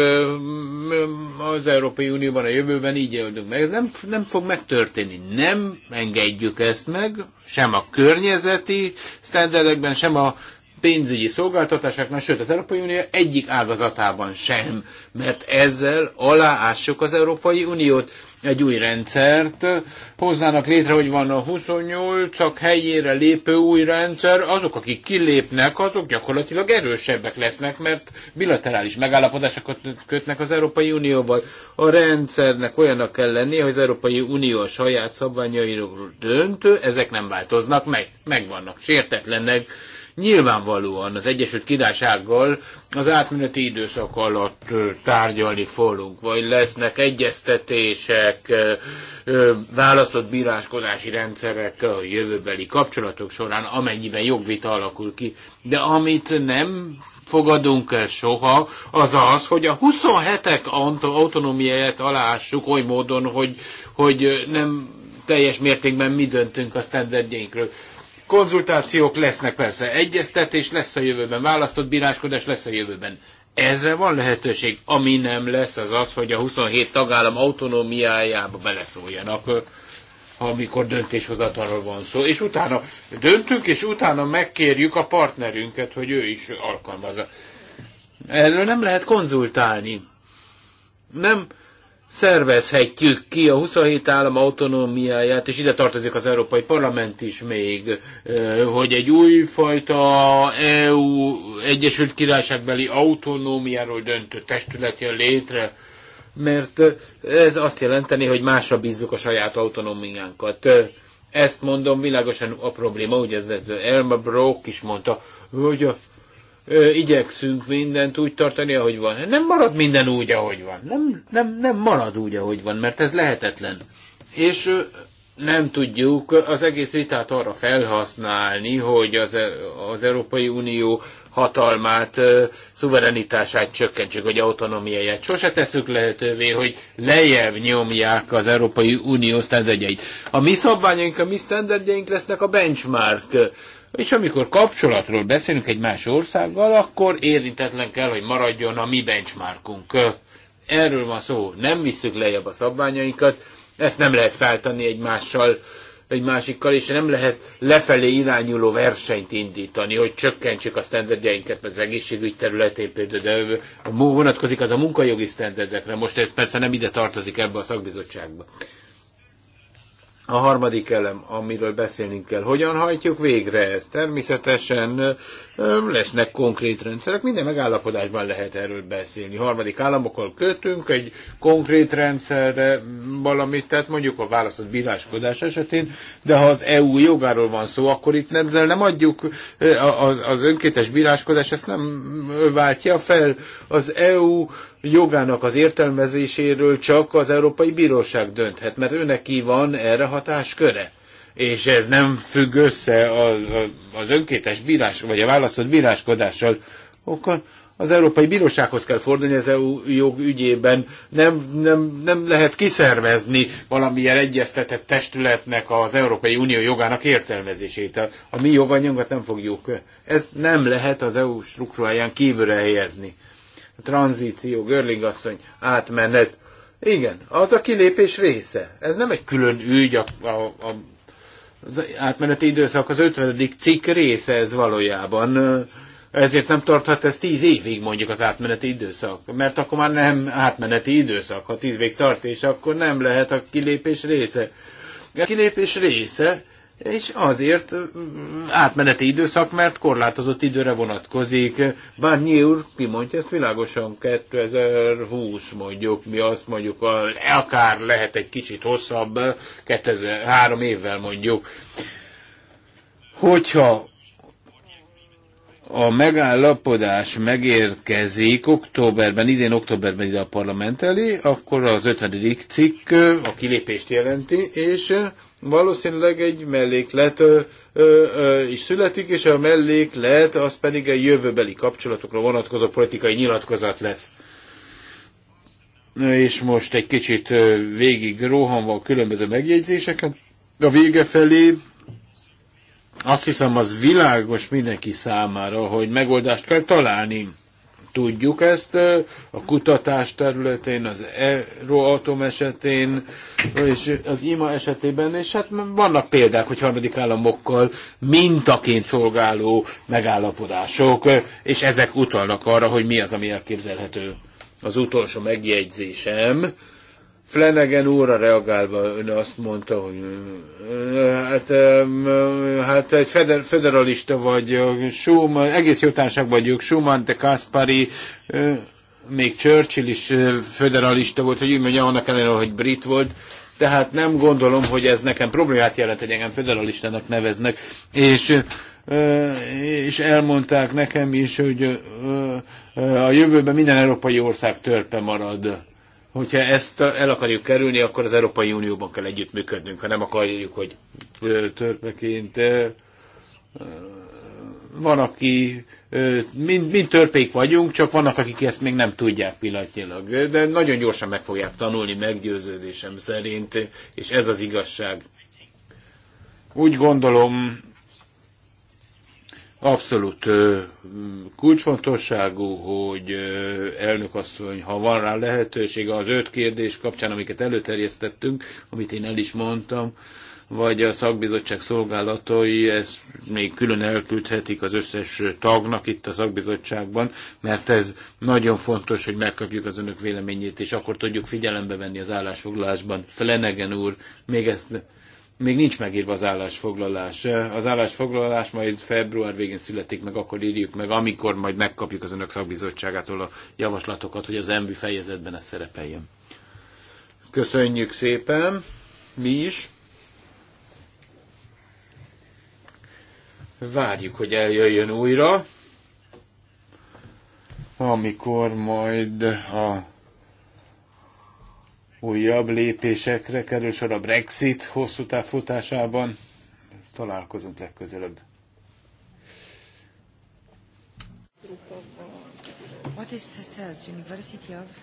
az Európai Unióban a jövőben így oldunk meg. Ez nem, nem fog megtörténni. Nem engedjük ezt meg, sem a környezeti standardekben, sem a pénzügyi szolgáltatásoknál, sőt az Európai Unió egyik ágazatában sem, mert ezzel aláássuk az Európai Uniót egy új rendszert, hoznának létre, hogy van a 28 csak helyére lépő új rendszer, azok, akik kilépnek, azok gyakorlatilag erősebbek lesznek, mert bilaterális megállapodásokat kötnek az Európai Unióval. A rendszernek olyanak kell lennie, hogy az Európai Unió a saját szabványairól döntő, ezek nem változnak meg, megvannak, sértetlenek Nyilvánvalóan az Egyesült Királysággal az átmeneti időszak alatt tárgyalni fogunk, vagy lesznek egyeztetések, választott bíráskodási rendszerek a jövőbeli kapcsolatok során, amennyiben jogvita alakul ki. De amit nem fogadunk el soha, az az, hogy a 27-ek autonómiáját alássuk oly módon, hogy, hogy nem teljes mértékben mi döntünk a standardjeinkről. Konzultációk lesznek persze, egyeztetés lesz a jövőben, választott bíráskodás lesz a jövőben. Ezre van lehetőség. Ami nem lesz, az az, hogy a 27 tagállam autonómiájába beleszóljanak amikor döntéshozatalról van szó, és utána döntünk, és utána megkérjük a partnerünket, hogy ő is alkalmazza. Erről nem lehet konzultálni. Nem szervezhetjük ki a 27 állam autonómiáját, és ide tartozik az Európai Parlament is még, hogy egy újfajta EU Egyesült Királyságbeli autonómiáról döntő testület jön létre, mert ez azt jelenteni, hogy másra bízzuk a saját autonómiánkat. Ezt mondom, világosan a probléma, ugye ez Elma Brock is mondta, hogy a igyekszünk mindent úgy tartani, ahogy van. Nem marad minden úgy, ahogy van. Nem, nem, nem marad úgy, ahogy van, mert ez lehetetlen. És nem tudjuk az egész vitát arra felhasználni, hogy az, e- az Európai Unió hatalmát, szuverenitását csökkentsük, hogy autonómiáját. Sose tesszük lehetővé, hogy lejjebb nyomják az Európai Unió sztenderdjeit. A mi szabványaink, a mi sztenderdjeink lesznek a benchmark és amikor kapcsolatról beszélünk egy más országgal, akkor érintetlen kell, hogy maradjon a mi benchmarkunk. Erről van szó, nem visszük lejjebb a szabványainkat, ezt nem lehet feltenni egymással, egy másikkal, és nem lehet lefelé irányuló versenyt indítani, hogy csökkentsük a sztenderdjeinket az egészségügy területén például, de vonatkozik az a munkajogi sztenderdekre, most ez persze nem ide tartozik ebbe a szakbizottságba. A harmadik elem, amiről beszélnünk kell, hogyan hajtjuk végre ezt? Természetesen lesznek konkrét rendszerek, minden megállapodásban lehet erről beszélni. Harmadik államokkal kötünk egy konkrét rendszerre valamit, tehát mondjuk a választott bíráskodás esetén, de ha az EU jogáról van szó, akkor itt nem, nem adjuk az, az önkétes bíráskodás, ezt nem váltja fel. Az EU jogának az értelmezéséről csak az Európai Bíróság dönthet, mert őneki van erre hatásköre. És ez nem függ össze a, a, az önkétes bírás, vagy a választott bíráskodással. Akkor az Európai Bírósághoz kell fordulni az EU jog ügyében. Nem, nem, nem lehet kiszervezni valamilyen egyeztetett testületnek az Európai Unió jogának értelmezését. A, a mi joganyunkat nem fogjuk. Ez nem lehet az EU struktúráján kívülre helyezni tranzíció, Görling asszony, átmenet. Igen, az a kilépés része. Ez nem egy külön ügy, a, a, a, az átmeneti időszak az 50. cikk része ez valójában. Ezért nem tarthat ez 10 évig mondjuk az átmeneti időszak, mert akkor már nem átmeneti időszak. Ha 10 évig tart, és akkor nem lehet a kilépés része. A kilépés része és azért mm, átmeneti időszak, mert korlátozott időre vonatkozik. Bár ki mondja, ez világosan 2020 mondjuk, mi azt mondjuk, akár lehet egy kicsit hosszabb, 2003 évvel mondjuk. Hogyha a megállapodás megérkezik októberben, idén októberben ide a parlament elé, akkor az 50. cikk a kilépést jelenti, és valószínűleg egy melléklet ö, ö, ö, is születik, és a melléklet az pedig a jövőbeli kapcsolatokra vonatkozó politikai nyilatkozat lesz. És most egy kicsit végig rohanva a különböző megjegyzéseket, a vége felé azt hiszem az világos mindenki számára, hogy megoldást kell találni tudjuk ezt a kutatás területén, az Euroatom esetén, és az IMA esetében, és hát vannak példák, hogy harmadik államokkal mintaként szolgáló megállapodások, és ezek utalnak arra, hogy mi az, ami elképzelhető. Az utolsó megjegyzésem, Flanagan óra reagálva ön azt mondta, hogy hát, hát egy federalista vagy, Schumann, egész jó társaság vagyok, Schumann, de Kaspari, még Churchill is federalista volt, hogy úgy mondja, annak ellenére, hogy brit volt, tehát nem gondolom, hogy ez nekem problémát jelent, hogy engem federalistának neveznek, és, és elmondták nekem is, hogy a jövőben minden európai ország törpe marad hogyha ezt el akarjuk kerülni, akkor az Európai Unióban kell együttműködnünk, ha nem akarjuk, hogy törpeként van, aki mind, mind törpék vagyunk, csak vannak, akik ezt még nem tudják pillanatnyilag. De nagyon gyorsan meg fogják tanulni, meggyőződésem szerint, és ez az igazság. Úgy gondolom, Abszolút kulcsfontosságú, hogy elnök asszony, ha van rá lehetőség az öt kérdés kapcsán, amiket előterjesztettünk, amit én el is mondtam, vagy a szakbizottság szolgálatai ezt még külön elküldhetik az összes tagnak itt a szakbizottságban, mert ez nagyon fontos, hogy megkapjuk az önök véleményét, és akkor tudjuk figyelembe venni az állásfoglalásban. Flenegen úr, még ezt még nincs megírva az állásfoglalás. Az állásfoglalás majd február végén születik meg, akkor írjuk meg, amikor majd megkapjuk az önök szakbizottságától a javaslatokat, hogy az MV fejezetben ez szerepeljen. Köszönjük szépen, mi is. Várjuk, hogy eljöjjön újra, amikor majd a újabb lépésekre kerül sor a Brexit hosszú távfutásában. Találkozunk legközelebb. What is CESA's University of?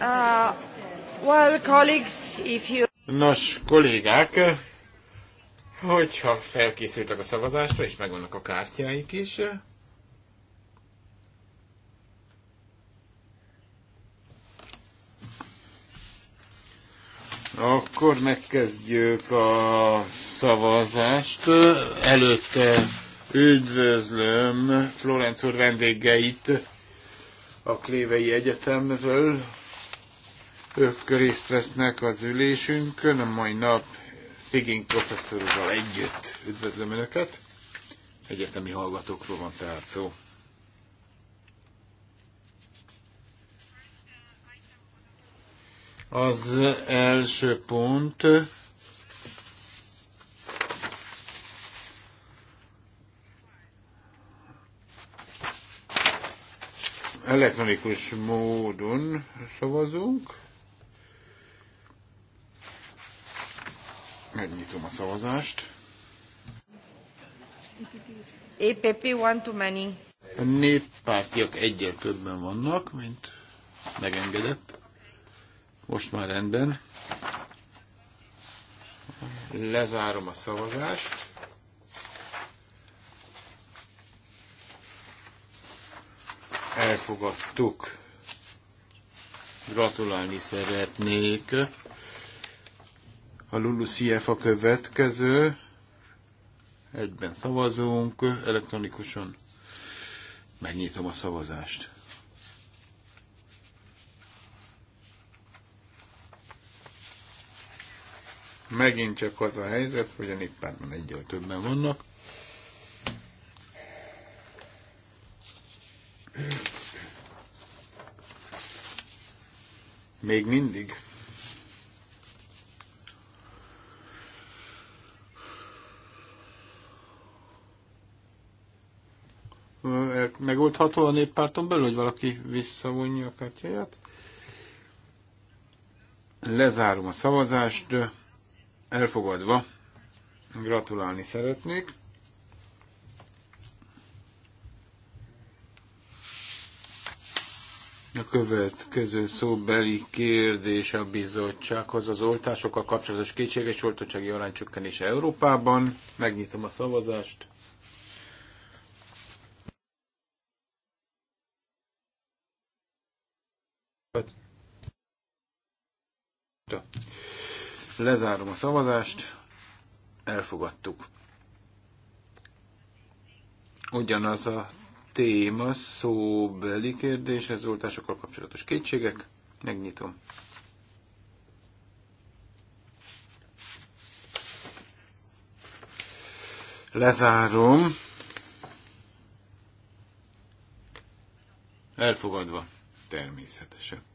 Uh, Nos, kollégák, hogyha felkészültek a szavazásra, és megvannak a kártyáik is, Akkor megkezdjük a szavazást. Előtte üdvözlöm Florenc úr vendégeit a Klévei Egyetemről, ők részt vesznek az ülésünkön a mai nap Szigény professzorral együtt. Üdvözlöm Önöket! Egyetemi hallgatókról van tehát szó. Az első pont elektronikus módon szavazunk. Megnyitom a szavazást. EPP one too many. A néppártiak egyel többen vannak, mint megengedett. Most már rendben. Lezárom a szavazást. Elfogadtuk. Gratulálni szeretnék a LULUCF a következő. Egyben szavazunk elektronikusan. Megnyitom a szavazást. Megint csak az a helyzet, hogy a néppárban egyel többen vannak. Még mindig megoldható a néppárton belül, hogy valaki visszavonja a kártyáját. Lezárom a szavazást, elfogadva. Gratulálni szeretnék. A következő szóbeli kérdés a bizottsághoz az oltásokkal kapcsolatos kétséges oltottsági aránycsökkenés Európában. Megnyitom a szavazást. Lezárom a szavazást. Elfogadtuk. Ugyanaz a téma szóbeli kérdés, ez oltásokkal kapcsolatos kétségek. Megnyitom. Lezárom. Elfogadva. Természetesen.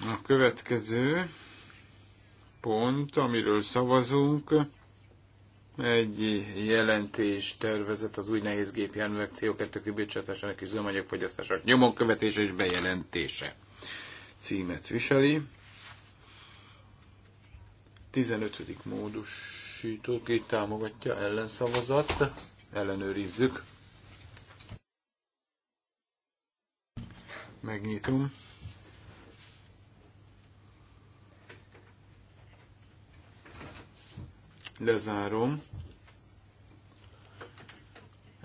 A következő pont, amiről szavazunk, egy jelentés tervezet az új nehéz gépjárművek CO2 kibocsátásának üzemanyagfogyasztásának nyomon követése és bejelentése címet viseli. 15. módosító két támogatja ellenszavazat, ellenőrizzük. Megnyitom. Lezárom.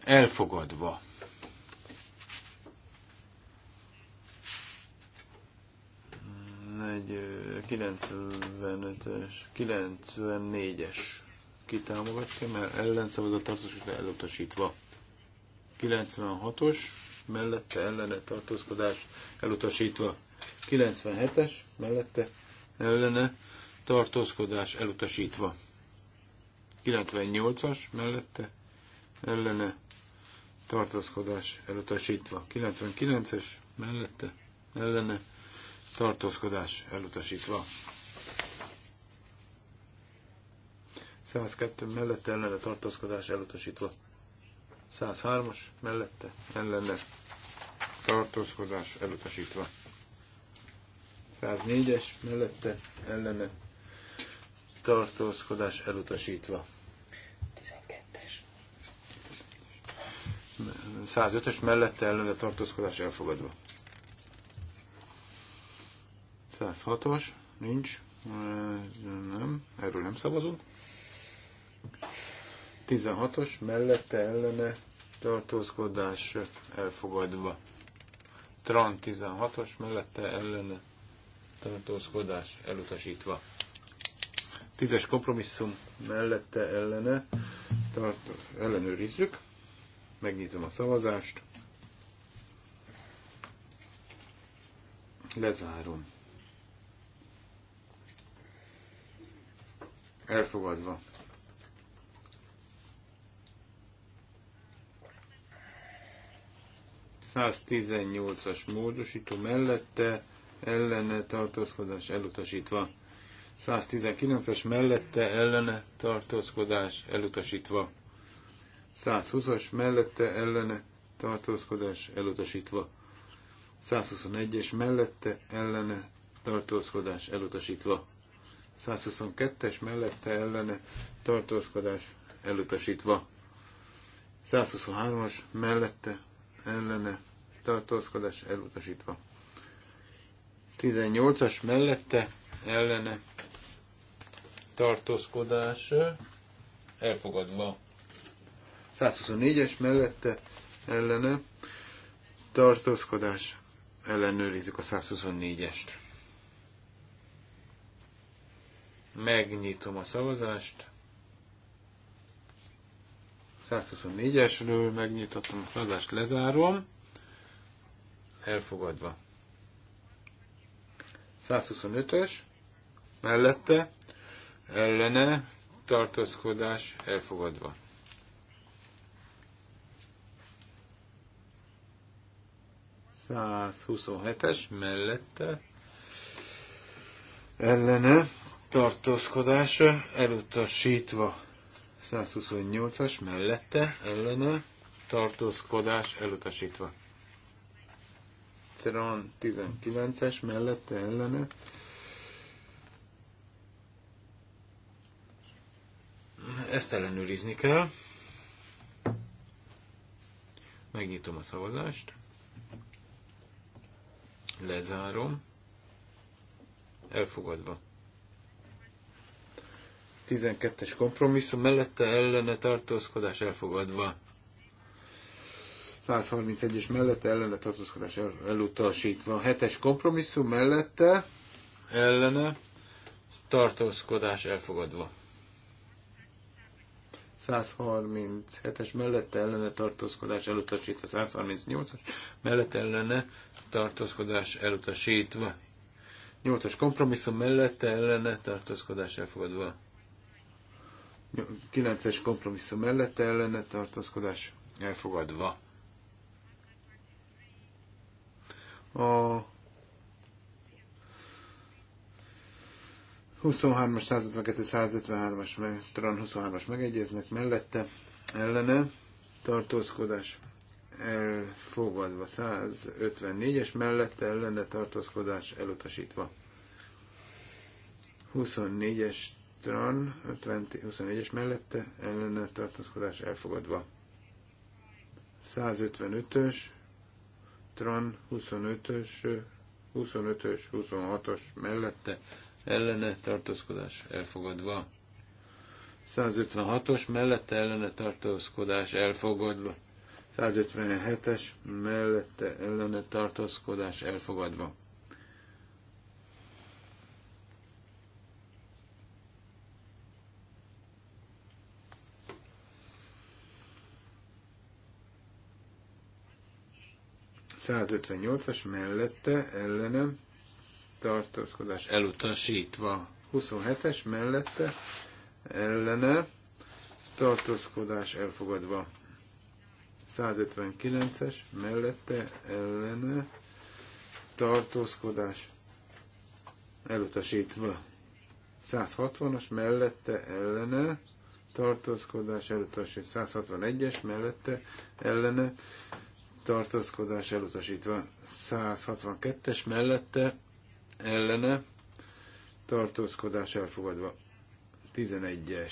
Elfogadva. Egy 95-ös, 94-es kitámogatja, mert ellenszavazat tartózkodás elutasítva. 96-os mellette ellene tartózkodás elutasítva. 97-es mellette ellene tartózkodás elutasítva. 98-as mellette ellene tartózkodás elutasítva. 99-es mellette ellene tartózkodás elutasítva. 102 mellette ellene tartózkodás elutasítva. 103-as mellette ellene tartózkodás elutasítva. 104-es mellette ellene tartózkodás elutasítva. 12-es. 105-ös mellette ellene tartózkodás elfogadva. 106-os, nincs, nem, erről nem szavazunk. 16-os, mellette ellene tartózkodás elfogadva. Tran 16-os, mellette ellene tartózkodás elutasítva. Tízes kompromisszum mellette ellene tart, ellenőrizzük. Megnyitom a szavazást. Lezárom. Elfogadva. Száztizennyolcas módosító mellette ellene tartózkodás elutasítva. 119-es mellette ellene tartózkodás elutasítva. 120-as mellette ellene tartózkodás elutasítva. 121-es mellette ellene tartózkodás elutasítva. 122-es mellette ellene tartózkodás elutasítva. 123-as mellette ellene tartózkodás elutasítva. 18-as mellette ellene tartózkodás elfogadva. 124-es mellette ellene tartózkodás ellenőrizzük a 124-est. Megnyitom a szavazást. 124-esről megnyitottam a szavazást, lezárom. Elfogadva. 125-ös mellette ellene tartózkodás elfogadva. Száz huszonhetes mellette ellene tartózkodás elutasítva. 128-as mellette ellene tartózkodás elutasítva. Tron 19-es mellette ellene Ezt ellenőrizni kell. Megnyitom a szavazást. Lezárom. Elfogadva. 12-es kompromisszum mellette ellene tartózkodás elfogadva. 131-es mellette ellene tartózkodás el, elutasítva. 7-es kompromisszum mellette ellene tartózkodás elfogadva. 137-es mellette ellene tartózkodás elutasítva, 138-as mellette ellene tartózkodás elutasítva. 8-as kompromisszum mellette ellene tartózkodás elfogadva. 9-es kompromisszum mellette ellene tartózkodás elfogadva. A 23-as, 152, 153-as, meg, talán 23-as megegyeznek mellette, ellene, tartózkodás elfogadva, 154-es mellette, ellene, tartózkodás elutasítva. 24-es tran, 24-es mellette, ellene, tartózkodás elfogadva. 155-ös, tran, 25-ös, 25-ös, 26-os mellette, ellene tartózkodás elfogadva. 156-os mellette ellene tartózkodás elfogadva. 157-es mellette ellene tartózkodás elfogadva. as mellette ellenem tartózkodás elutasítva. 27-es mellette ellene tartózkodás elfogadva. 159-es mellette ellene tartózkodás elutasítva. 160-as mellette ellene tartózkodás elutasítva. 161-es mellette ellene tartózkodás elutasítva. 162-es mellette ellene tartózkodás elfogadva. 11-es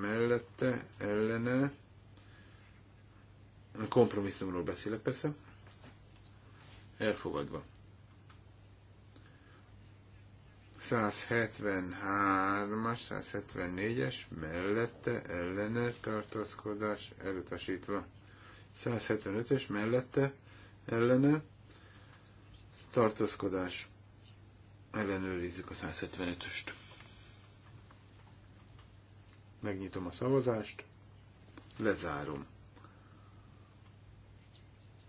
mellette ellene kompromisszumról beszélek persze, elfogadva. 173-as, 174-es, mellette, ellene tartózkodás elutasítva. 175-ös, mellette, ellene tartózkodás Ellenőrizzük a 175-öst. Megnyitom a szavazást, lezárom.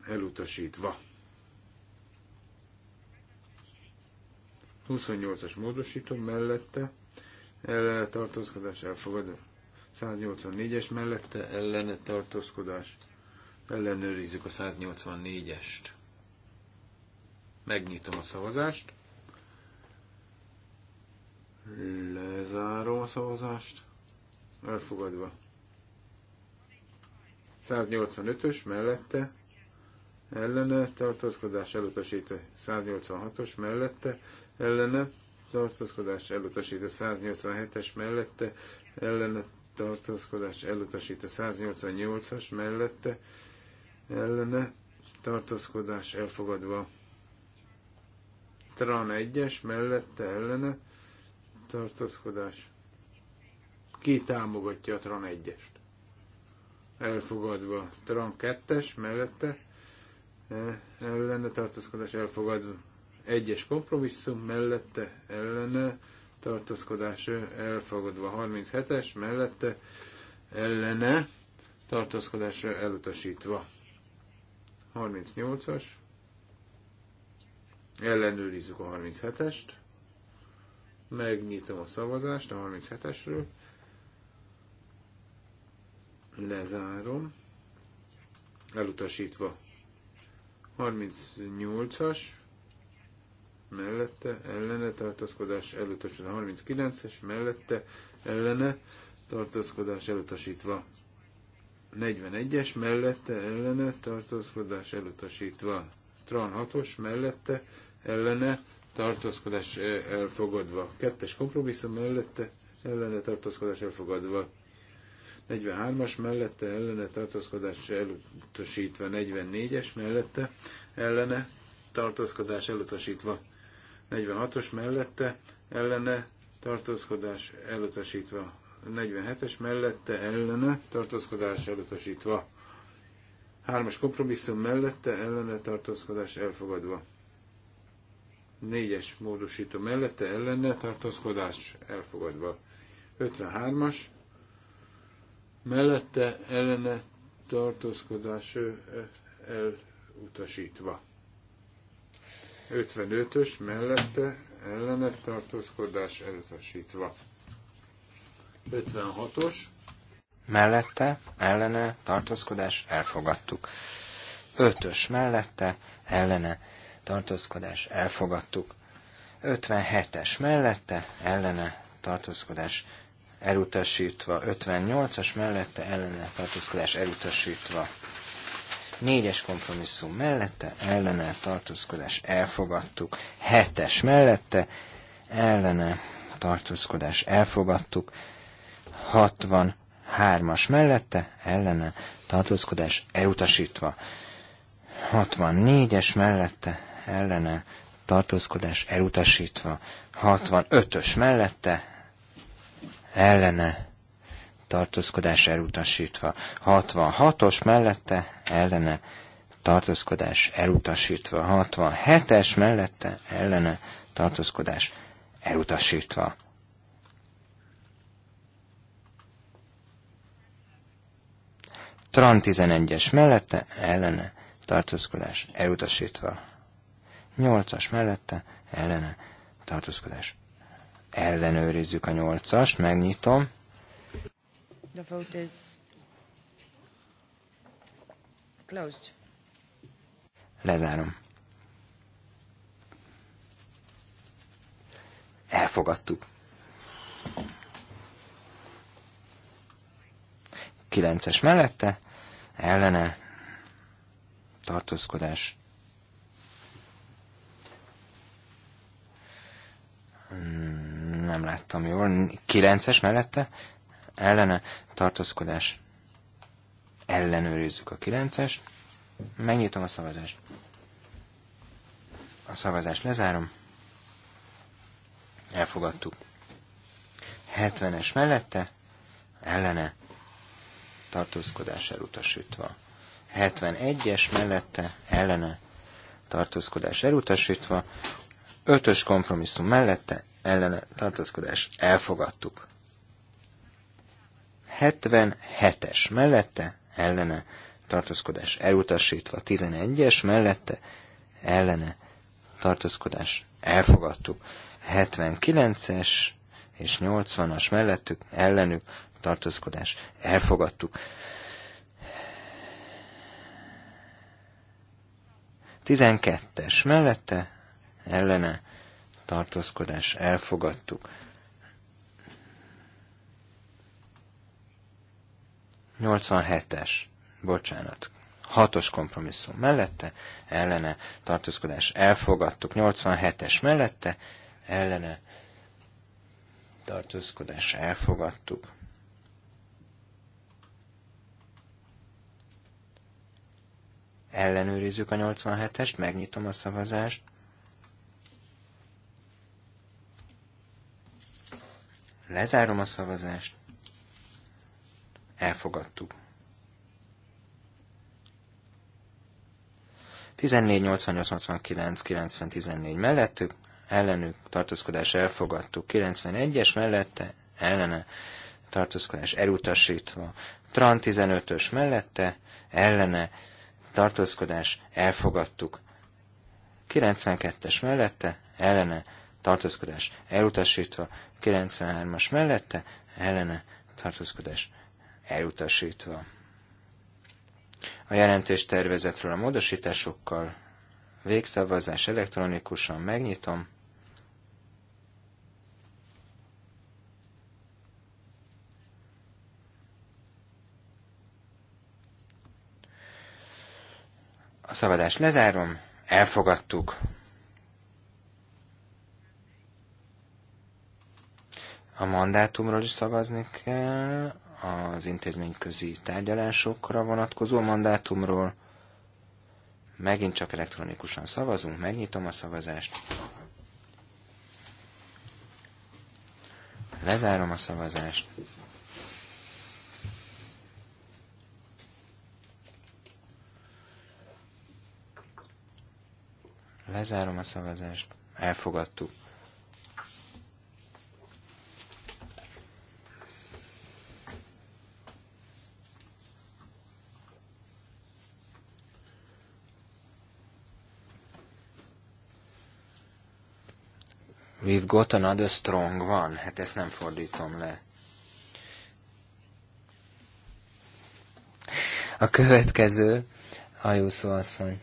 Elutasítva. 28-as módosító mellette ellene tartózkodás elfogadó. 184-es mellette ellene tartózkodás. Ellenőrizzük a 184-est. Megnyitom a szavazást. Lezárom a szavazást. Elfogadva. 185-ös mellette ellene tartózkodás elutasítva. 186-os mellette ellene tartózkodás elutasítva. 187-es mellette ellene tartózkodás elutasítva. 188-as mellette ellene tartózkodás elfogadva. Tran 1-es mellette ellene tartózkodás. Ki támogatja a Tran 1-est? Elfogadva. Tran 2-es mellette e, ellene tartózkodás elfogadva. Egyes kompromisszum mellette ellene tartózkodás elfogadva. 37-es mellette ellene tartózkodásra elutasítva. 38-as. Ellenőrizzük a 37-est. Megnyitom a szavazást a 37-esről. Lezárom. Elutasítva. 38-as. Mellette, ellene tartózkodás elutasítva. 39-es, mellette, ellene tartózkodás elutasítva. 41-es, mellette, ellene tartózkodás elutasítva. Tran 6-os, mellette, ellene tartózkodás elfogadva. Kettes kompromisszum mellette ellene tartózkodás elfogadva. 43-as mellette ellene tartózkodás elutasítva. 44-es mellette ellene tartózkodás elutasítva. 46-os mellette ellene tartózkodás elutasítva. 47-es mellette ellene tartózkodás elutasítva. 3-as kompromisszum mellette ellene tartózkodás elfogadva. Négyes módosító mellette ellene tartózkodás elfogadva. 53-as mellette ellene tartózkodás elutasítva. 55-ös mellette ellene tartózkodás elutasítva. 56-os mellette ellene tartózkodás elfogadtuk. 5-ös mellette ellene tartózkodás elfogadtuk. 57-es mellette ellene tartózkodás elutasítva, 58-as mellette ellene tartózkodás elutasítva, 4-es kompromisszum mellette ellene tartózkodás elfogadtuk, 7-es mellette ellene tartózkodás elfogadtuk, 63-as mellette ellene tartózkodás elutasítva, 64-es mellette ellene tartózkodás elutasítva. 65-ös mellette ellene tartózkodás elutasítva. 66-os mellette ellene tartózkodás elutasítva. 67-es mellette ellene tartózkodás elutasítva. Tran 11-es mellette ellene tartózkodás elutasítva. Nyolcas mellette ellene tartózkodás. Ellenőrizzük a nyolcast, megnyitom. The vote is closed. Lezárom. Elfogadtuk. Kilences mellette, ellene, tartózkodás, Nem láttam jól. Kilences mellette? Ellene tartózkodás. Ellenőrizzük a kilencest. Megnyitom a szavazást. A szavazást lezárom. Elfogadtuk. 70-es mellette, ellene, tartózkodás elutasítva. 71-es mellette, ellene, tartózkodás elutasítva. Ötös kompromisszum mellette ellene tartózkodás elfogadtuk. 77-es mellette ellene tartózkodás elutasítva, 11-es mellette ellene tartózkodás elfogadtuk. 79-es és 80-as mellettük ellenük tartózkodás elfogadtuk. 12-es mellette ellene tartózkodás elfogadtuk. 87-es, bocsánat, 6-os kompromisszum mellette, ellene tartózkodás elfogadtuk, 87-es mellette, ellene tartózkodás elfogadtuk. Ellenőrizzük a 87-est, megnyitom a szavazást. Lezárom a szavazást. Elfogadtuk. 14, 88, 89, 90, 14 mellettük, ellenük tartózkodás elfogadtuk, 91-es mellette, ellene tartózkodás elutasítva, Tran 15-ös mellette, ellene tartózkodás elfogadtuk, 92-es mellette, ellene tartózkodás elutasítva, 93-as mellette ellene tartózkodás elutasítva. A jelentés tervezetről a módosításokkal végszavazás elektronikusan megnyitom. A szavazást lezárom, elfogadtuk. A mandátumról is szavazni kell, az intézményközi tárgyalásokra vonatkozó mandátumról. Megint csak elektronikusan szavazunk, megnyitom a szavazást. Lezárom a szavazást. Lezárom a szavazást. Elfogadtuk. We've got another strong one. Hát ezt nem fordítom le. A következő, Ajuszó asszony.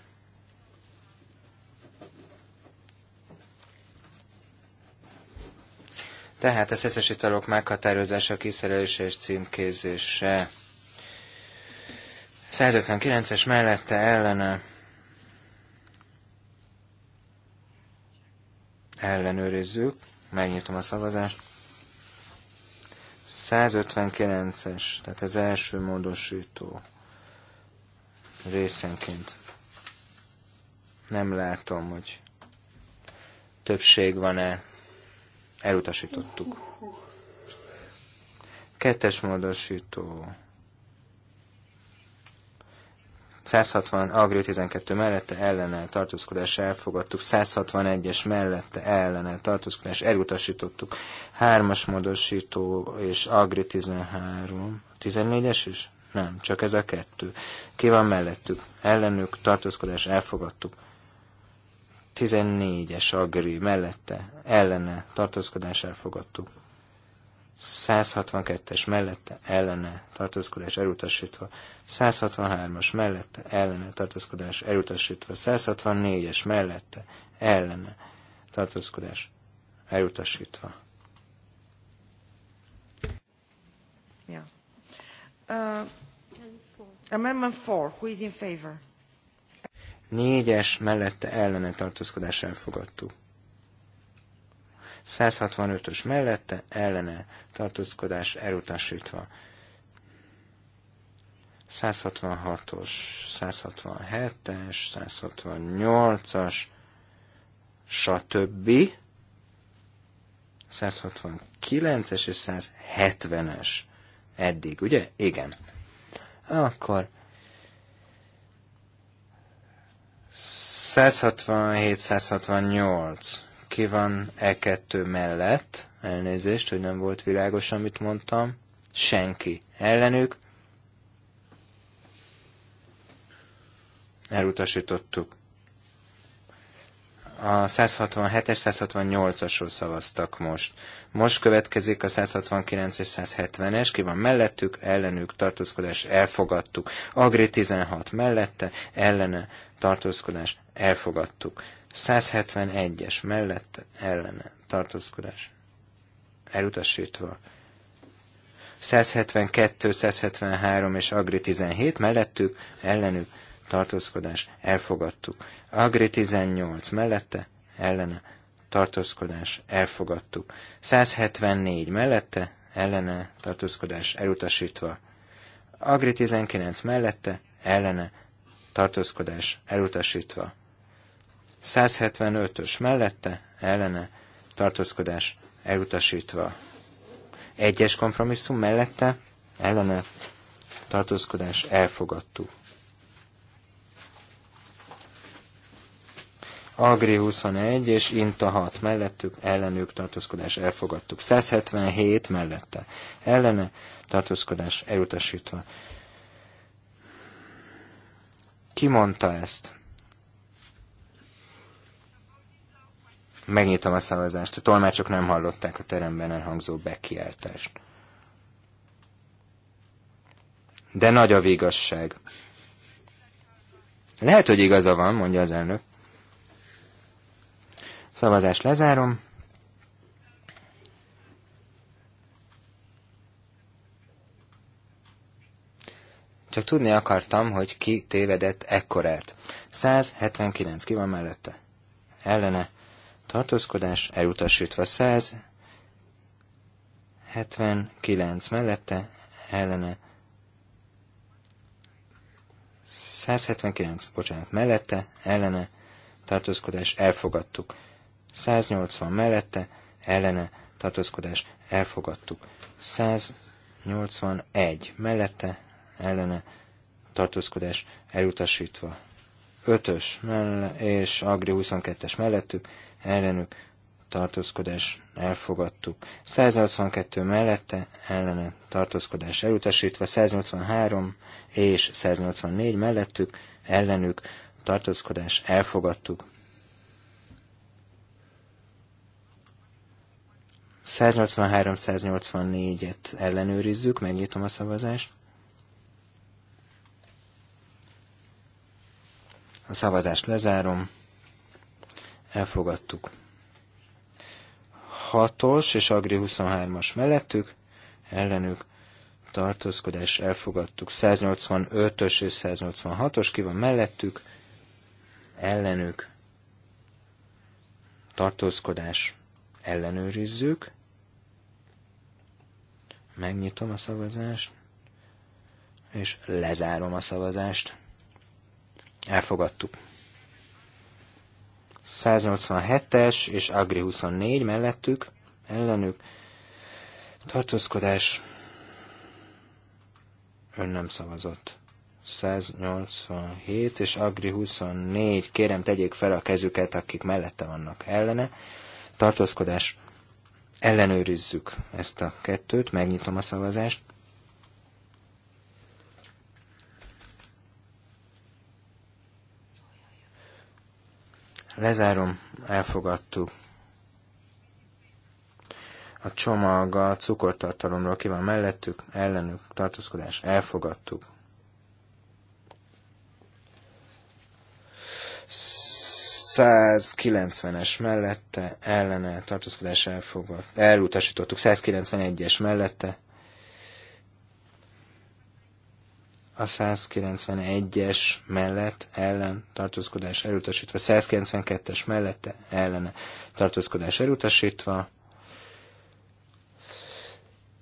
Tehát a szeszes italok meghatározása, kiszerelése és címkézése. 159-es mellette ellene ellenőrizzük, megnyitom a szavazást. 159-es, tehát az első módosító részenként. Nem látom, hogy többség van-e. Elutasítottuk. Kettes módosító 160, Agri 12 mellette ellenel tartózkodás elfogadtuk, 161-es mellette ellenel tartózkodás elutasítottuk, 3-as módosító és Agri 13, 14-es is? Nem, csak ez a kettő. Ki van mellettük? Ellenük tartózkodás elfogadtuk. 14-es Agri mellette ellene tartózkodás elfogadtuk. 162-es mellette ellene tartózkodás elutasítva, 163-as mellette ellene tartózkodás elutasítva, 164-es mellette ellene tartózkodás elutasítva. Yeah. Uh, amendment 4, who is in favor? Négyes mellette ellene tartózkodás elfogadtuk. 165-ös mellette ellene tartózkodás elutasítva. 166-os, 167-es, 168-as, stb. 169-es és 170-es eddig, ugye? Igen. Akkor 167-168 ki van E2 mellett, elnézést, hogy nem volt világos, amit mondtam, senki ellenük, elutasítottuk. A 167-es, 168-asról szavaztak most. Most következik a 169 és 170-es, ki van mellettük, ellenük, tartózkodás, elfogadtuk. Agri 16 mellette, ellene, tartózkodás, elfogadtuk. 171-es mellett ellene tartózkodás elutasítva. 172, 173 és Agri 17 mellettük ellenük tartózkodás elfogadtuk. Agri 18 mellette ellene tartózkodás elfogadtuk. 174 mellette ellene tartózkodás elutasítva. Agri 19 mellette ellene tartózkodás elutasítva. 175-ös mellette ellene tartózkodás elutasítva. Egyes kompromisszum mellette ellene tartózkodás elfogadtuk. Agri 21 és Inta 6 mellettük, ellenük tartózkodás elfogadtuk. 177 mellette ellene tartózkodás elutasítva. Ki mondta ezt? Megnyitom a szavazást. A tolmácsok nem hallották a teremben elhangzó bekiáltást. De nagy a végasság. Lehet, hogy igaza van, mondja az elnök. Szavazást lezárom. Csak tudni akartam, hogy ki tévedett ekkorát. 179 ki van mellette. Ellene tartózkodás, elutasítva 179 mellette, ellene 179, bocsánat, mellette, ellene, tartózkodás, elfogadtuk. 180 mellette, ellene, tartózkodás, elfogadtuk. 181 mellette, ellene, tartózkodás, elutasítva. 5-ös és Agri 22-es mellettük, ellenük tartózkodás elfogadtuk. 182 mellette ellene tartózkodás elutasítva, 183 és 184 mellettük ellenük tartózkodás elfogadtuk. 183-184-et ellenőrizzük, megnyitom a szavazást. A szavazást lezárom elfogadtuk. 6-os és Agri 23-as mellettük, ellenük tartózkodás elfogadtuk. 185-ös és 186-os ki van mellettük, ellenük tartózkodás ellenőrizzük. Megnyitom a szavazást, és lezárom a szavazást. Elfogadtuk. 187-es és Agri 24 mellettük, ellenük. Tartózkodás. Ön nem szavazott. 187 és Agri 24. Kérem, tegyék fel a kezüket, akik mellette vannak ellene. Tartózkodás. Ellenőrizzük ezt a kettőt, megnyitom a szavazást. Lezárom, elfogadtuk. A csomag a cukortartalomról ki van mellettük, ellenük tartózkodás, elfogadtuk. 190-es mellette, ellene tartózkodás elfogadtuk, elutasítottuk, 191-es mellette, a 191-es mellett ellen tartózkodás elutasítva, 192-es mellette ellene tartózkodás elutasítva,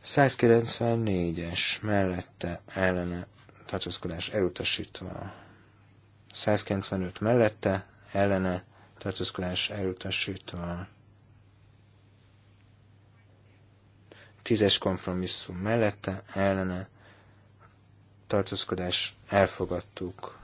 194-es mellette ellene tartózkodás elutasítva, 195 mellette ellene tartózkodás elutasítva, 10-es kompromisszum mellette ellene tartózkodás elfogadtuk.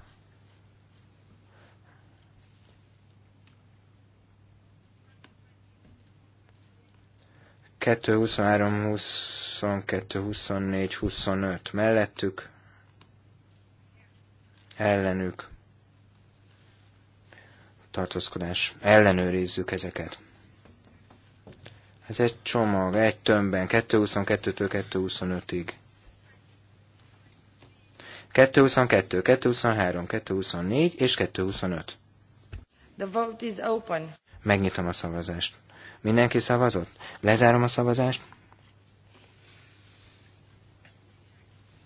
Kettő, 23, 22, 24, 25 mellettük, ellenük, tartózkodás, ellenőrizzük ezeket. Ez egy csomag, egy tömbben, 222-től 225-ig. 222, 223, 224 és 225. The vote is open. Megnyitom a szavazást. Mindenki szavazott? Lezárom a szavazást.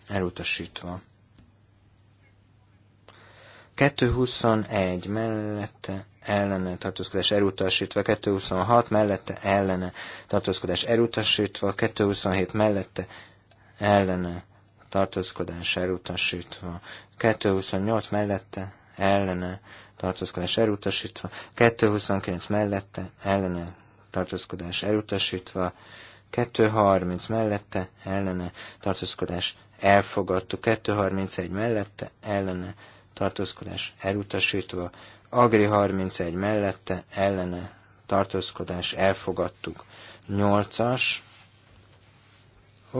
Elutasítva. 221 mellette ellene tartózkodás elutasítva, 226 mellette ellene tartózkodás elutasítva, 227 mellette ellene tartózkodás elutasítva. 228 mellette ellene tartózkodás elutasítva. 229 mellette ellene tartózkodás elutasítva. 230 mellette ellene tartózkodás elfogadtuk. 231 mellette ellene tartózkodás elutasítva. Agri 31 mellette ellene tartózkodás elfogadtuk. 8-as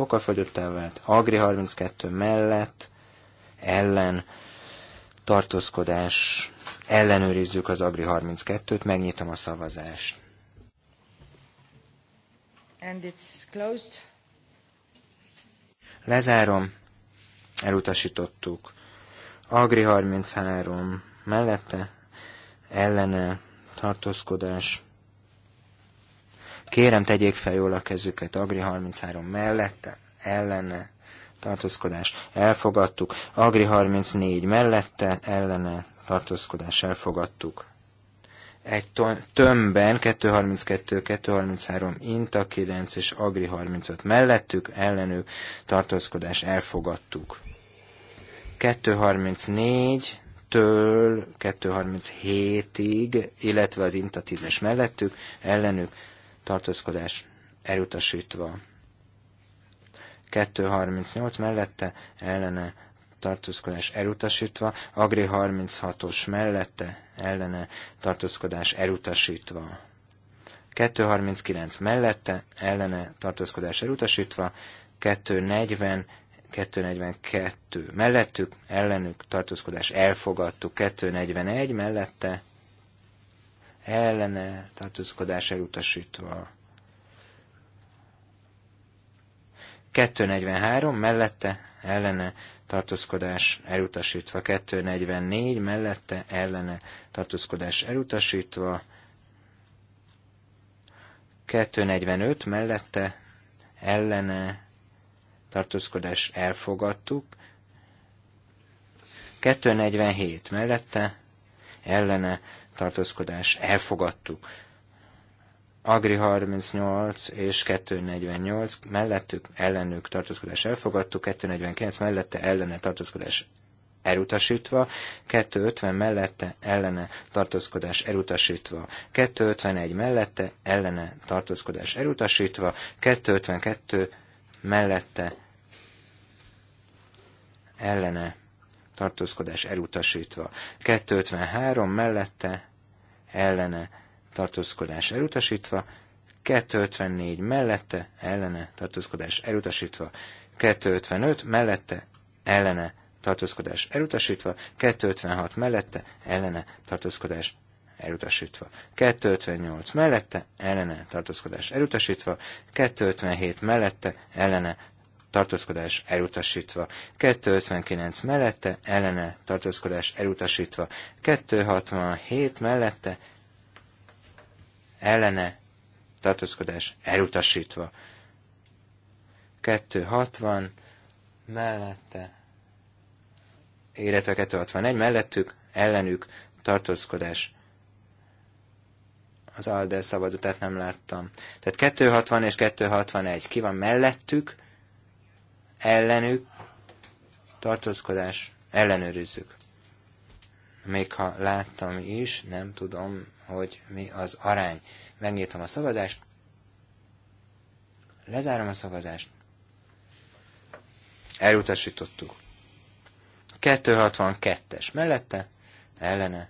okafogyottá elvált, Agri 32 mellett ellen tartózkodás, ellenőrizzük az Agri 32-t, megnyitom a szavazást. And it's closed. Lezárom, elutasítottuk. Agri 33 mellette, ellene tartózkodás, Kérem, tegyék fel jól a kezüket. Agri 33 mellette, ellene, tartózkodás elfogadtuk. Agri 34 mellette, ellene, tartózkodás elfogadtuk. Egy tömbben 232, 233, Inta 9 és Agri 35 mellettük, ellenük tartózkodás elfogadtuk. 234 től 237-ig, illetve az Inta 10-es mellettük, ellenük tartózkodás elutasítva. 238 mellette ellene tartózkodás elutasítva, Agri 36-os mellette ellene tartózkodás elutasítva. 239 mellette ellene tartózkodás elutasítva, 240 242 mellettük, ellenük tartózkodás elfogadtuk, 241 mellette ellene tartózkodás elutasítva. 243 mellette ellene tartózkodás elutasítva, 244 mellette ellene tartózkodás elutasítva, 245 mellette ellene tartózkodás elfogadtuk, 247 mellette ellene tartózkodás elfogadtuk. Agri 38 és 248 mellettük ellenük tartózkodás elfogadtuk, 249 mellette ellene tartózkodás elutasítva, 250 mellette ellene tartózkodás elutasítva, 251 mellette ellene tartózkodás elutasítva, 252 mellette ellene tartózkodás elutasítva. 253 mellette ellene tartózkodás elutasítva, 254 mellette ellene tartózkodás elutasítva, 255 mellette ellene tartózkodás elutasítva, 256 mellette ellene tartózkodás elutasítva. 258 mellette, ellene tartózkodás elutasítva, 257 mellette, ellene tartózkodás elutasítva. 259 mellette, ellene tartózkodás elutasítva. 267 mellette, ellene tartózkodás elutasítva. 260 mellette, illetve 261 mellettük, ellenük tartózkodás az ALDE szavazatát nem láttam. Tehát 260 és 261. Ki van mellettük? ellenük tartózkodás ellenőrizzük. Még ha láttam is, nem tudom, hogy mi az arány. Megnyitom a szavazást, lezárom a szavazást, elutasítottuk. 262-es mellette, ellene,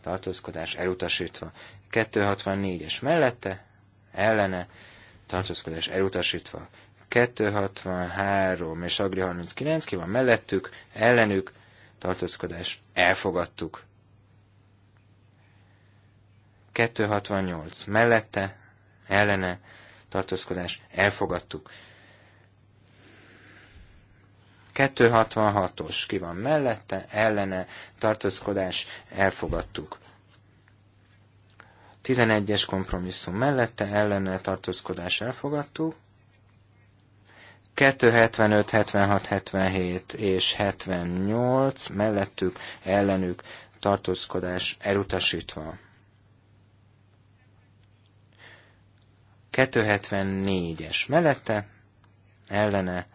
tartózkodás elutasítva. 264-es mellette, ellene, tartózkodás elutasítva. 263 és Agri 39, ki van mellettük, ellenük, tartózkodás, elfogadtuk. 268 mellette, ellene, tartózkodás, elfogadtuk. 266-os ki van mellette, ellene, tartózkodás, elfogadtuk. 11-es kompromisszum mellette, ellene, tartózkodás, elfogadtuk. 275, 76, 77 és 78 mellettük ellenük tartózkodás elutasítva. 274-es mellette ellene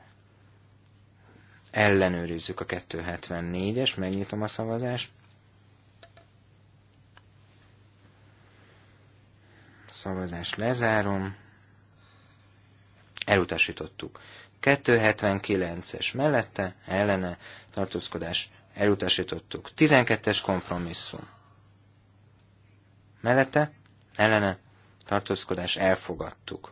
ellenőrizzük a 274-es, megnyitom a szavazást. Szavazást lezárom. Elutasítottuk. 279-es mellette, ellene, tartózkodás elutasítottuk. 12-es kompromisszum. Mellette, ellene, tartózkodás elfogadtuk.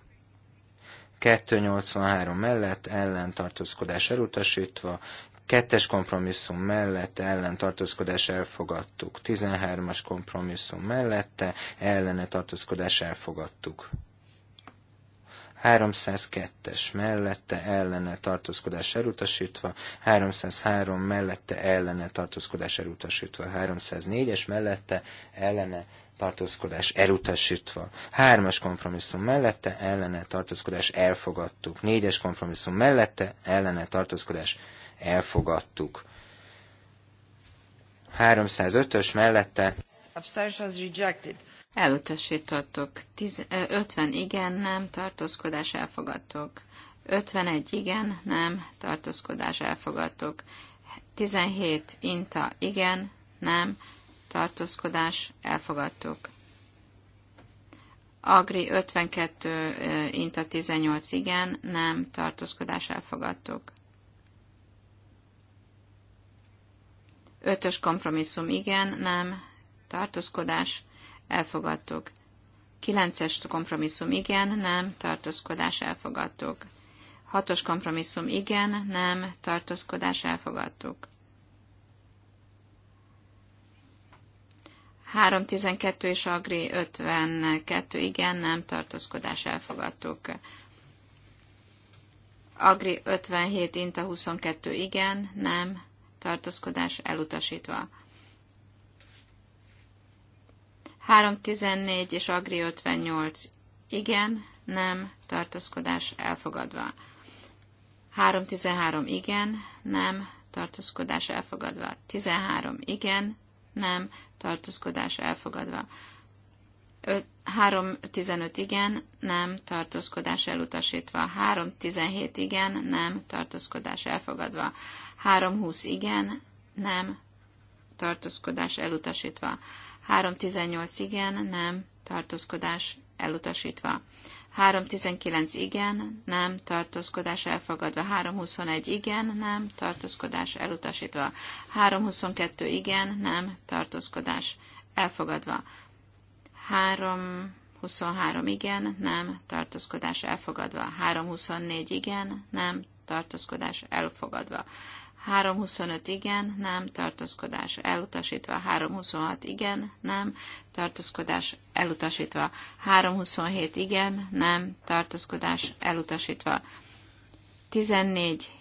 283 mellett ellen tartózkodás elutasítva, kettes kompromisszum mellett ellen tartózkodás elfogadtuk, 13-as kompromisszum mellette ellene tartózkodás elfogadtuk. 302-es mellette ellene tartózkodás elutasítva, 303 mellette ellene tartózkodás elutasítva, 304-es mellette ellene tartózkodás elutasítva. Hármas kompromisszum mellette ellene tartózkodás elfogadtuk. Négyes kompromisszum mellette ellene tartózkodás elfogadtuk. 305-ös mellette abstentions rejected. Elutasítottuk. 50 igen, nem, tartózkodás elfogadtuk. 51 igen, nem, tartózkodás elfogadtuk. 17 inta igen, nem, tartózkodás elfogadtuk. Agri 52 inta 18 igen, nem, tartózkodás elfogadtuk. Ötös kompromisszum igen, nem, tartózkodás elfogadtuk. Kilences kompromisszum igen, nem, tartózkodás elfogadtuk. Hatos kompromisszum igen, nem, tartózkodás elfogadtuk. 3.12 és Agri 52 igen, nem, tartózkodás elfogadtuk. Agri 57, Inta 22 igen, nem, tartózkodás elutasítva. 314 és Agri 58. Igen, nem, tartózkodás elfogadva. 313. Igen, nem, tartózkodás elfogadva. 13. Igen, nem, tartózkodás elfogadva. 3.15 igen, nem, tartózkodás elutasítva. 3.17 igen, nem, tartózkodás elfogadva. 3.20 igen, nem, tartózkodás elutasítva. 318 igen, nem, tartózkodás elutasítva. 319 igen, nem, tartózkodás elfogadva. 321 igen, nem, tartózkodás elutasítva. 322 igen, nem, tartózkodás elfogadva. 323 igen, nem, tartózkodás elfogadva. 324 igen, nem, tartózkodás elfogadva. 325 igen, nem, tartózkodás elutasítva. 326 igen, nem, tartózkodás elutasítva. 327 igen, nem, tartózkodás elutasítva. 14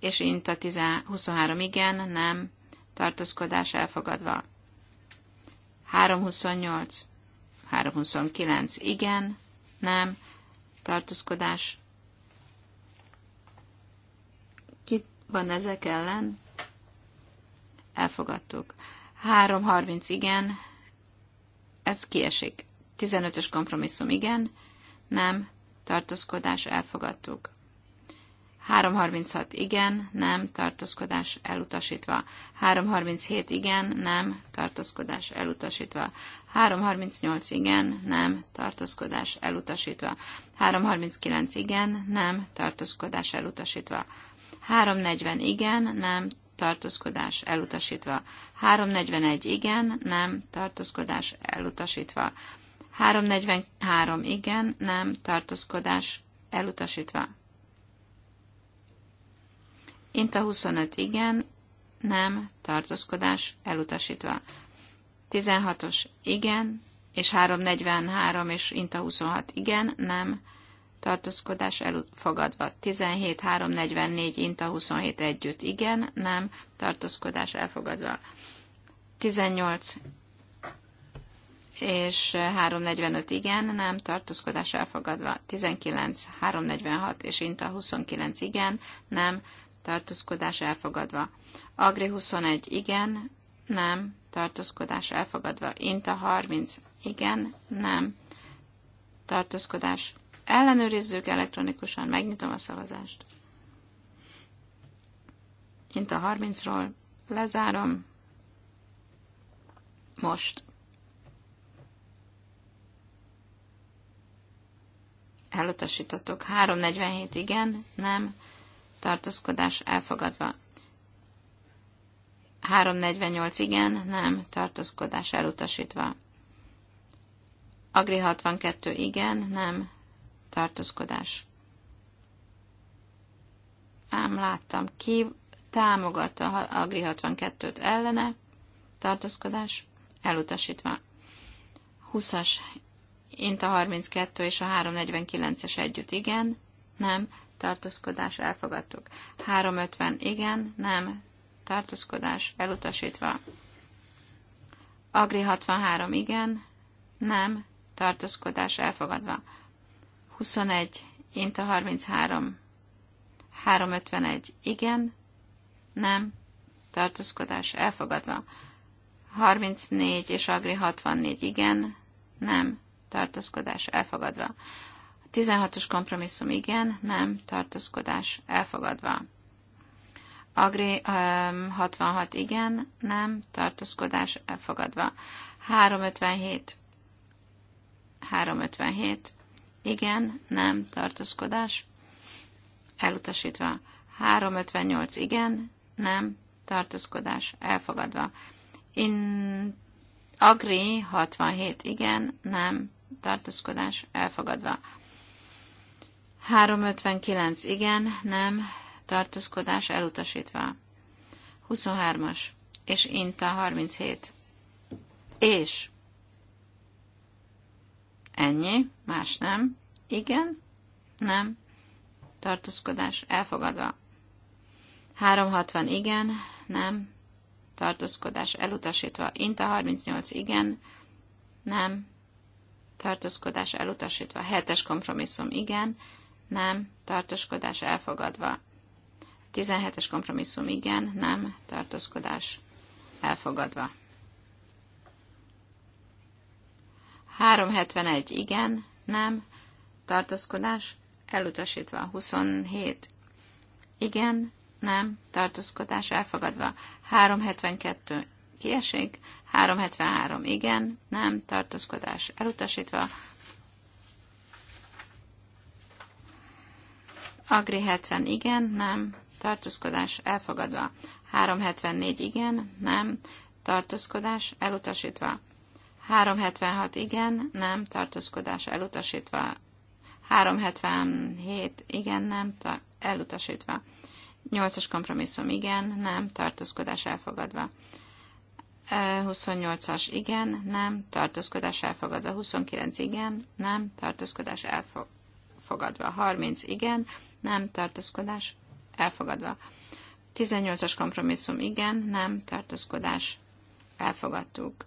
és Inta 23 igen, nem, tartózkodás elfogadva. 328, 329 igen, nem, tartózkodás van ezek ellen? Elfogadtuk. 3.30 igen, ez kiesik. 15-ös kompromisszum igen, nem, tartózkodás elfogadtuk. 3.36 igen, nem, tartózkodás elutasítva. 3.37 igen, nem, tartózkodás elutasítva. 3.38 igen, nem, tartózkodás elutasítva. 3.39 igen, nem, tartózkodás elutasítva. 340 igen, nem, tartózkodás elutasítva. 341 igen, nem, tartózkodás elutasítva. 343 igen, nem, tartózkodás elutasítva. Inta 25 igen, nem, tartózkodás elutasítva. 16-os igen, és 343 és Inta 26 igen, nem, tartózkodás elfogadva. 17.344 Inta 27 együtt, igen, nem, tartózkodás elfogadva. 18 és 345 igen, nem, tartózkodás elfogadva. 19, 346 és Inta 29 igen, nem, tartózkodás elfogadva. Agri 21 igen, nem, tartózkodás elfogadva. Inta 30 igen, nem, tartózkodás elfogadva Ellenőrizzük elektronikusan, megnyitom a szavazást. Mint a 30-ról lezárom. Most. Elutasítottuk. 347 igen, nem. Tartózkodás elfogadva. 348 igen, nem, tartózkodás elutasítva. Agri 62 igen, nem, tartózkodás. Ám láttam, ki támogatta a GRI 62-t ellene, tartózkodás, elutasítva. 20-as, int a 32 és a 349-es együtt igen, nem, tartózkodás, elfogadtuk. 350 igen, nem, tartózkodás, elutasítva. Agri 63 igen, nem, tartózkodás elfogadva. 21, Inta 33, 351, igen, nem, tartózkodás elfogadva. 34 és Agri 64, igen, nem, tartózkodás elfogadva. 16-os kompromisszum, igen, nem, tartózkodás elfogadva. Agri um, 66, igen, nem, tartózkodás elfogadva. 357, 357, igen, nem, tartózkodás, elutasítva. 358, igen, nem, tartózkodás, elfogadva. In, agri, 67, igen, nem, tartózkodás, elfogadva. 359, igen, nem, tartózkodás, elutasítva. 23-as, és Inta 37. És Ennyi, más nem. Igen, nem. Tartózkodás elfogadva. 360 igen, nem. Tartózkodás elutasítva. Inta 38 igen, nem. Tartózkodás elutasítva. Hetes kompromisszum igen, nem. Tartózkodás elfogadva. 17-es kompromisszum igen, nem. Tartózkodás elfogadva. 371 igen, nem, tartózkodás, elutasítva. 27 igen, nem, tartózkodás, elfogadva. 372 kiesik, 373 igen, nem, tartózkodás, elutasítva. Agri 70 igen, nem, tartózkodás, elfogadva. 374 igen, nem, tartózkodás, elutasítva. 376 igen, nem, tartózkodás elutasítva. 377 igen, nem, ta, elutasítva. 8-as kompromisszum igen, nem, tartózkodás elfogadva. 28-as igen, nem, tartózkodás elfogadva. 29 igen, nem, tartózkodás elfogadva. 30 igen, nem, tartózkodás elfogadva. 18-as kompromisszum igen, nem, tartózkodás elfogadtuk.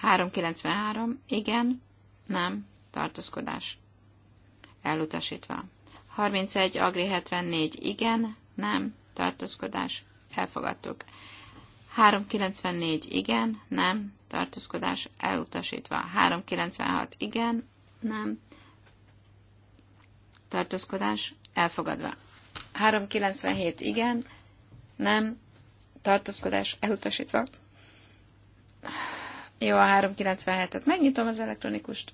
393, igen, nem, tartózkodás. Elutasítva. 31, Agri 74, igen, nem, tartózkodás. Elfogadtuk. 394, igen, nem, tartózkodás. Elutasítva. 396, igen, nem, tartózkodás. Elfogadva. 397, igen, nem, tartózkodás. Elutasítva. Jó, a 397-et megnyitom az elektronikust.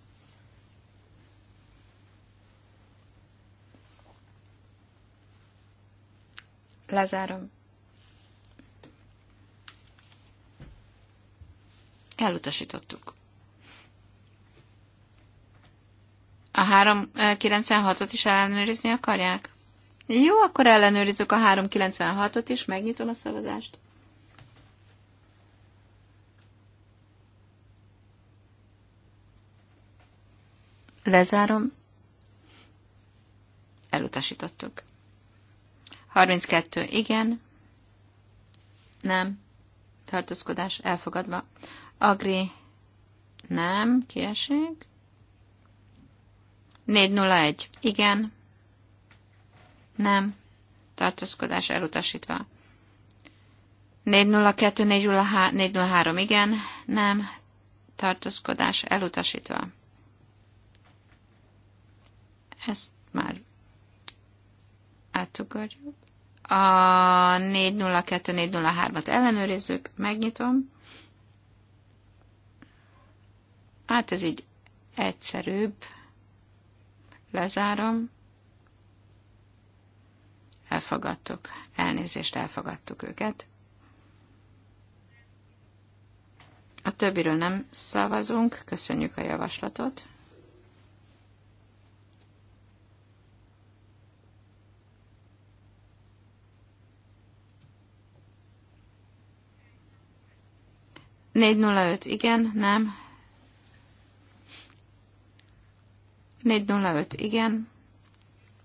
Lezárom. Elutasítottuk. A 396-ot is ellenőrizni akarják? Jó, akkor ellenőrizzük a 396-ot is, megnyitom a szavazást. Lezárom. Elutasítottuk. 32. Igen. Nem. Tartózkodás elfogadva. Agri. Nem. Kiesik. 401. Igen. Nem. Tartózkodás elutasítva. 402, 403, igen, nem, tartózkodás elutasítva. Ezt már átugorjuk. A 402-403-at ellenőrizzük, megnyitom. Hát ez így egyszerűbb. Lezárom. Elfogadtuk. Elnézést, elfogadtuk őket. A többiről nem szavazunk. Köszönjük a javaslatot. 405, igen, nem. 405, igen,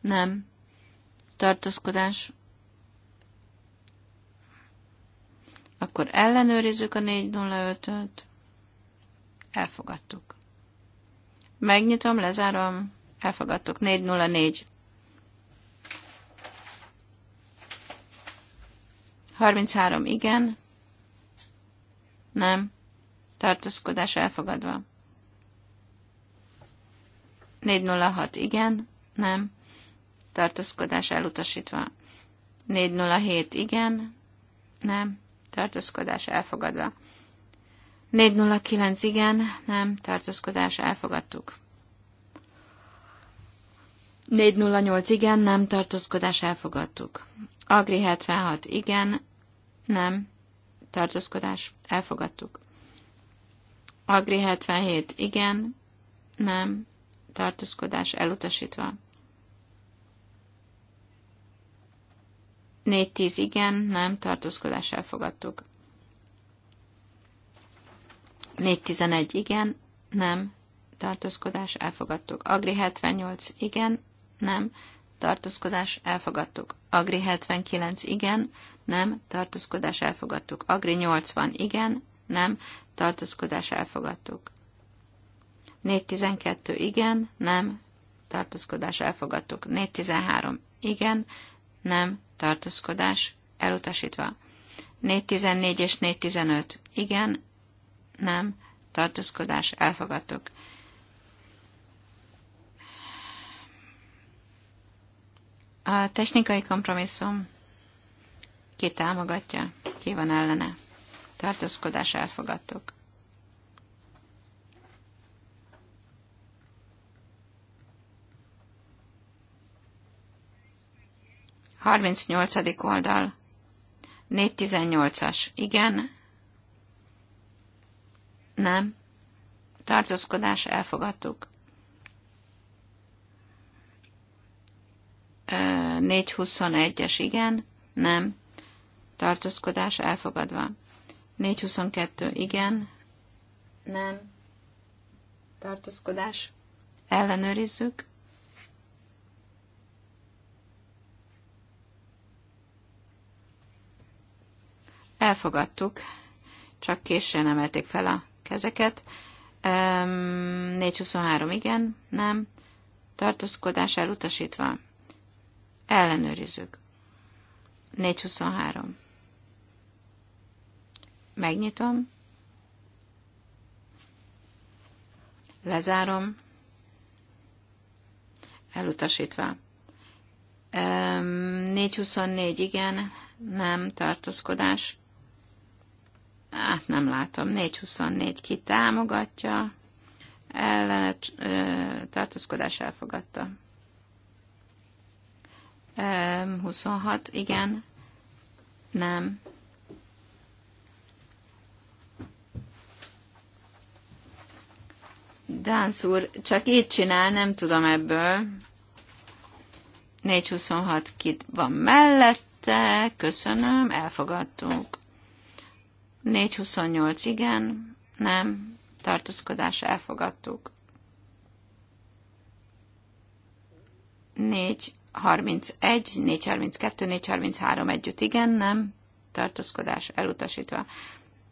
nem. Tartózkodás. Akkor ellenőrizzük a 405-öt. Elfogadtuk. Megnyitom, lezárom. Elfogadtuk. 404. 33, igen. Nem. Tartózkodás elfogadva. 406 igen, nem. Tartózkodás elutasítva. 407 igen, nem. Tartózkodás elfogadva. 409 igen, nem. Tartózkodás elfogadtuk. 408 igen, nem. Tartózkodás elfogadtuk. Agri 76 igen, nem tartózkodás, elfogadtuk. Agri 77, igen, nem, tartózkodás, elutasítva. 410. igen, nem, tartózkodás, elfogadtuk. 411. igen, nem, tartózkodás, elfogadtuk. Agri 78, igen, nem, tartózkodás, elfogadtuk. Agri 79, igen, nem, tartózkodás elfogadtuk. Agri 80, igen, nem, tartózkodás elfogadtuk. 412, igen, nem, tartózkodás elfogadtuk. 413, igen, nem, tartózkodás elutasítva. 414 és 415, igen, nem, tartózkodás elfogadtuk. A technikai kompromisszum ki támogatja? Ki van ellene? Tartózkodás elfogadtuk. nyolcadik oldal. Négy tizennyolcas. Igen. Nem. Tartózkodás elfogadtuk. Négy huszonegyes. Igen. Nem tartózkodás elfogadva. 422 igen, nem, tartózkodás, ellenőrizzük. Elfogadtuk, csak későn emelték fel a kezeket. 423 igen, nem, tartózkodás elutasítva. Ellenőrizzük. 423. Megnyitom. Lezárom. Elutasítva. 424 igen, nem tartózkodás. Hát nem látom. 424 ki támogatja, ellene tartózkodás elfogadta. 26 igen, nem Dánc úr, csak így csinál, nem tudom ebből. 426 kit van mellette, köszönöm, elfogadtuk. 428 igen, nem, tartózkodás elfogadtuk. 431, 432, 433 együtt igen, nem, tartózkodás elutasítva.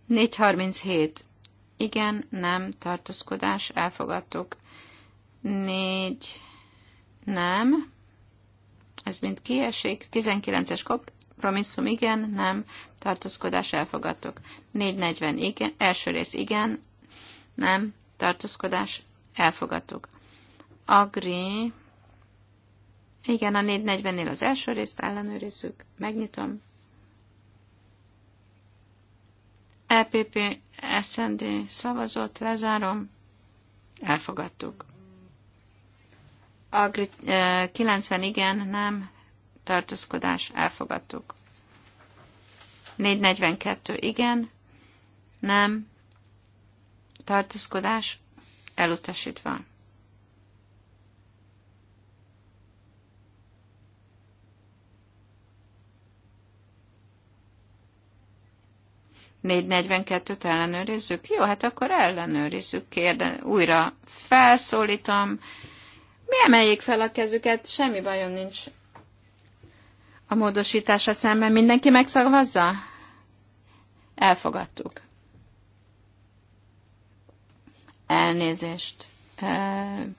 437 igen, nem, tartózkodás, elfogadtuk. Négy, nem. Ez mind kiesik. 19-es kompromisszum, igen, nem, tartózkodás, elfogadtuk. 440, igen, első rész, igen, nem, tartózkodás, elfogadtuk. Agri, igen, a 440-nél az első részt ellenőrizzük, megnyitom. EPP SND szavazott, lezárom, elfogadtuk. Agri 90 eh, igen, nem, tartózkodás, elfogadtuk. 442 igen, nem, tartózkodás, elutasítva. 442-t ellenőrizzük? Jó, hát akkor ellenőrizzük, kérde, újra felszólítom. Mi emeljék fel a kezüket, semmi bajom nincs. A módosítása szemben mindenki megszavazza? Elfogadtuk. Elnézést,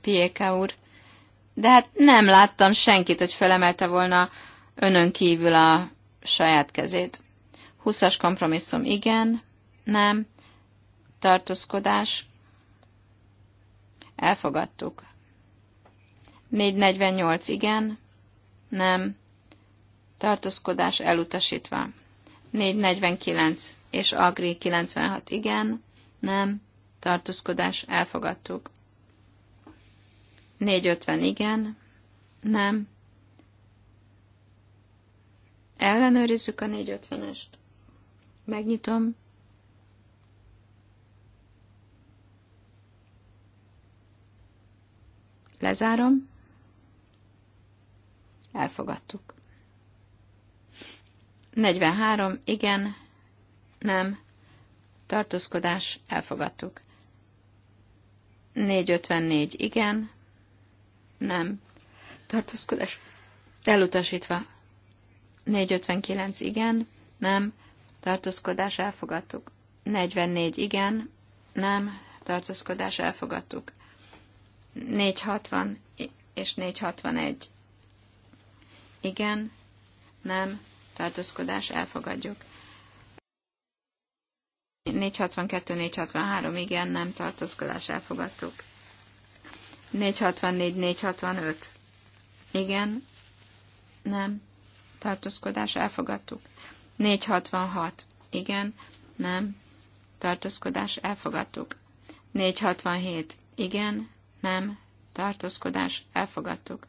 Piéka úr. De hát nem láttam senkit, hogy felemelte volna önön kívül a saját kezét. 20-as kompromisszum igen, nem, tartózkodás, elfogadtuk. 448 igen, nem, tartózkodás elutasítva. 449 és Agri 96 igen, nem, tartózkodás elfogadtuk. 450 igen, nem. Ellenőrizzük a 450-est. Megnyitom. Lezárom. Elfogadtuk. 43. Igen. Nem. Tartózkodás. Elfogadtuk. 454. Igen. Nem. Tartózkodás. Elutasítva. 459. Igen. Nem tartózkodás elfogadtuk. 44 igen, nem, tartózkodás elfogadtuk. 460 és 461 igen, nem, tartózkodás elfogadjuk. 462-463, igen, nem, tartózkodás elfogadtuk. 464-465, igen, nem, tartózkodás elfogadtuk. 466. Igen, nem. Tartózkodás elfogadtuk. 467. Igen, nem. Tartózkodás elfogadtuk.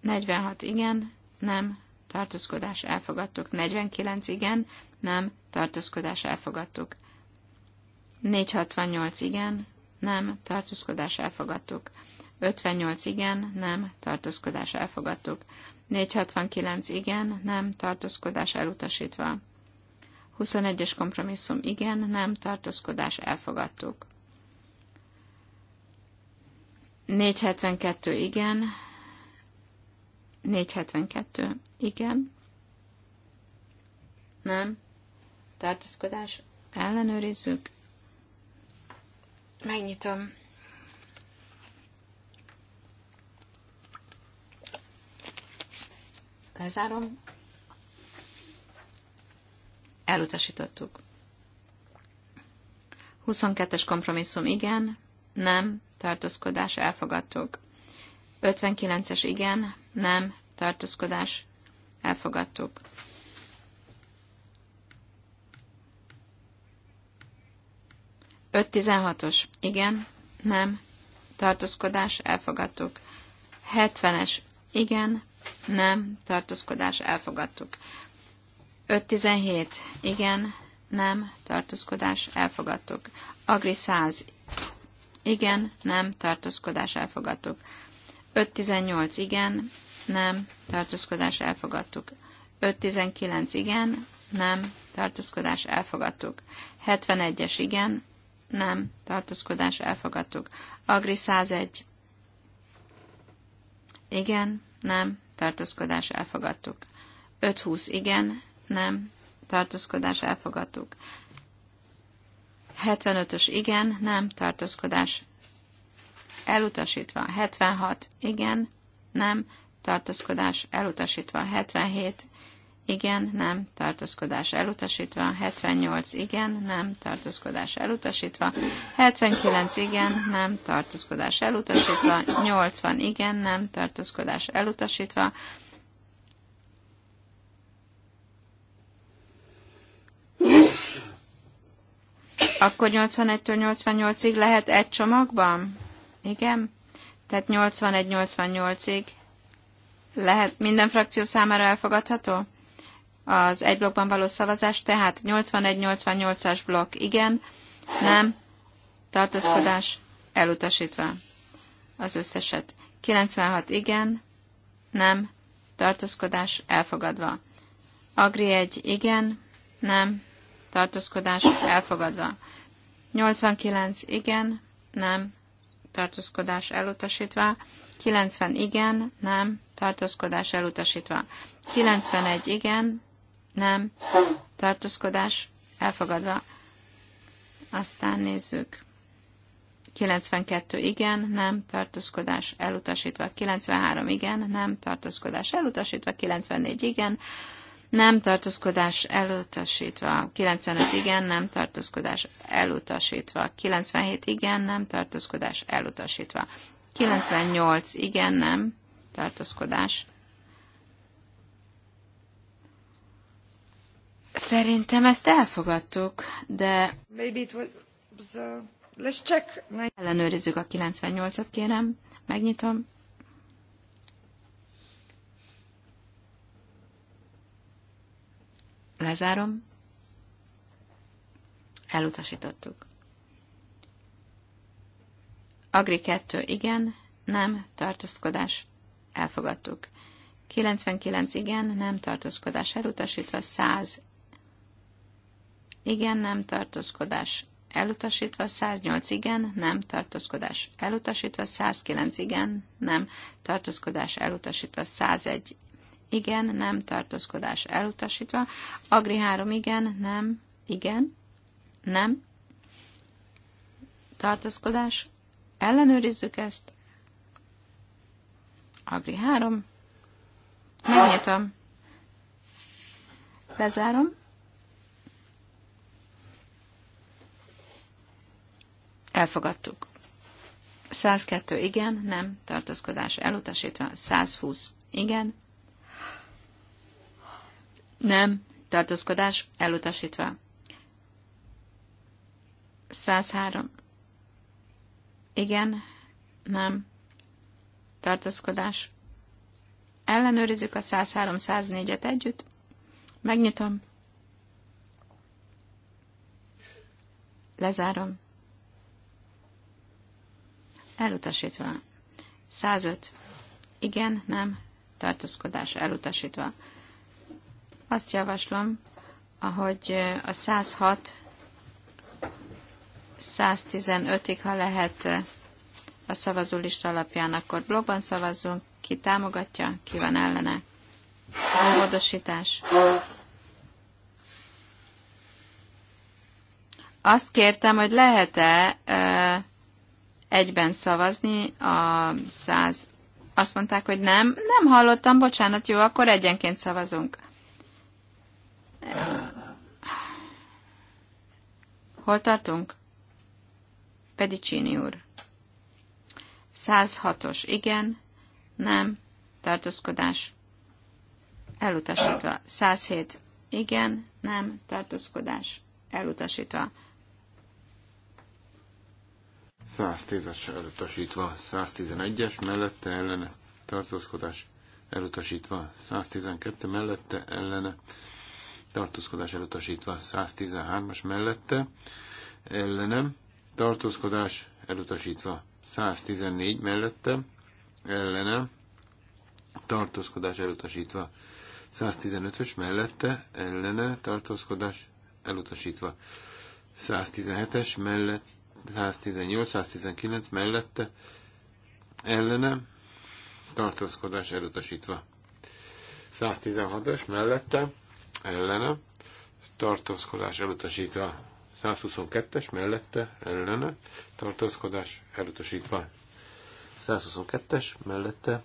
46. Igen, nem. Tartózkodás elfogadtuk. 49. Igen, nem. Tartózkodás elfogadtuk. 468. Igen, nem. Tartózkodás elfogadtuk. 58. Igen, nem. Tartózkodás elfogadtuk. 469 igen, nem, tartózkodás elutasítva. 21-es kompromisszum igen, nem, tartózkodás elfogadtuk. 472 igen, 472 igen, nem, tartózkodás ellenőrizzük. Megnyitom. Lezárom. Elutasítottuk. 22-es kompromisszum igen, nem, tartózkodás, elfogadtuk. 59-es igen, nem, tartózkodás, elfogadtuk. Öt tizenhatos. Igen, nem. Tartózkodás, elfogadtuk. Hetvenes. Igen, nem, tartózkodás, elfogadtuk. 5.17, igen, nem, tartózkodás, elfogadtuk. Agri 100, igen, nem, tartózkodás, elfogadtuk. 5.18, igen, nem, tartózkodás, elfogadtuk. 5.19, igen, nem, tartózkodás, elfogadtuk. 71-es, igen, nem, tartózkodás, elfogadtuk. Agri 101, igen, nem, tartózkodás elfogadtuk. 5-20 igen, nem, tartózkodás elfogadtuk. 75-ös igen, nem, tartózkodás elutasítva. 76 igen, nem, tartózkodás elutasítva. 77 igen, nem, tartózkodás elutasítva, 78, igen, nem, tartózkodás elutasítva, 79, igen, nem, tartózkodás elutasítva, 80, igen, nem, tartózkodás elutasítva, Akkor 81-től 88-ig lehet egy csomagban? Igen? Tehát 81-88-ig lehet minden frakció számára elfogadható? az egy blokkban való szavazás, tehát 81-88-as blokk igen, nem, tartózkodás elutasítva az összeset. 96 igen, nem, tartózkodás elfogadva. Agri 1 igen, nem, tartózkodás elfogadva. 89 igen, nem, tartózkodás elutasítva. 90 igen, nem, tartózkodás elutasítva. 91 igen, nem. Tartózkodás elfogadva. Aztán nézzük. 92 igen, nem, tartózkodás elutasítva. 93 igen, nem, tartózkodás elutasítva. 94 igen, nem tartózkodás elutasítva. 95 igen, nem tartózkodás elutasítva. 97 igen, nem tartózkodás elutasítva. 98 igen, nem tartózkodás Szerintem ezt elfogadtuk, de... Maybe it was, uh, let's check. Ellenőrizzük a 98-at, kérem. Megnyitom. Lezárom. Elutasítottuk. Agri 2, igen, nem, tartózkodás, elfogadtuk. 99, igen, nem, tartózkodás, elutasítva, 100, igen, nem tartózkodás. Elutasítva 108, igen, nem tartózkodás. Elutasítva 109, igen, nem tartózkodás. Elutasítva 101, igen, nem tartózkodás. Elutasítva. Agri 3, igen, nem, igen, nem. Tartózkodás. Ellenőrizzük ezt. Agri 3. Megnyitom. Lezárom. Elfogadtuk. 102 igen, nem, tartózkodás elutasítva. 120 igen, nem, tartózkodás elutasítva. 103 igen, nem, tartózkodás. Ellenőrizzük a 103-104-et együtt. Megnyitom. Lezárom elutasítva. 105. Igen, nem, tartózkodás elutasítva. Azt javaslom, ahogy a 106 115-ig, ha lehet a szavazólista alapján, akkor blogban szavazzunk, ki támogatja, ki van ellene. Módosítás. Azt kértem, hogy lehet-e egyben szavazni a száz. Azt mondták, hogy nem. Nem hallottam, bocsánat, jó, akkor egyenként szavazunk. Hol tartunk? Pedicini úr. 106-os, igen, nem, tartózkodás. Elutasítva. 107, igen, nem, tartózkodás. Elutasítva. 110-es elutasítva, 111-es mellette ellene tartózkodás elutasítva, 112 mellette ellene tartózkodás elutasítva, 113-as mellette ellene tartózkodás elutasítva, 114 mellette ellene tartózkodás elutasítva, 115-ös mellette ellene tartózkodás elutasítva, 117-es mellette 118-119 mellette ellene tartózkodás elutasítva. 116 as mellette ellene tartózkodás elutasítva. 122-es mellette ellene tartózkodás elutasítva. 122-es mellette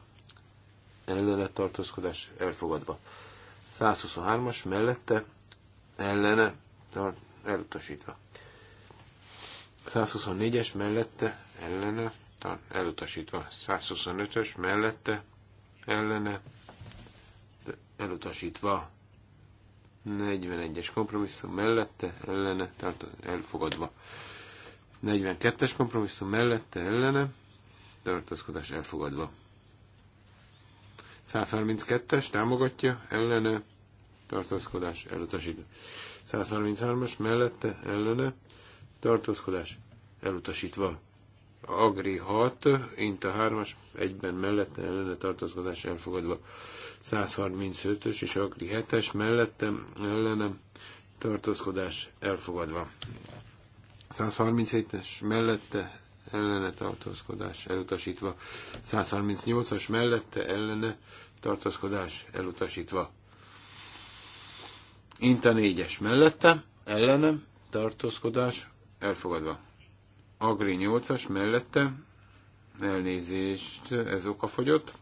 ellene tartózkodás elfogadva. 123-as mellette ellene tar- elutasítva. 124-es mellette ellene elutasítva. 125-ös mellette ellene elutasítva. 41-es kompromisszum mellette ellene elfogadva. 42-es kompromisszum mellette ellene tartózkodás elfogadva. 132-es támogatja ellene tartózkodás elutasítva. 133-as mellette ellene tartózkodás elutasítva. Agri 6, Inta 3-as, egyben mellette ellene tartózkodás elfogadva. 135-ös és Agri 7-es mellettem ellene tartózkodás elfogadva. 137-es mellette ellene tartózkodás elutasítva. 138-as mellette ellene tartózkodás elutasítva. Inta 4-es mellette ellene tartózkodás elfogadva. Agri 8-as mellette, elnézést, ez okafogyott.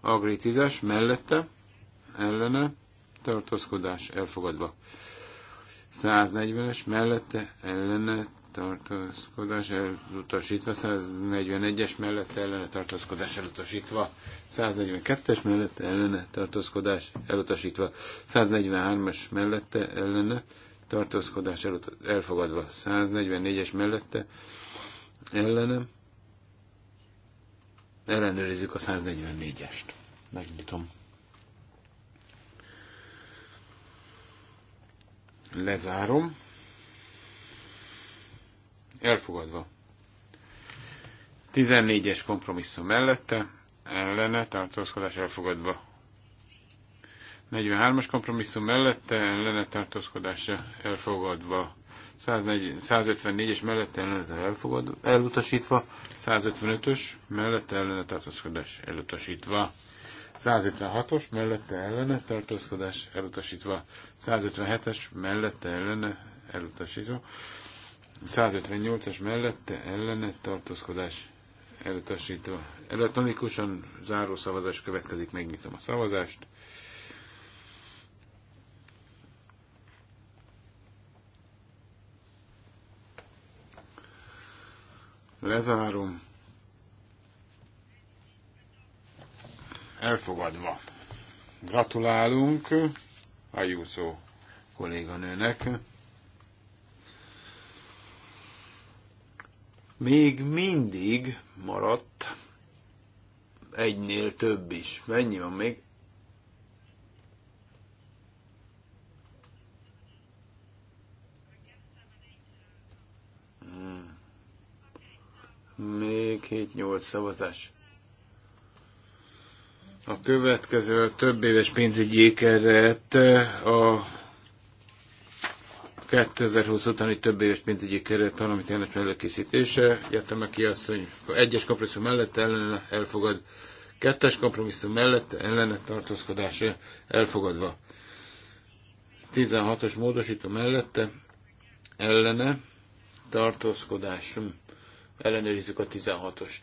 Agri 10-es mellette, ellene, tartózkodás elfogadva. 140-es mellette, ellene, tartózkodás elutasítva, 141-es mellett ellene tartózkodás elutasítva, 142-es mellett ellene tartózkodás elutasítva, 143-es mellette ellene tartózkodás előtt elfogadva 144-es mellette ellenem. Ellenőrizzük a 144-est. Megnyitom. Lezárom. Elfogadva. 14-es kompromisszum mellette, ellene, tartózkodás elfogadva. 43-as kompromisszum mellette ellene tartózkodásra elfogadva. 154-es mellette ellene elfogadva, elutasítva. 155-ös mellette ellene tartózkodás elutasítva. 156-os mellette ellene tartózkodás elutasítva. 157-es mellette ellene elutasítva. 158-as mellette ellene tartózkodás elutasítva. Elektronikusan záró szavazás következik, megnyitom a szavazást. Lezárom. Elfogadva. Gratulálunk a Júszó kolléganőnek. Még mindig maradt egynél több is. Mennyi van még? Még 7-8 szavazás. A következő a több éves pénzügyi keret a 2020 utáni több éves pénzügyi keret parlamenti elnök előkészítése. Jöttem ki azt, hogy egyes kompromisszum mellett ellen elfogad, kettes kompromisszum mellett ellene tartózkodása elfogadva. 16-os módosító mellette ellene tartózkodás Ellenőrizzük a 16-ost.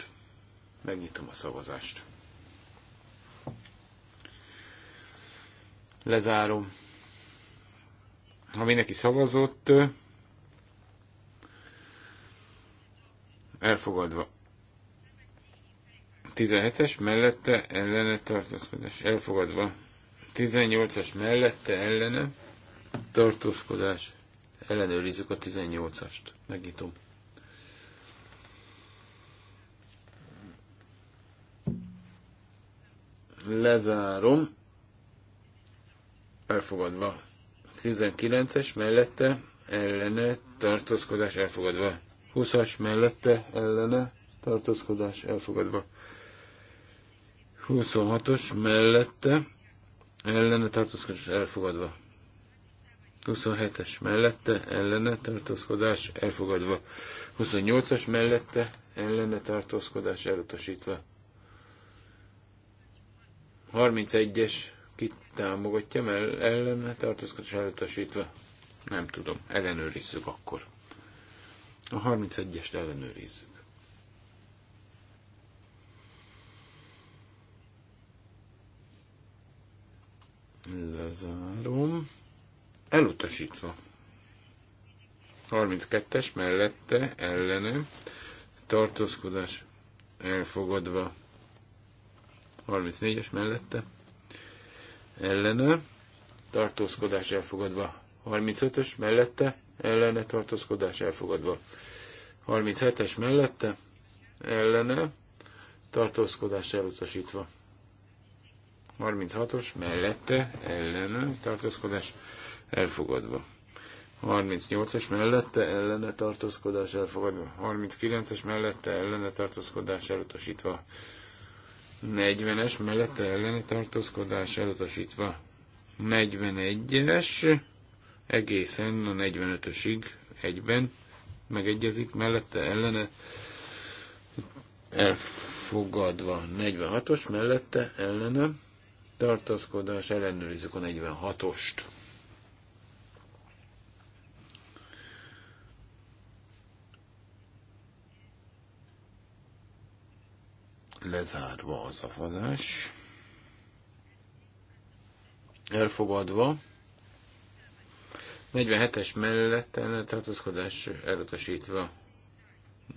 Megnyitom a szavazást. Lezárom. Ha mindenki szavazott, elfogadva. 17-es mellette ellene tartózkodás elfogadva. 18-as mellette ellene tartózkodás. Ellenőrizzük a 18-ast. Megnyitom. Lezárom. Elfogadva. 19-es mellette ellene tartózkodás elfogadva. 20-as mellette ellene tartózkodás elfogadva. 26-os mellette ellene tartózkodás elfogadva. 27-es mellette ellene tartózkodás elfogadva. 28-as mellette ellene tartózkodás elutasítva. 31-es kit támogatja, mert ellen tartózkodás elutasítva. Nem tudom, ellenőrizzük akkor. A 31-est ellenőrizzük. Lezárom. Elutasítva. 32-es mellette ellene tartózkodás elfogadva. 34-es mellette ellene tartózkodás elfogadva. 35-ös mellette ellene tartózkodás elfogadva. 37-es mellette ellene tartózkodás elutasítva. 36-os mellette ellene tartózkodás elfogadva. 38-as mellette ellene tartózkodás elfogadva. 39-es mellette ellene tartózkodás elutasítva. 40-es mellette elleni tartózkodás elutasítva. 41-es egészen a 45-ösig egyben megegyezik, mellette ellene elfogadva 46-os, mellette ellene tartózkodás, ellenőrizzük a 46-ost. Lezárva az avadás. Elfogadva. 47-es mellett ellene tartózkodás elutasítva.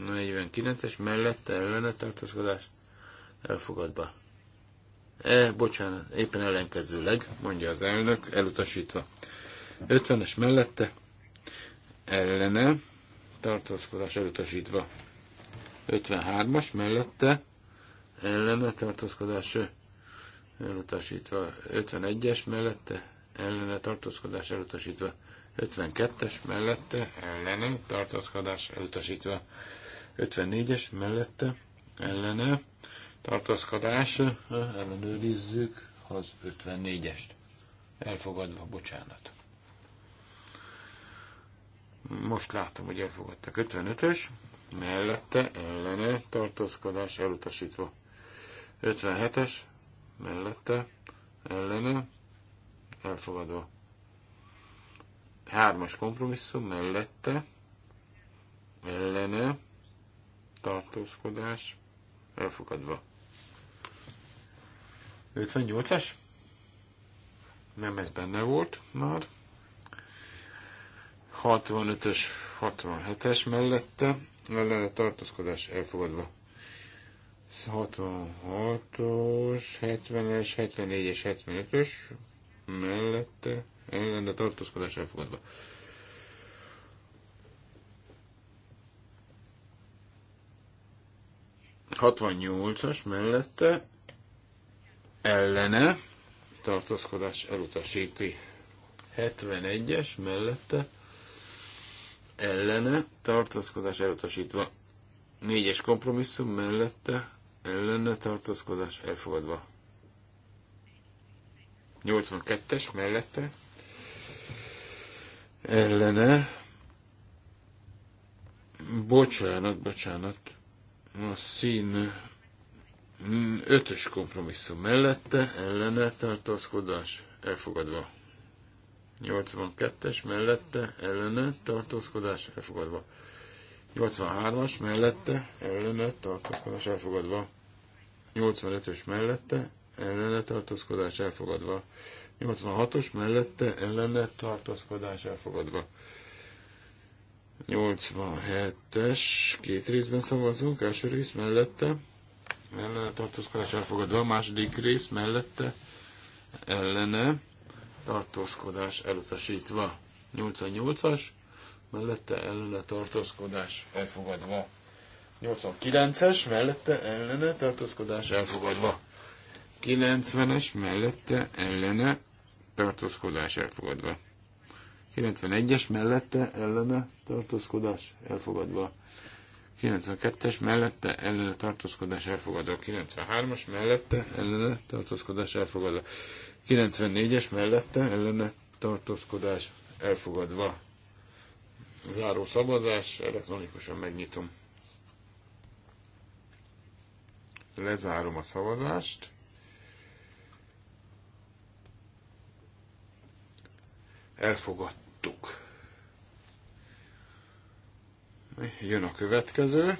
49-es mellett ellene tartózkodás elfogadva. E, bocsánat, éppen ellenkezőleg, mondja az elnök, elutasítva. 50-es mellette ellene tartózkodás elutasítva. 53-as mellette ellene tartózkodás elutasítva, 51-es mellette ellene tartózkodás elutasítva, 52-es mellette ellene tartózkodás elutasítva, 54-es mellette ellene tartózkodás ellenőrizzük az 54-est. Elfogadva, bocsánat. Most látom, hogy elfogadtak 55-ös, mellette ellene tartózkodás elutasítva. 57-es mellette ellene elfogadva. Hármas kompromisszum mellette ellene tartózkodás elfogadva. 58-es? Nem ez benne volt már. 65-ös, 67-es mellette ellene tartózkodás elfogadva. 66-os, 70-es, 74-es, 75-ös mellette ellene tartózkodás elfogadva. Hatvannyolcas mellette ellene tartózkodás elutasíti. 71-es mellette ellene tartózkodás elutasítva. 4-es kompromisszum mellette ellene tartózkodás elfogadva. 82-es mellette ellene bocsánat, bocsánat a szín mm, ötös kompromisszum mellette ellene tartózkodás elfogadva. 82-es mellette ellene tartózkodás elfogadva. 83-as mellette ellene tartózkodás elfogadva. 85-ös mellette ellene tartózkodás elfogadva. 86-os mellette ellene tartózkodás elfogadva. 87-es, két részben szavazunk, első rész mellette, ellene tartózkodás elfogadva, a második rész mellette, ellene tartózkodás elutasítva. 88-as, mellette ellene tartózkodás elfogadva. 89-es mellette ellene tartózkodás elfogadva. 90-es mellette ellene tartózkodás elfogadva. 91-es mellette ellene tartózkodás elfogadva. 92-es mellette ellene tartózkodás elfogadva. 93-as mellette ellene tartózkodás elfogadva. 94-es mellette ellene tartózkodás elfogadva. Záró szavazás, elektronikusan megnyitom. Lezárom a szavazást. Elfogadtuk. Jön a következő.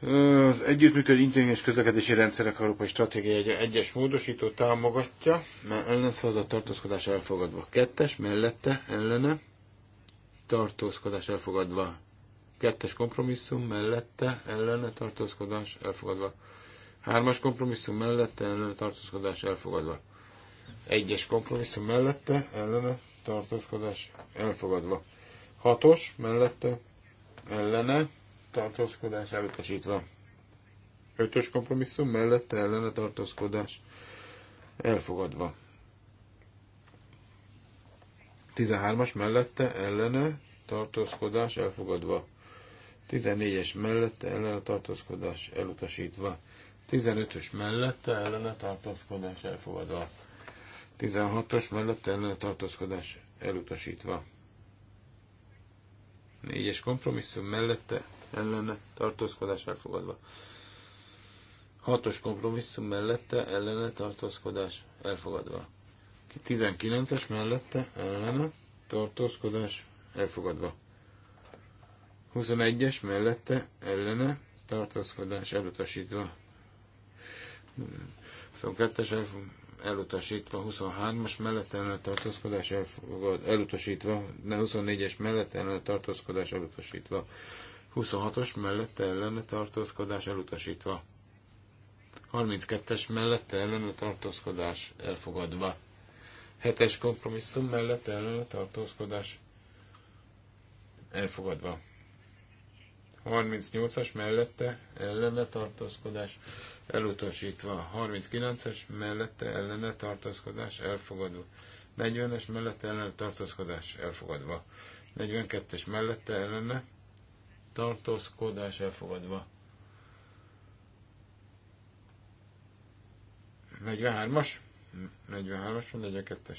Az együttműködő intelligens közlekedési rendszerek Európai Stratégiai egyes módosító támogatja, mert ellenszavazat tartózkodás elfogadva. Kettes, mellette, ellene, tartózkodás elfogadva. Kettes kompromisszum, mellette, ellene, tartózkodás elfogadva. Hármas kompromisszum, mellette, ellene, tartózkodás elfogadva. Egyes kompromisszum, mellette, ellene, tartózkodás elfogadva. Hatos, mellette, ellene, tartózkodás elutasítva. Ötös kompromisszum mellette ellene tartózkodás elfogadva. 13-as mellette ellene tartózkodás elfogadva. 14-es mellette ellene tartózkodás elutasítva. 15-ös mellette ellene tartózkodás elfogadva. 16-os mellette ellene tartózkodás elutasítva. 4-es kompromisszum mellette ellene tartózkodás elfogadva. Hatos kompromisszum mellette ellene tartózkodás elfogadva. 19-es mellette ellene tartózkodás elfogadva. 21-es mellette ellene tartózkodás elutasítva. 22-es elutasítva, 23-as mellett ellenőr tartózkodás elfogad, elutasítva, 24-es mellett ellenőr tartózkodás elutasítva, 26-os mellette ellene tartózkodás elutasítva. 32-es mellette ellene tartózkodás elfogadva. 7-es kompromisszum mellette ellene tartózkodás elfogadva. 38-as mellette ellene tartózkodás elutasítva. 39-es mellette ellene tartózkodás elfogadva. 40-es mellette ellene tartózkodás elfogadva. 42-es mellette ellene tartózkodás elfogadva. 43-as? 43-as vagy 42-es?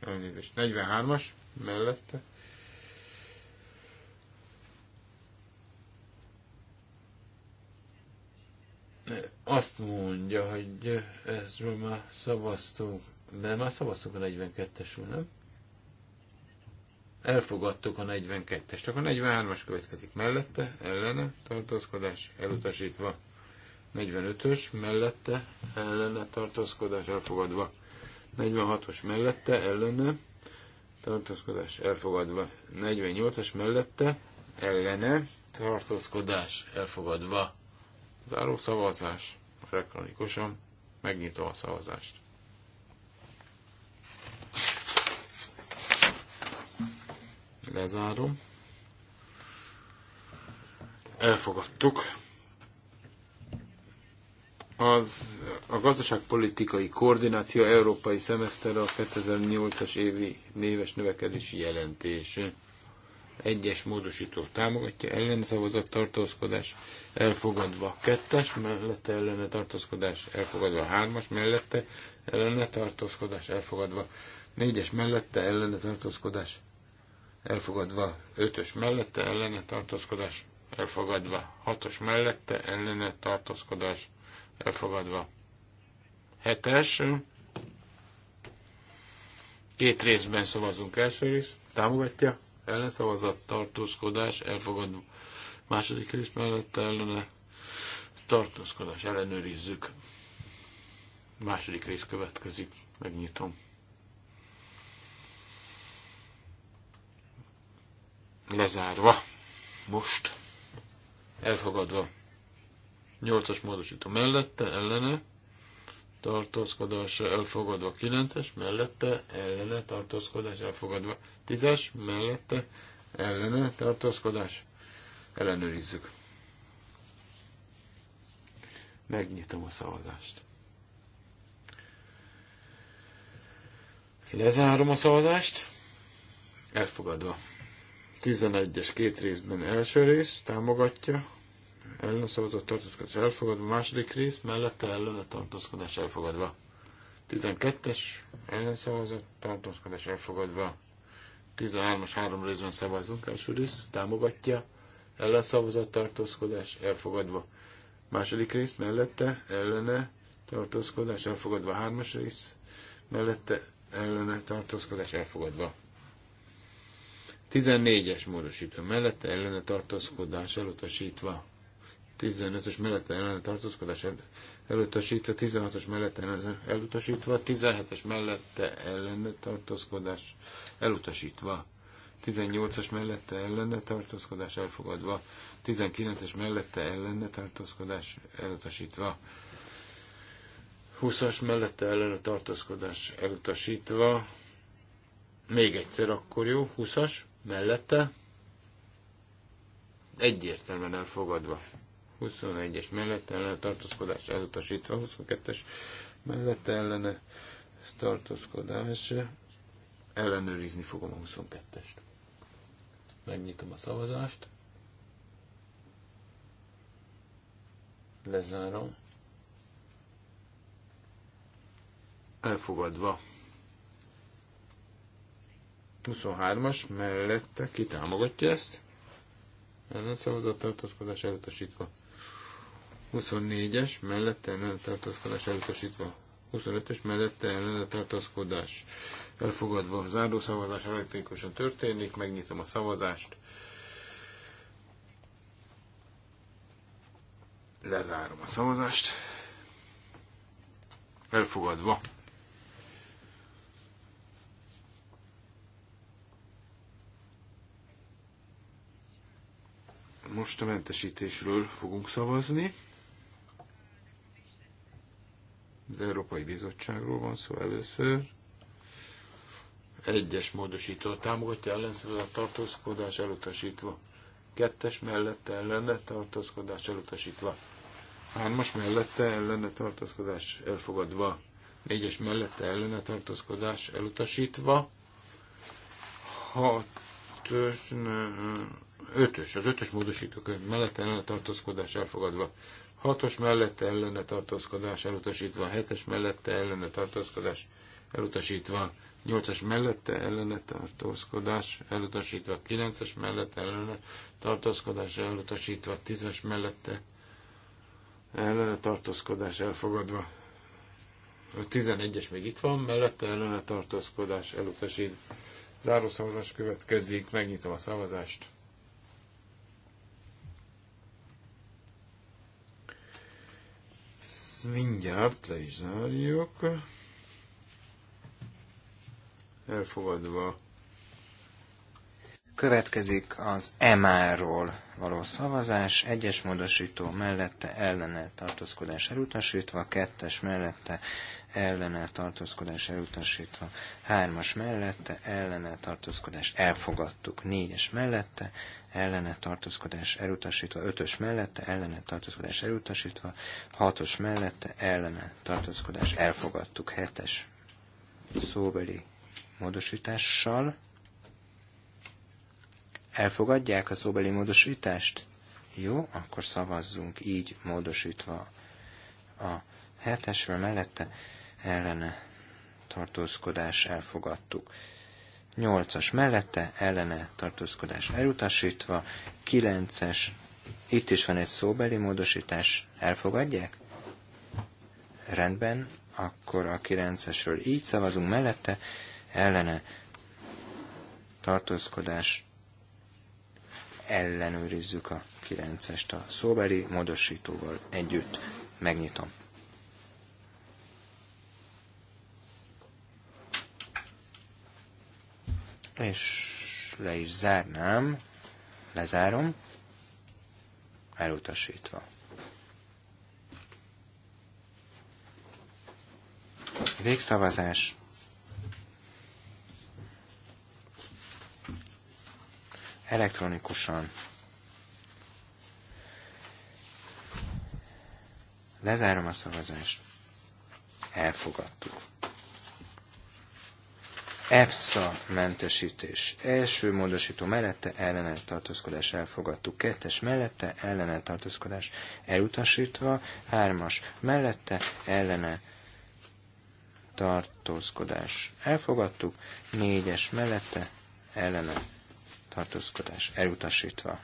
Elnézést, 43-as mellette. Azt mondja, hogy ezről már szavaztunk, de már szavaztunk a 42-esről, nem? Elfogadtuk a 42-est, akkor 43-as következik mellette, ellene, tartózkodás, elutasítva. 45-ös mellette, ellene, tartózkodás, elfogadva. 46-os mellette, ellene, tartózkodás, elfogadva. 48-as mellette, ellene, tartózkodás, elfogadva. Záró szavazás elektronikusan. Megnyitom a szavazást. Lezárom. Elfogadtuk. Az a gazdaságpolitikai koordináció európai szemeszter a 2008-as évi néves növekedési jelentés. Egyes módosító támogatja, szavazat tartózkodás elfogadva. Kettes mellette ellene tartózkodás elfogadva. Hármas mellette ellene tartózkodás elfogadva négyes mellette ellene tartózkodás elfogadva 5-ös mellette ellene tartózkodás, elfogadva 6-os mellette ellene tartózkodás, elfogadva 7-es. Két részben szavazunk első rész, támogatja, szavazat, tartózkodás, elfogadva második rész mellette ellene tartózkodás, ellenőrizzük. Második rész következik, megnyitom. Lezárva. Most. Elfogadva. Nyolcas módosító mellette, ellene tartózkodásra elfogadva 9-es, mellette ellene tartózkodás elfogadva 10-es, mellette ellene tartózkodás ellenőrizzük. Megnyitom a szavazást. Lezárom a szavazást. Elfogadva. 11-es két részben első rész támogatja, ellenszavazott tartózkodás elfogadva, második rész mellette ellene tartózkodás elfogadva. 12-es ellenszavazott tartózkodás elfogadva. 13-as három részben szavazunk, első rész támogatja, ellenszavazott tartózkodás elfogadva. Második rész mellette ellene tartózkodás elfogadva. Hármas rész mellette ellene tartózkodás elfogadva. 14-es módosító mellette ellene tartózkodás elutasítva. 15-ös mellette ellene tartózkodás elutasítva, 16-os mellette ellene elutasítva, 17-es mellette ellene tartózkodás elutasítva, 18-as mellette ellene tartózkodás elfogadva, 19-es mellette ellene tartózkodás elutasítva, 20-as mellette ellene tartózkodás elutasítva, még egyszer akkor jó, 20-as mellette egyértelműen elfogadva. 21-es mellette ellene tartózkodás elutasítva, 22-es mellette ellene tartózkodás ellenőrizni fogom a 22-est. Megnyitom a szavazást. Lezárom. Elfogadva. 23-as mellette ki támogatja ezt? Ellenszavazat tartózkodás elutasítva. 24-es mellette ellen tartózkodás elutasítva. 25-ös mellette ellen tartózkodás elfogadva. A zárószavazás elektronikusan történik, megnyitom a szavazást. Lezárom a szavazást. Elfogadva. Most a mentesítésről fogunk szavazni. Az Európai Bizottságról van szó először. Egyes módosító támogatja a tartózkodás elutasítva. Kettes mellette ellene tartózkodás elutasítva. Hármas mellette ellene tartózkodás elfogadva. Négyes mellette ellene tartózkodás elutasítva. Hatos Ötös, az ötös módosítók mellett ellene tartózkodás elfogadva. Hatos mellette ellene tartózkodás elutasítva. Hetes mellette ellene tartózkodás elutasítva. Nyolcas mellette ellene tartózkodás elutasítva. Kilences mellette ellene tartózkodás elutasítva. Tízes mellette ellene tartózkodás elfogadva. A 11-es még itt van, mellette ellene tartózkodás elutasít. Zárószavazás következik, megnyitom a szavazást. ezt mindjárt le is zárjuk. Elfogadva. Következik az MR-ról való szavazás, egyes módosító mellette ellene tartózkodás elutasítva, kettes mellette ellene tartózkodás elutasítva, hármas mellette ellene tartózkodás elfogadtuk, négyes mellette ellene tartózkodás elutasítva, ötös mellette ellene tartózkodás elutasítva, hatos mellette ellene tartózkodás elfogadtuk, hetes szóbeli módosítással. Elfogadják a szóbeli módosítást? Jó, akkor szavazzunk így módosítva a hetesről mellette ellene tartózkodás elfogadtuk. 8-as mellette ellene tartózkodás elutasítva, 9-es, itt is van egy szóbeli módosítás, elfogadják? Rendben, akkor a 9-esről így szavazunk mellette, ellene tartózkodás ellenőrizzük a 9-est a szóbeli módosítóval együtt. Megnyitom. és le is zárnám, lezárom, elutasítva. Végszavazás. Elektronikusan. Lezárom a szavazást. Elfogadtuk. EFSA mentesítés. Első módosító mellette ellenet tartózkodás elfogadtuk. Kettes mellette ellenet tartózkodás elutasítva. Hármas mellette ellene tartózkodás elfogadtuk. Négyes mellette ellene tartózkodás elutasítva.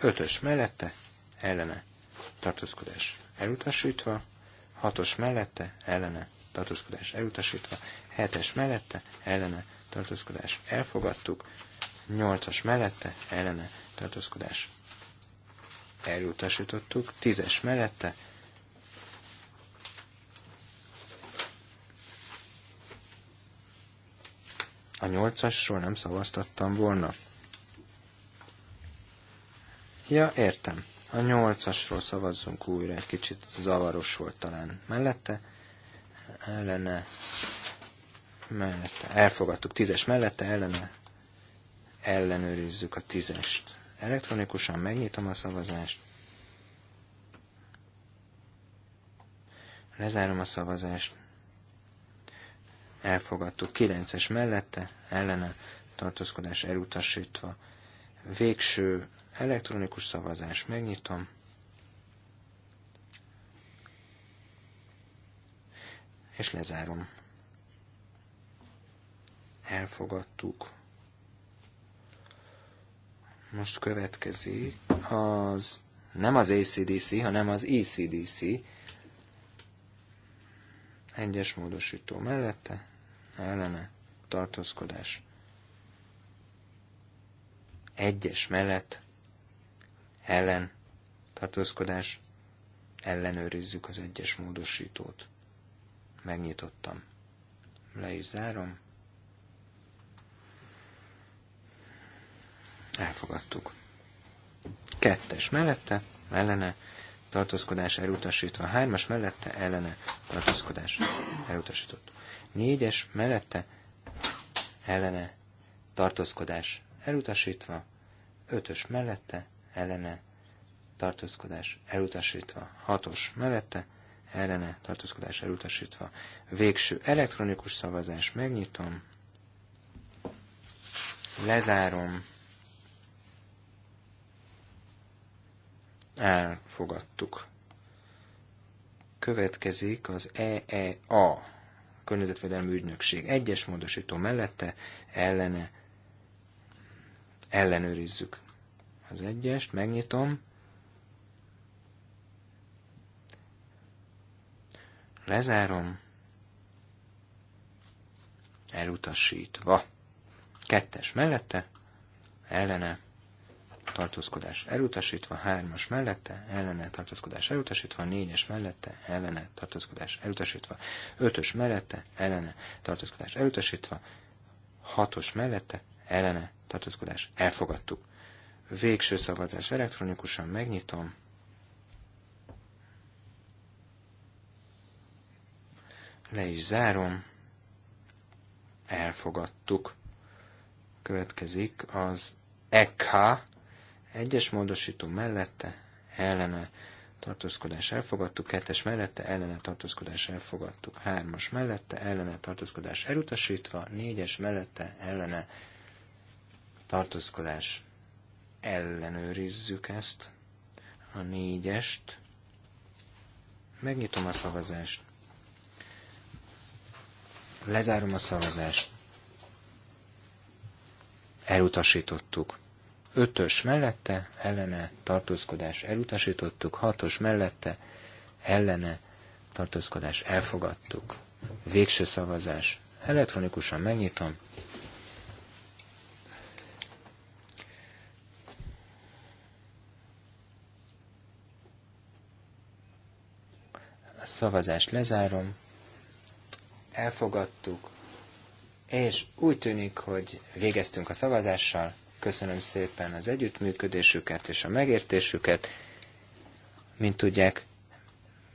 Ötös mellette ellene tartózkodás elutasítva. Hatos mellette ellene tartózkodás elutasítva, 7-es mellette, ellene tartózkodás elfogadtuk, 8-as mellette, ellene tartózkodás elutasítottuk, 10-es mellette, a 8-asról nem szavaztattam volna. Ja, értem. A 8-asról szavazzunk újra, egy kicsit zavaros volt talán mellette, ellene mellette, elfogadtuk tízes mellette, ellene ellenőrizzük a tízest. Elektronikusan megnyitom a szavazást. Lezárom a szavazást. Elfogadtuk kilences mellette, ellene tartózkodás elutasítva. Végső elektronikus szavazás. Megnyitom. és lezárom. Elfogadtuk. Most következik az, nem az ACDC, hanem az ECDC, egyes módosító mellette, ellene, tartózkodás. Egyes mellett, ellen, tartózkodás, ellenőrizzük az egyes módosítót megnyitottam. Le is zárom. Elfogadtuk. Kettes mellette, ellene, tartózkodás elutasítva. Hármas mellette, ellene, tartózkodás elutasított. Négyes mellette, ellene, tartózkodás elutasítva. Ötös mellette, ellene, tartózkodás elutasítva. Hatos mellette, ellene tartózkodás elutasítva. Végső elektronikus szavazás, megnyitom, lezárom, elfogadtuk. Következik az EEA, Környezetvédelmi Ügynökség egyes módosító mellette, ellene ellenőrizzük az egyest, megnyitom, Lezárom. Elutasítva. Kettes mellette, ellene, tartózkodás elutasítva, hármas mellette, ellene tartózkodás elutasítva, négyes mellette, ellene tartózkodás elutasítva, ötös mellette, ellene tartózkodás elutasítva, hatos mellette, ellene tartózkodás elfogadtuk. Végső szavazás elektronikusan megnyitom. Le is zárom. Elfogadtuk. Következik az EK. Egyes módosító mellette ellene tartózkodás elfogadtuk, kettes mellette ellene tartózkodás elfogadtuk, hármas mellette ellene tartózkodás elutasítva, négyes mellette ellene tartózkodás ellenőrizzük ezt, a négyest, megnyitom a szavazást, Lezárom a szavazást. Elutasítottuk. Ötös mellette, ellene, tartózkodás elutasítottuk. Hatos mellette, ellene, tartózkodás elfogadtuk. Végső szavazás. Elektronikusan megnyitom. A szavazást lezárom elfogadtuk, és úgy tűnik, hogy végeztünk a szavazással. Köszönöm szépen az együttműködésüket és a megértésüket. Mint tudják,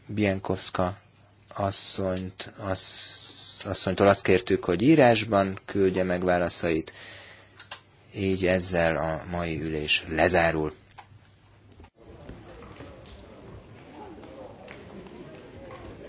Bienkowska asszonyt, assz, asszonytól azt kértük, hogy írásban küldje meg válaszait, így ezzel a mai ülés lezárul.